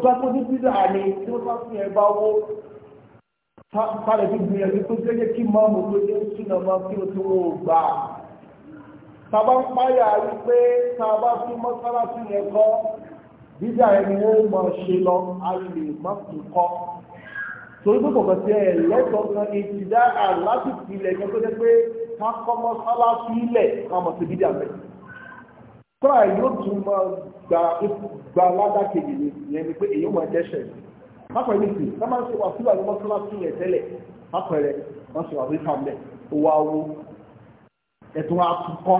tó akójú dídà ni tí wọ́n sáré tó gbìyànjú tó jẹ́ kí máa mú tó jẹ́ súnà máa kí o tó wọ́n gbà tàbá ń páyà wípé tàbá tún mọ́sálásí yẹn kọ́ dídá ẹni wọ́n mọ̀ ṣe lọ a lè má tún kọ́ torí pé kọ̀kọ̀ sí ẹ̀ lẹ́tọ̀ọ́ kan ètì dára láti tilẹ̀ yẹn tó jẹ́ pé ká kọ́ mọ́sálásí ilẹ̀ ká mọ̀ sí dídá rẹ̀ kọ́ra yóò tún máa gbà ládàkejì yẹn ni pé èyí máa dẹ́ṣẹ̀ yìí pápẹ́ ní ti ká máa ń ṣe wà sílẹ̀ ní mọ́sálásí yẹn tẹ́lẹ̀ pápẹ́ rẹ̀ wọ́n ṣe wà sí kàmbẹ̀ owó awo ẹ̀tún atukọ́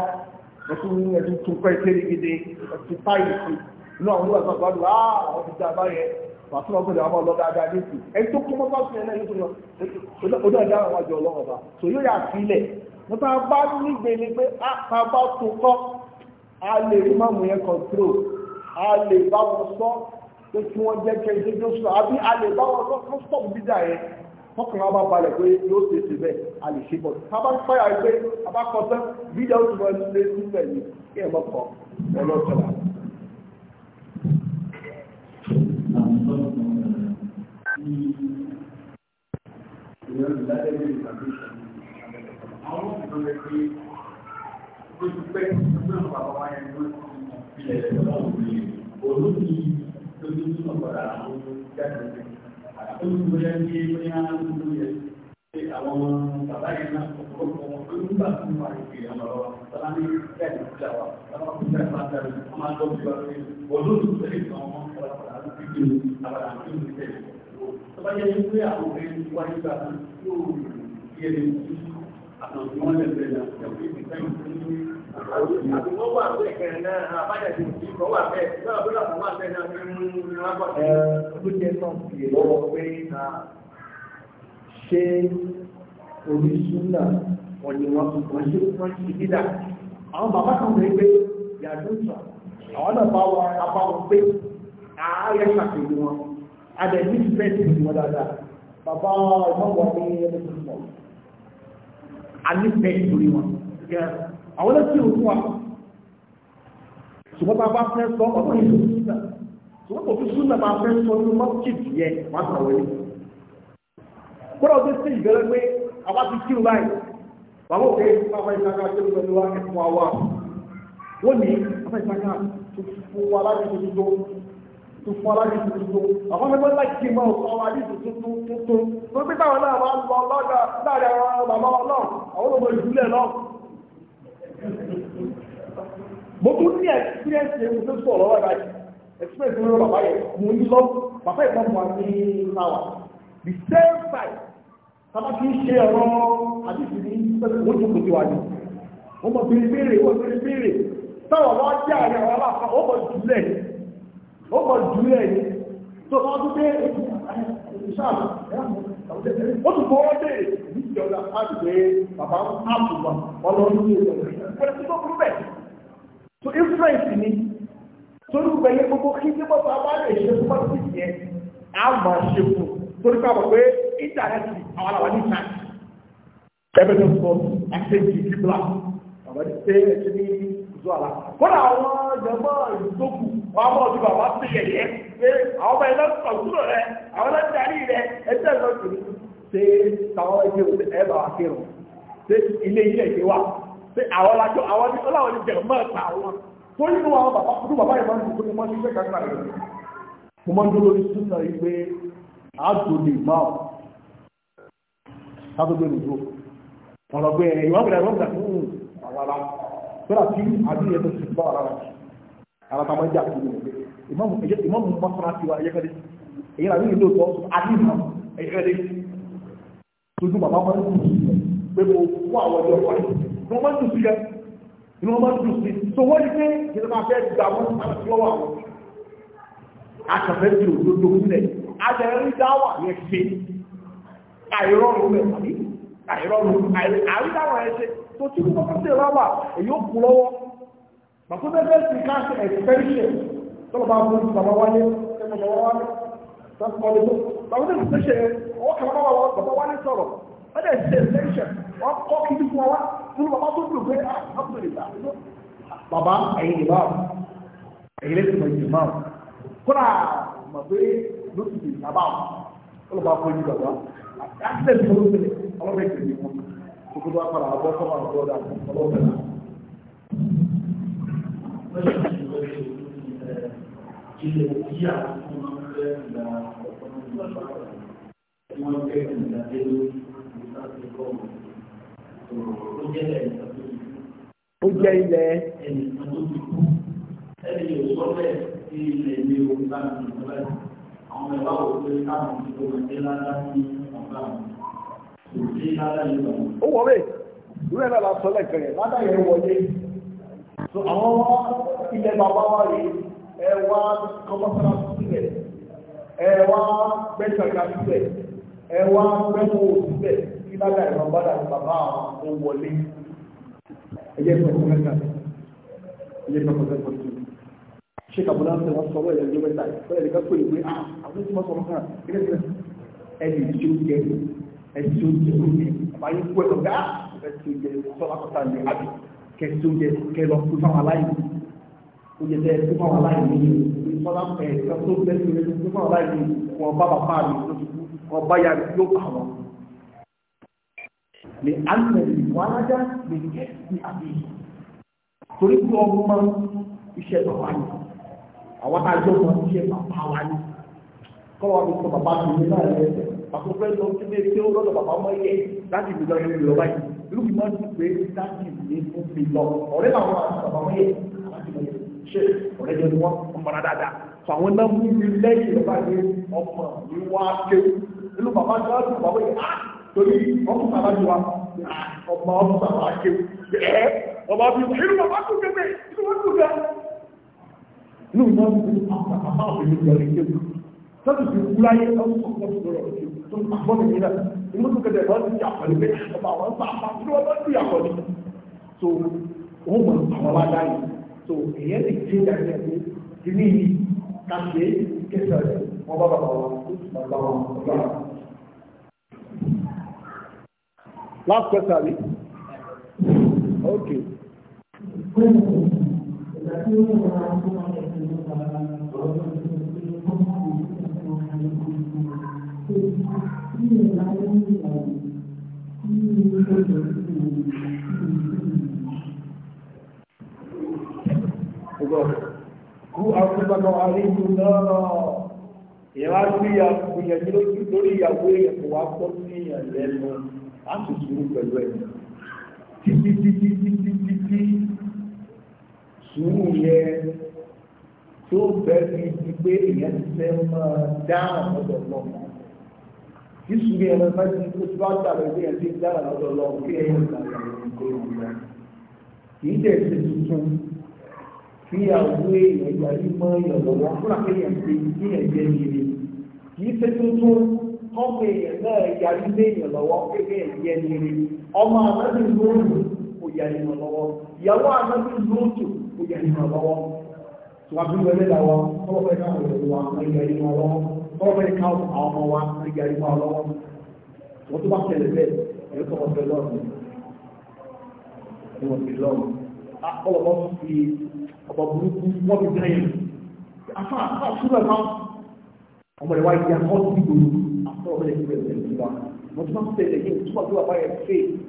ẹ̀tún ẹ̀tún tukọ́ ìkérégede ẹ̀tún táyì sí inú àwọn olùwàsàn gbádùn á àwọn ti dá a báyẹn wàtí wọn gbọ́dọ̀ àwọn ọlọdà adá ní ìsìn ẹni tó kún mọ bá fún ẹ náà yóò tún lọ ọdọ ẹdá àwọn àjọ Ọlọ́run ọba tó yóò yà sílẹ̀ wọn bá bá nígbè ni pé a bá tó kọ a lè rí mọ́mù yẹn kọ̀ntró a lè bá wọn sọ pé kí wọ́n jẹ́ kẹ́ ìdí jósù àbí a lè bá wọn lọ́kọ́ stop dídà yẹn fọkàn wọn bá balẹ̀ pé yóò ṣe ṣe bẹ́ẹ̀ a lè ṣe bọ̀ tá a bá fẹ́ yàrá pé a bá kọ tán dídà ó ti mọ ẹni lé sí bẹ́ẹ̀ kí ẹ mọ̀ kọ́ ẹ lọ sọ̀rọ̀. ti lójú túnmọ̀ padà àwọn jáde àtúntò bóyá ní bóyá lójú yẹ pé àwọn bàbá yẹn náà ọ̀pọ̀lọpọ̀ wọn pé nígbà tó wà ní ìpè àwọn ọ̀rọ̀ sọlá ní jáde sí àwa lọ́wọ́ kó jáde máa jáde wọ́n máa lọ bí wọ́n wọ́n lójú tẹ́lẹ̀ kan wọ́n padà padà ló fi kí àbàdà àti òun tẹ́lẹ̀ tọ́ba yẹn ní àwọn obìnrin wáyé gbà Ọdúnjẹ náà fi lọ́wọ́ pé ṣé oríṣúná wọ́n ni wọ́n wọ́n ṣe wọ́n ṣe dídà. Àwọn bàbá kan rẹ̀ pé yàtọ̀ sọ, àwọn náà bá wọn apá wọn pé ààrẹ ṣàkóso wọn. Adẹ̀ ní fẹ́ẹ̀sì ni wọ́n dáadáa. Bàbá ọmọ wọn ní ẹgbẹ́ tó mọ̀. A ní fẹ́ẹ̀sì lórí wọn àwọn ló kírun fún wa ṣùgbọ́n bá bá fẹ́ sọ ọmọ yìí ló súnà ṣùgbọ́n kò fi súnà bá fẹ́ sọ ní mọ́kìtì yẹn wọ́n sọ wọlé kódà ó ti sí ìgbẹ́lẹ́ pé àwa ti kírun báyìí bàbá òkè bàbá ìsaka tó ń pẹ̀lú wa ẹ̀fọ́ wa wọ́n ní bàbá ìsaka tó fún wa láti tuntun tó tó fún wa láti tuntun tó àwọn mẹ́fẹ́ láti kí n máa sọ wa láti tuntun tó ń lọ àwọn náà àwọn ọmọ ìdílé mo tún ní experience yẹn mo tún sọ̀rọ̀ lọ́wọ́ báyìí experience mi lọ́wọ́ bàbá yẹn mo ní lọ bàbá yẹn mọ̀ ní náwà the same time sábà kì í ṣe ọ̀rọ̀ àdìsí ní sẹ́sẹ̀ wọ́n jókòó sí wa ni wọ́n mọ̀ bèrè bèrè wọ́n bèrè bèrè táwọn wá jẹ́ àyè àwọn aláfa ó mọ̀ jùlẹ̀ ó mọ̀ jùlẹ̀ ni tó bá tún dé ìṣáàmù ó tún fọwọ́ bèrè ní ìjọba á ti gbé bàbá áàpù wa ọlọ́run ní ìjọba pẹ̀lú tó burú bẹ́ẹ̀ so influence ni torí gbẹ̀yẹ gbogbo kí ní bọ́sọ̀ abá lè ṣe fún bọ́sọ̀ sí yẹn a máa ṣe fún torí káàbọ̀ pé indirectly àwọn àwọn ní ìtàn ẹgbẹ́ tó sọ àṣejì ìdíbla àwọn ní pé ẹṣin ní ìzọ àlá kódà àwọn jẹmọ́ ìdókù wọn mọ̀ sí bàbá sí yẹyẹ pé àwọn ọmọ ẹ̀dá sọ̀túnrọ̀ rẹ àwọn ẹlẹ́dàrí rẹ ẹgbẹ́ lọ́sìn ṣe táwọn ẹgbẹ́ ẹ bá wa kírun ṣe ilé ilé ìgbé wa pé àwọn alájọ àwọn ní ọláwọ̀ ní jẹ̀rọ máa ta àwọn tó nínú àwọn bàbá kúrú bàbá yìí máa ń dùn mọ́ sí iṣẹ́ kan náà rẹ̀ mo máa ń dúró lórí sínú yìí pé àádùn lè máa sábẹ́gbẹ́ nìjó ọ̀rọ̀ pé ìwà bẹ̀rẹ̀ wọ́n gbà fún àwọn ará fẹ́rà tí àbí ẹ̀tọ́ sì bá ara rẹ̀ ara ta máa ń jà fún mi ìmọ̀mù mọ́sára tiwa ẹ̀yẹ́kẹ́lẹ́ èyí làwọn ìlú ọ̀tọ̀ àti ìmọ̀ ẹ̀yẹ́kẹ́lẹ́ tójú bàbá máa ń pé mo fún àwọn ọjọ́ wáyé wọ́n máa ń dùn sí kẹ́ inú wọn máa ń dùn sí so wọ́n ní pé kí ló máa fẹ́ gba wọn láti lọ́wọ́ àwọn akàfẹ́ ti òdodo nílẹ̀ adẹ̀rín dáwà yẹn ṣe àìrọ́rùn rẹ̀ tàbí àìrọ́rùn àrídáwà yẹn ṣe tó tí kò kọ́kọ́ sí rọ́bà èyí ó kú lọ́wọ́ màkúndẹ́fẹ́ ti káàkiri ẹ̀sìpẹ́ṣẹ̀ tọ́lọ̀ bá fún bàbá wálé tẹ́lẹ̀ bàbá wálé tọ́kọ̀lẹ́ tó bàbá tó ṣẹṣẹ̀ ọkọ̀ bàbá wálé sọ̀rọ̀ ọdẹ ṣe ẹ̀sìpẹ́ṣẹ̀ ọkọ̀ kìí fún wa nínú bàbá tó dùn pé bàbá ẹ̀yìn ìbá ẹ̀yìn lẹ́sìn mọ̀ ìjì máa kúrà mọ̀ pé ló ti di bàbá bàbá àtẹ́sí ló ti lè ní fún kókó tó wá padà bọ́ sọ́wọ́ àbúrò fún ọmọdé ìlà ọ̀pọ̀lọpọ̀ ìgbà tí wọ́n gbé ìgbà dé lórí ìgbà tí ó jẹ́ ilẹ̀ ẹni yóò sọ bẹ́ẹ̀ sí ilẹ̀ ilé orí bá mi ìjọba ẹ̀ àwọn ẹ̀bá wò pé káwọn ti tó wọn dé ládá sí ọ̀gá mi kò ó wọ bẹ́ẹ̀ ìwé náà la sọ lẹ́kẹ̀ẹ́ yẹn ládá yẹn àwọn ilẹ̀ bàbá wa rèé ẹ wá sílẹ̀ ẹ wá sílẹ̀ ẹ wá sílẹ̀ bàbá ìwọ̀n bọ́dà ní bàbá àwọn tó wọlé ẹgbẹ́ ìfọ̀sọ̀ mẹ́ta ẹgbẹ́ ìfọ̀sọ̀ mẹ́ta ṣé kàbọ̀dá ń sọ sọ́wọ́ ẹ̀yẹ́ ìjọba ìta ìfọ̀sọ̀ ẹ̀dẹ̀ká pé ìwé àwọn tí wọ́n sọ̀rọ̀ kan ẹgbẹ́ ìfọ̀sọ̀ ẹni tí ó jẹ ẹni tí ó jẹ omi àbáyé kú ẹ̀rọ gá ẹni tí ó jẹ sọ́wọ́ akọ́ta ní àbí kẹ́ni tí ó jẹ kẹ́ lọ fún fáwọn aláìní ó jẹ bẹ́ẹ̀ fún fáwọn aláìní sọ́lá ẹ̀ ẹ̀ tó bẹ́ẹ̀ fún fáwọn aláìní wọn bá bàbá mi wọn bá yà yóò bá wọn lè ánìyàn ìwọ alájá lè jẹ́ ní àbíyí torí pé ọmọ máa ń iṣẹ́ bàbá ni àwọn àjọ máa ń iṣẹ́ bàbá wa ni kọ́wọ́ mi sọ bàbá mi ní láàrin ẹsẹ̀ àkókò ẹ̀ lọ sí ilé tí ó lọ́dọ̀ bàbá ọmọ yẹ láti ìlú lọ́yẹ̀ ìlú ọba yìí ìlú mi máa ń pè é láti ìlú fún mi lọ ọ̀rẹ́ làwọn àti bàbá ọmọ yẹ láti ìlú ṣe ọ̀rẹ́ jẹ́ ni wọ́n ń bọ̀rọ̀ dáadáa fún àwọn náà mú mi lẹ́yìn ọba yẹ ọmọ mi wá ké ìlú bàbá tó wá sí bàbá yẹ ah! torí ọkùnrin bàbá jù wa ọmọ ọkùnrin bàbá ké ẹ ọmọ bí inú bàbá kú kébé inú wọn kú gẹ inú ìmọ̀ ìlú àwọn ah, bàbá òbí lọ rí ké sọ́dún ti kú láyé ọkùnrin kan tó lọ rí tó àgbọ́n mi nílẹ̀ inú tó kẹ̀dẹ̀ wọ́n ti yàpọ̀ ní pé ọmọ àwọn bàbá inú wọn ti yàpọ̀ ní so òun mọ̀ àwọn wá dá yìí so èyẹ́ ti ṣe ìdájọ́ pé kí ní yìí ká ṣe é kẹsàn-án ọba bàbá wa bàbá wa bàbá wa. Last question, Abi. Okay. Who asked about Ali Nara? Ìyẹn wá sí ìyàwó lórí ìyàwó èèyàn kò wá pọ́ sí ìyàn lẹ́nu á sì sùúrù pẹ̀lú ẹ̀ títí títí títí títí sùúrù yẹ tó bẹ́ẹ̀ fi di pé èèyàn ti fẹ́ máa dáhùn lọ́dọ̀ náà kí sùúrù yẹn máa ti kó tó bá gbà lọ́dọ̀ yẹn ti dáhùn lọ́dọ̀ náà kí ẹ̀ yẹn gbà lọ́dọ̀ kó yẹn lọ. kì í dẹ̀ ṣe tuntun kí àwọn èèyàn yàrá mọ́ ìyàwó wọn fúnra kéèyàn ṣe kí ẹ̀ jẹ́ yìí kì í ṣe tuntun mọ́mọ èèyàn náà yarí lé èèyàn lọ́wọ́ pépé èèyàn yẹ ní rí ọmọ ànábì lóòtù kò yarí mọ̀ lọ́wọ́ ìyàwó ànábì lóòtù kò yarí mọ̀ lọ́wọ́ tùwájú wẹlé làwọ tọwọ́ fẹ́ káwọn ìyàwó wa máa yarí mọ̀ lọ́wọ́ tọwọ́ fẹ́ káwọn àwọn ọmọ wa máa yarí mọ̀ lọ́wọ́ wọ́n tó bá tẹ̀lé bẹ́ẹ̀ ẹ̀rọ tó wọ́n fẹ́ lọ́rùn ni wọ́n fi lọ́rùn ah, ọlọ́wọ́ fi ọ̀pọ̀ burúkú wọ́n só olha aqui para ele lá. Mas não sei, ele costuma ver o rapaz feio.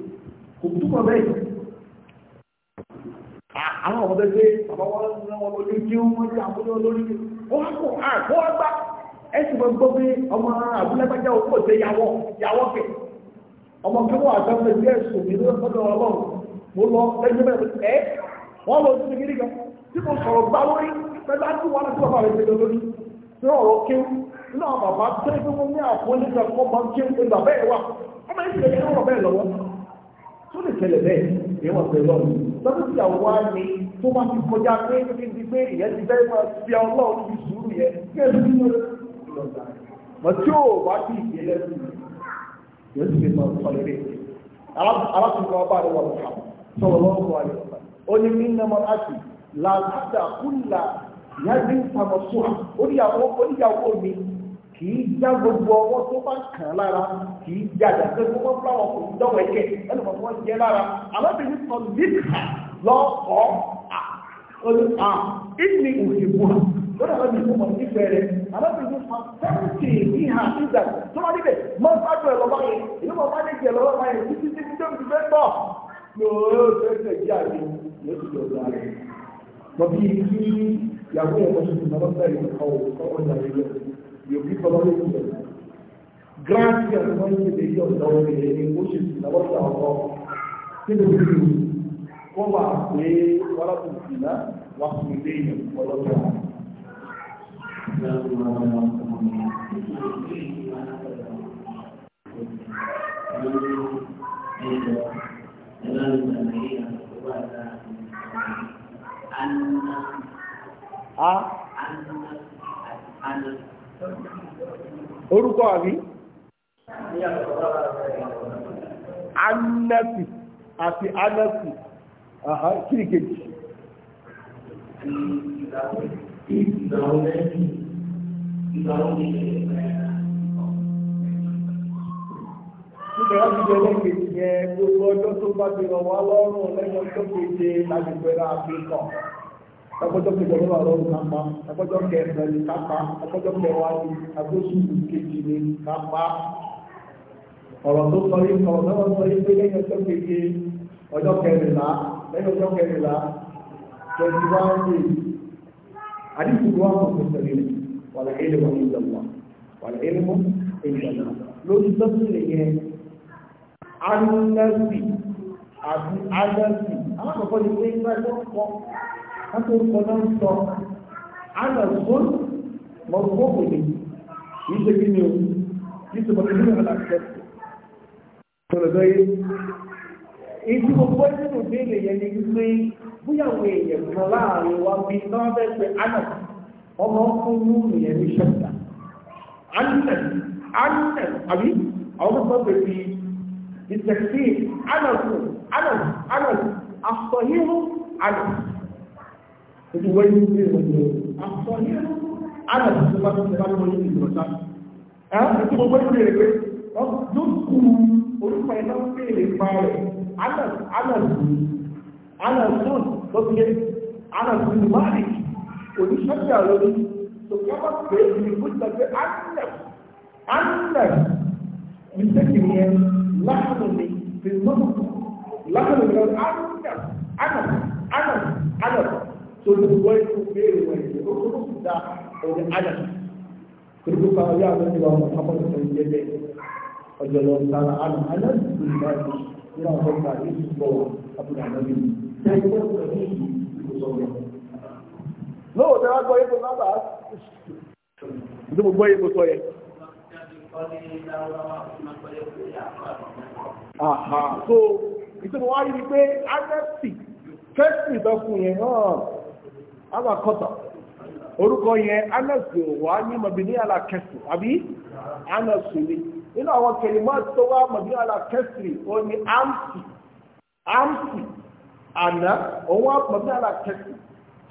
Costuma ver. Àwọn ọmọdé ṣe àbáwọ́ ọmọ olórí kí wọ́n ṣe àbúrò olórí kí wọ́n kò àgbọ̀ ọgbà ẹ̀sìn wọn gbọ́ pé ọmọ abúlẹ́gbẹ́já òkú òṣè yàwọ̀ yàwọ̀ kẹ̀. Ọmọ kí wọ́n àgbàfẹ́ sí ẹ̀sùn mi lọ́wọ́ sọ́dọ̀ ọlọ́run mo lọ ẹgbẹ́ bẹ́ẹ̀ ẹ́ wọ́n lọ sí kiri kan tí mo sọ̀rọ̀ gbá lórí pẹ̀lú àti wọn àti wọn àwọn ìṣẹ̀lẹ̀ lórí tí ọ̀rọ̀ kéwù náà bàbá tẹ́ bí wọ́n ní àpọ́nlé kan kọ́ máa ń ké ń gbà bẹ́ẹ̀ wà ọmọ yìí tẹ̀lé ọ̀rọ̀ bẹ́ẹ̀ lọ́wọ́ tó lè tẹ̀lé bẹ́ẹ̀ ìyẹn wà pẹ̀lú ọ̀rọ̀ lọ́dún tí àwọn wá ní tó máa ti kọjá pé níbi pé ìyẹn ti bẹ́ẹ̀ máa fi ọlọ́run fi sùúrù yẹn kí ẹ ti ní ọ̀dà mọ̀ tí ò bá ti ìdílé sí yóò ti fi máa sọ lórí alákùnkùn ọba rẹ̀ wà lọ́wọ́ sọ̀rọ̀ lọ́wọ́ wa yẹn ó ní mí nàmọ́ láti làtàdà kúlà yájú pamọ́ sùn oníyàwó oníyàwó mi kì í já gbogbo ọwọ́ tó bá kàn án lára kì í já àjà pé kó fúláwọ̀ kò ń dọ́wọ̀ ẹ̀kẹ́ ẹnu tó wọ́n jẹ lára alábìnrin sọ níkà lọ́kọ̀ọ́ olú à ìní òṣèbù à lọ́dọ̀ àwọn ènìyàn mọ̀ nífẹ̀ẹ́ rẹ̀ alábìnrin sọ sẹ́ńtì ìhà ìgbà tó wọ́n níbẹ̀ mọ́ sáájú ẹ̀ lọ́wọ́ yẹn ìlú mọ̀ bá ní jẹ̀ lọ́wọ́ yẹn títí títí tó fi fẹ́ tọ̀ yóò yóò bí kọ́lọ́ ló kúrò. gírántì àti wọ́n ti lè yọ̀ lọ́wọ́ rẹ̀ ní oṣù ìlọ́wọ́ sí àwọn ọmọ tí ló kúrò kó wà pé wọ́lá tó sì ná wà fún ilé ìyẹn ọlọ́jà. Ah? orúkọ àrí anẹ́sì àti anẹ́sì kíríkèjì Nígbàrá ti jẹ lẹ́gbẹ̀ẹ́ yẹn gbogbo ọjọ́ tó bá ti rọ̀ ọgbọ́jọ́ kejì ọlọ́wà lọ́rùn kápá ọgbọ́jọ́ kẹfẹ́ ní kápá ọgbọ́jọ́ kẹwàá ní agbóṣù kejì ní kápá ọ̀rọ̀ tó sọ yìí ọ̀rọ̀ náà sọ yìí pé lẹ́yìn ọjọ́ keje ọjọ́ kẹrìnlá lẹ́yìn ọjọ́ kẹrìnlá twenty one days àdìsíkú wa kò tó sẹ́yìn wàlẹ̀ èlé wọn ní ìjọba wàlẹ̀ èlé wọn ní ìjọba lórí sọ́sùn nìyẹn anúlẹ́sì àti ádẹ́sì alákọ̀ọ́kọ́ ni pé ìgbà kátó kọ́nà ń sọ àdàgbọ́n mọ̀gbọ́n kò ní kì í ṣe kí ni o kì í ṣe bọ̀dọ̀ nínú àlàkẹ́ tọ̀lọ̀dọ̀ yé èyí gbogbo nínú ìbéèrè yẹn ni wípé bóyá àwọn èèyàn kan láàrin wa bí náà fẹ́ pé àdà ọmọ fún lóòrùn yẹn ní ṣẹ́ta àdìsẹ̀ àdìsẹ̀ àbí àwọn ọmọ pẹ̀ fi ìtẹ̀sí àdàkùn àdàkùn àdàkùn àfọ̀yẹ́rù àdàkùn ojú wáyé ní ilé ìwọ̀n àfọ̀yẹ́ àdàbí tó bá tó bá tó ní ìgbọ̀nsá ẹ̀ ẹ̀ tó gbogbo ìwé rẹ̀ pé yóò kú orúkọ ẹ̀ náà béèrè pa rẹ̀ alàzún lọ́gbẹ́ alàzún márì oníṣẹ́jà lórí tó kí wọ́n pè é ní ìgbésẹ̀ pé anlẹ̀ mistake yẹn láàánú ni fi mọ́tò láàánú ni lọ́dún anlẹ̀ anlẹ̀ anlẹ̀ torí wọ́n yóò béèrè wọ́n yìí ó tó kù dá òun àdà torí ká ọyá àwọn ìwà ọmọ ọmọ ìwà ìjẹ bẹ́ẹ̀ ọjọ́ lọ sára àná àná ìlú ìgbà yìí nínú àwọn ọgbà yìí ti bọ̀ àbúrò àná yìí tẹ́lẹ̀ tó Aha, so ìtumọ̀ wá rí i pé Amnesty fẹ́sì ìtọ́kùn yẹn náà alákọ̀tà orúkọ yẹn anasi wà ní mabini alakẹsì àbí anasi ni nínú àwọn kẹlìmọ́ tó wá mabini alakẹsì ó ní amsi amsi àná òun wá mabini alakẹsì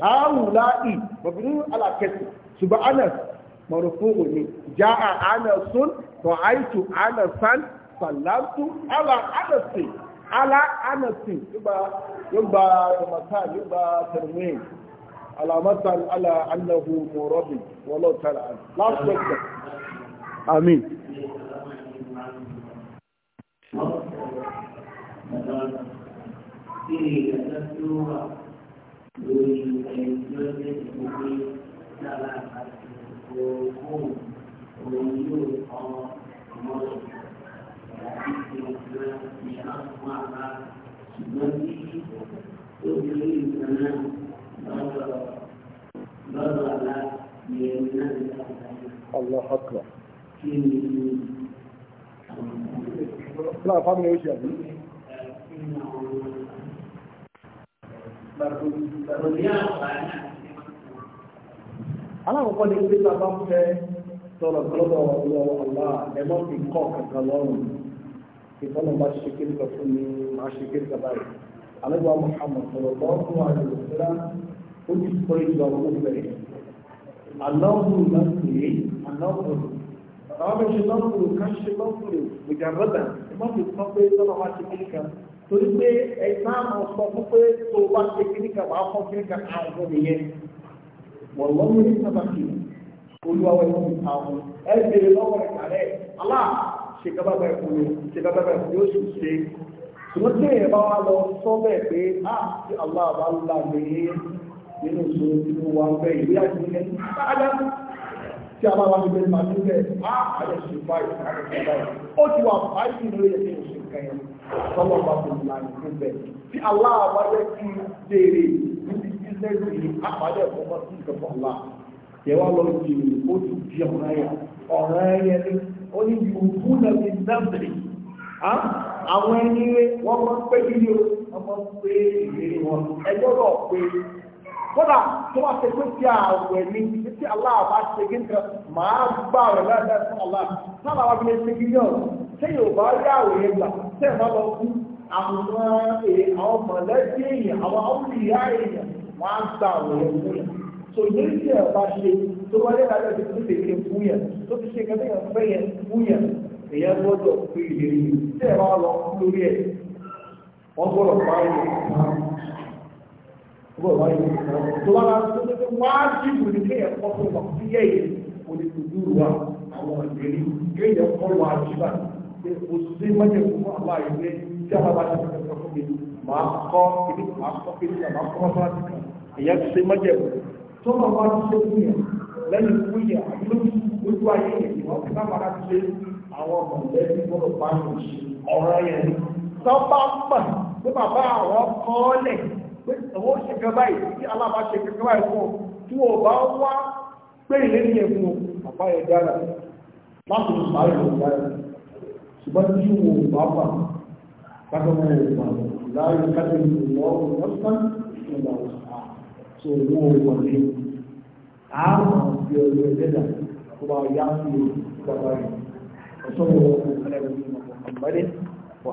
haula'i mabini alakẹsì ṣùgbọ́n anasi marufu'u ni ja'a anasun ra'aitu anasan sàlámtú ala anasi ala anasi yóò gba yóò gba yóò gba tẹ̀lé علامه على انه مربي والله تعالى لا شك امين Thank you. الله أكبر لا فاهم ايش يعني alákọ̀ọ́kọ́ ni pé bàbá ń fẹ́ sọ̀rọ̀ lọ́dọ̀ ọ̀rọ̀ ọ̀la ẹ̀mọ́ fi kọ́ kankan lọ́rùn ìfọ́nà bá ṣe kéde kan fún mi máa ṣe kéde kan báyìí alẹ́gbàá muhammad sọ̀rọ̀ lọ́wọ́ fún àjò ìṣẹ́lá ó ti kọ́ ìjọ owó bẹ̀rẹ̀ aláwọ̀ máa ń pè é aláwọ̀ àwọn bẹ́ẹ̀ ṣe lọ́kùnrin ká ṣe lọ́kùnrin ìjàmbọ́dà ẹ má ti sọ pé tọ́lá wá ti kíní kan torí pé ẹ̀sán àwọn sọ fún pé tó bá ti kíní kan wàá fọ́ kíní kan àwọn nìyẹn wọ́n lọ́wọ́ ní sábàkì olúwawo ẹ̀kọ́ mi àwọn ẹ̀ bèrè lọ́wọ́ rẹ̀ alá ṣe kábà bá ẹ̀kọ́ mi ṣe kábà bá ẹ̀kọ́ yóò sì ṣe ṣùgbọ́n tí bá wà lọ sọ pé ah ti aláàbá ńlá mi nínú ìṣòro tí ó wà bẹ́ ìwé àti ilẹ̀ àádá tí a bá wà níbẹ̀ máa ní bẹ́ẹ̀ á àlẹ́ ṣe báyìí àlẹ́ ṣe báyìí ó ti wà báyìí ló yẹ kí oṣù kẹyìn tọ́lọ́ bá tó ń lànà fún bẹ́ẹ̀ tí aláàbá yẹ kí béèrè níbi bísẹ́ẹ̀sì yìí á pàdé ẹ̀kọ́ mọ́ sí ìkẹ́kọ̀ọ́ ńlá yẹ wá lọ sí ìlú ni ó ní àwọn ẹni wọn máa pẹ́ kí ni o wọn máa wọn ẹgbẹ́ pé kódà tó bá ṣe pé tí àwẹ̀ mi tí aláà bá ṣe kí n kan máa gbà rẹ̀ lẹ́sẹ̀ fún aláà sábà wà bílẹ̀ ṣe kí yọ̀ ṣé yóò bá rí àwẹ̀ yẹn gbà ṣé ẹ̀ má lọ kú àwọn èè àwọn mọ̀lẹ́bí èèyàn àwọn awúlìyá èèyàn wọ́n á gbà àwẹ̀ yẹn fún yẹn tó yẹ kí ẹ̀ bá ṣe tó wọ́n lé lálẹ́ ti tó tètè fún yẹn tó ti ṣe kẹ́tẹ́ yẹn fẹ́ bọ̀ wáyé tó wá tó tó wá jìbù ní kí ẹ̀kọ́ tó wà sí ẹ̀yẹ olùdókòwò wa àwọn ìgbèrí kí ẹ̀yẹ kọ́ wà jìbà pé o sì mọ́jẹ̀ fún àwọn àìlé tí a bá bá ṣe kẹ́kẹ́ fún mi màá kọ́ ibi màá kọ́ ibi màá kọ́ bá ti kàn ìyẹn ti ṣe mọ́jẹ̀ fún tó bá wá ti ṣe fún yẹn lẹ́yìn fún yẹn àbí lójú ayé yẹn ìwọ́n ti bá padà ṣe àwọn mọ̀lẹ́bí gbọ́dọ̀ bá ń ṣe ọ̀rọ̀ yẹn tó bá mọ̀ pé bàbá àwọn kọ́ lẹ̀ pé àwọn ṣe kan báyìí tí aláàbá ṣe kan báyìí fún ọ tí wọn bá wá pé ìlé ní ẹ̀fún ọ bàbá yẹn dára láti lè sáré lọ dára ṣùgbọ́n tí wọn ò bá bà kájọ wọn ò bà láàyè kájọ ìlú ọ̀hún lọ́sàn ìgbà ọ̀sán tó wọn ní àárọ̀ àti ọ̀rọ̀ ẹ̀dẹ́dà tó bá yá sí ìgbà báyìí ọ̀sán wọn kọ́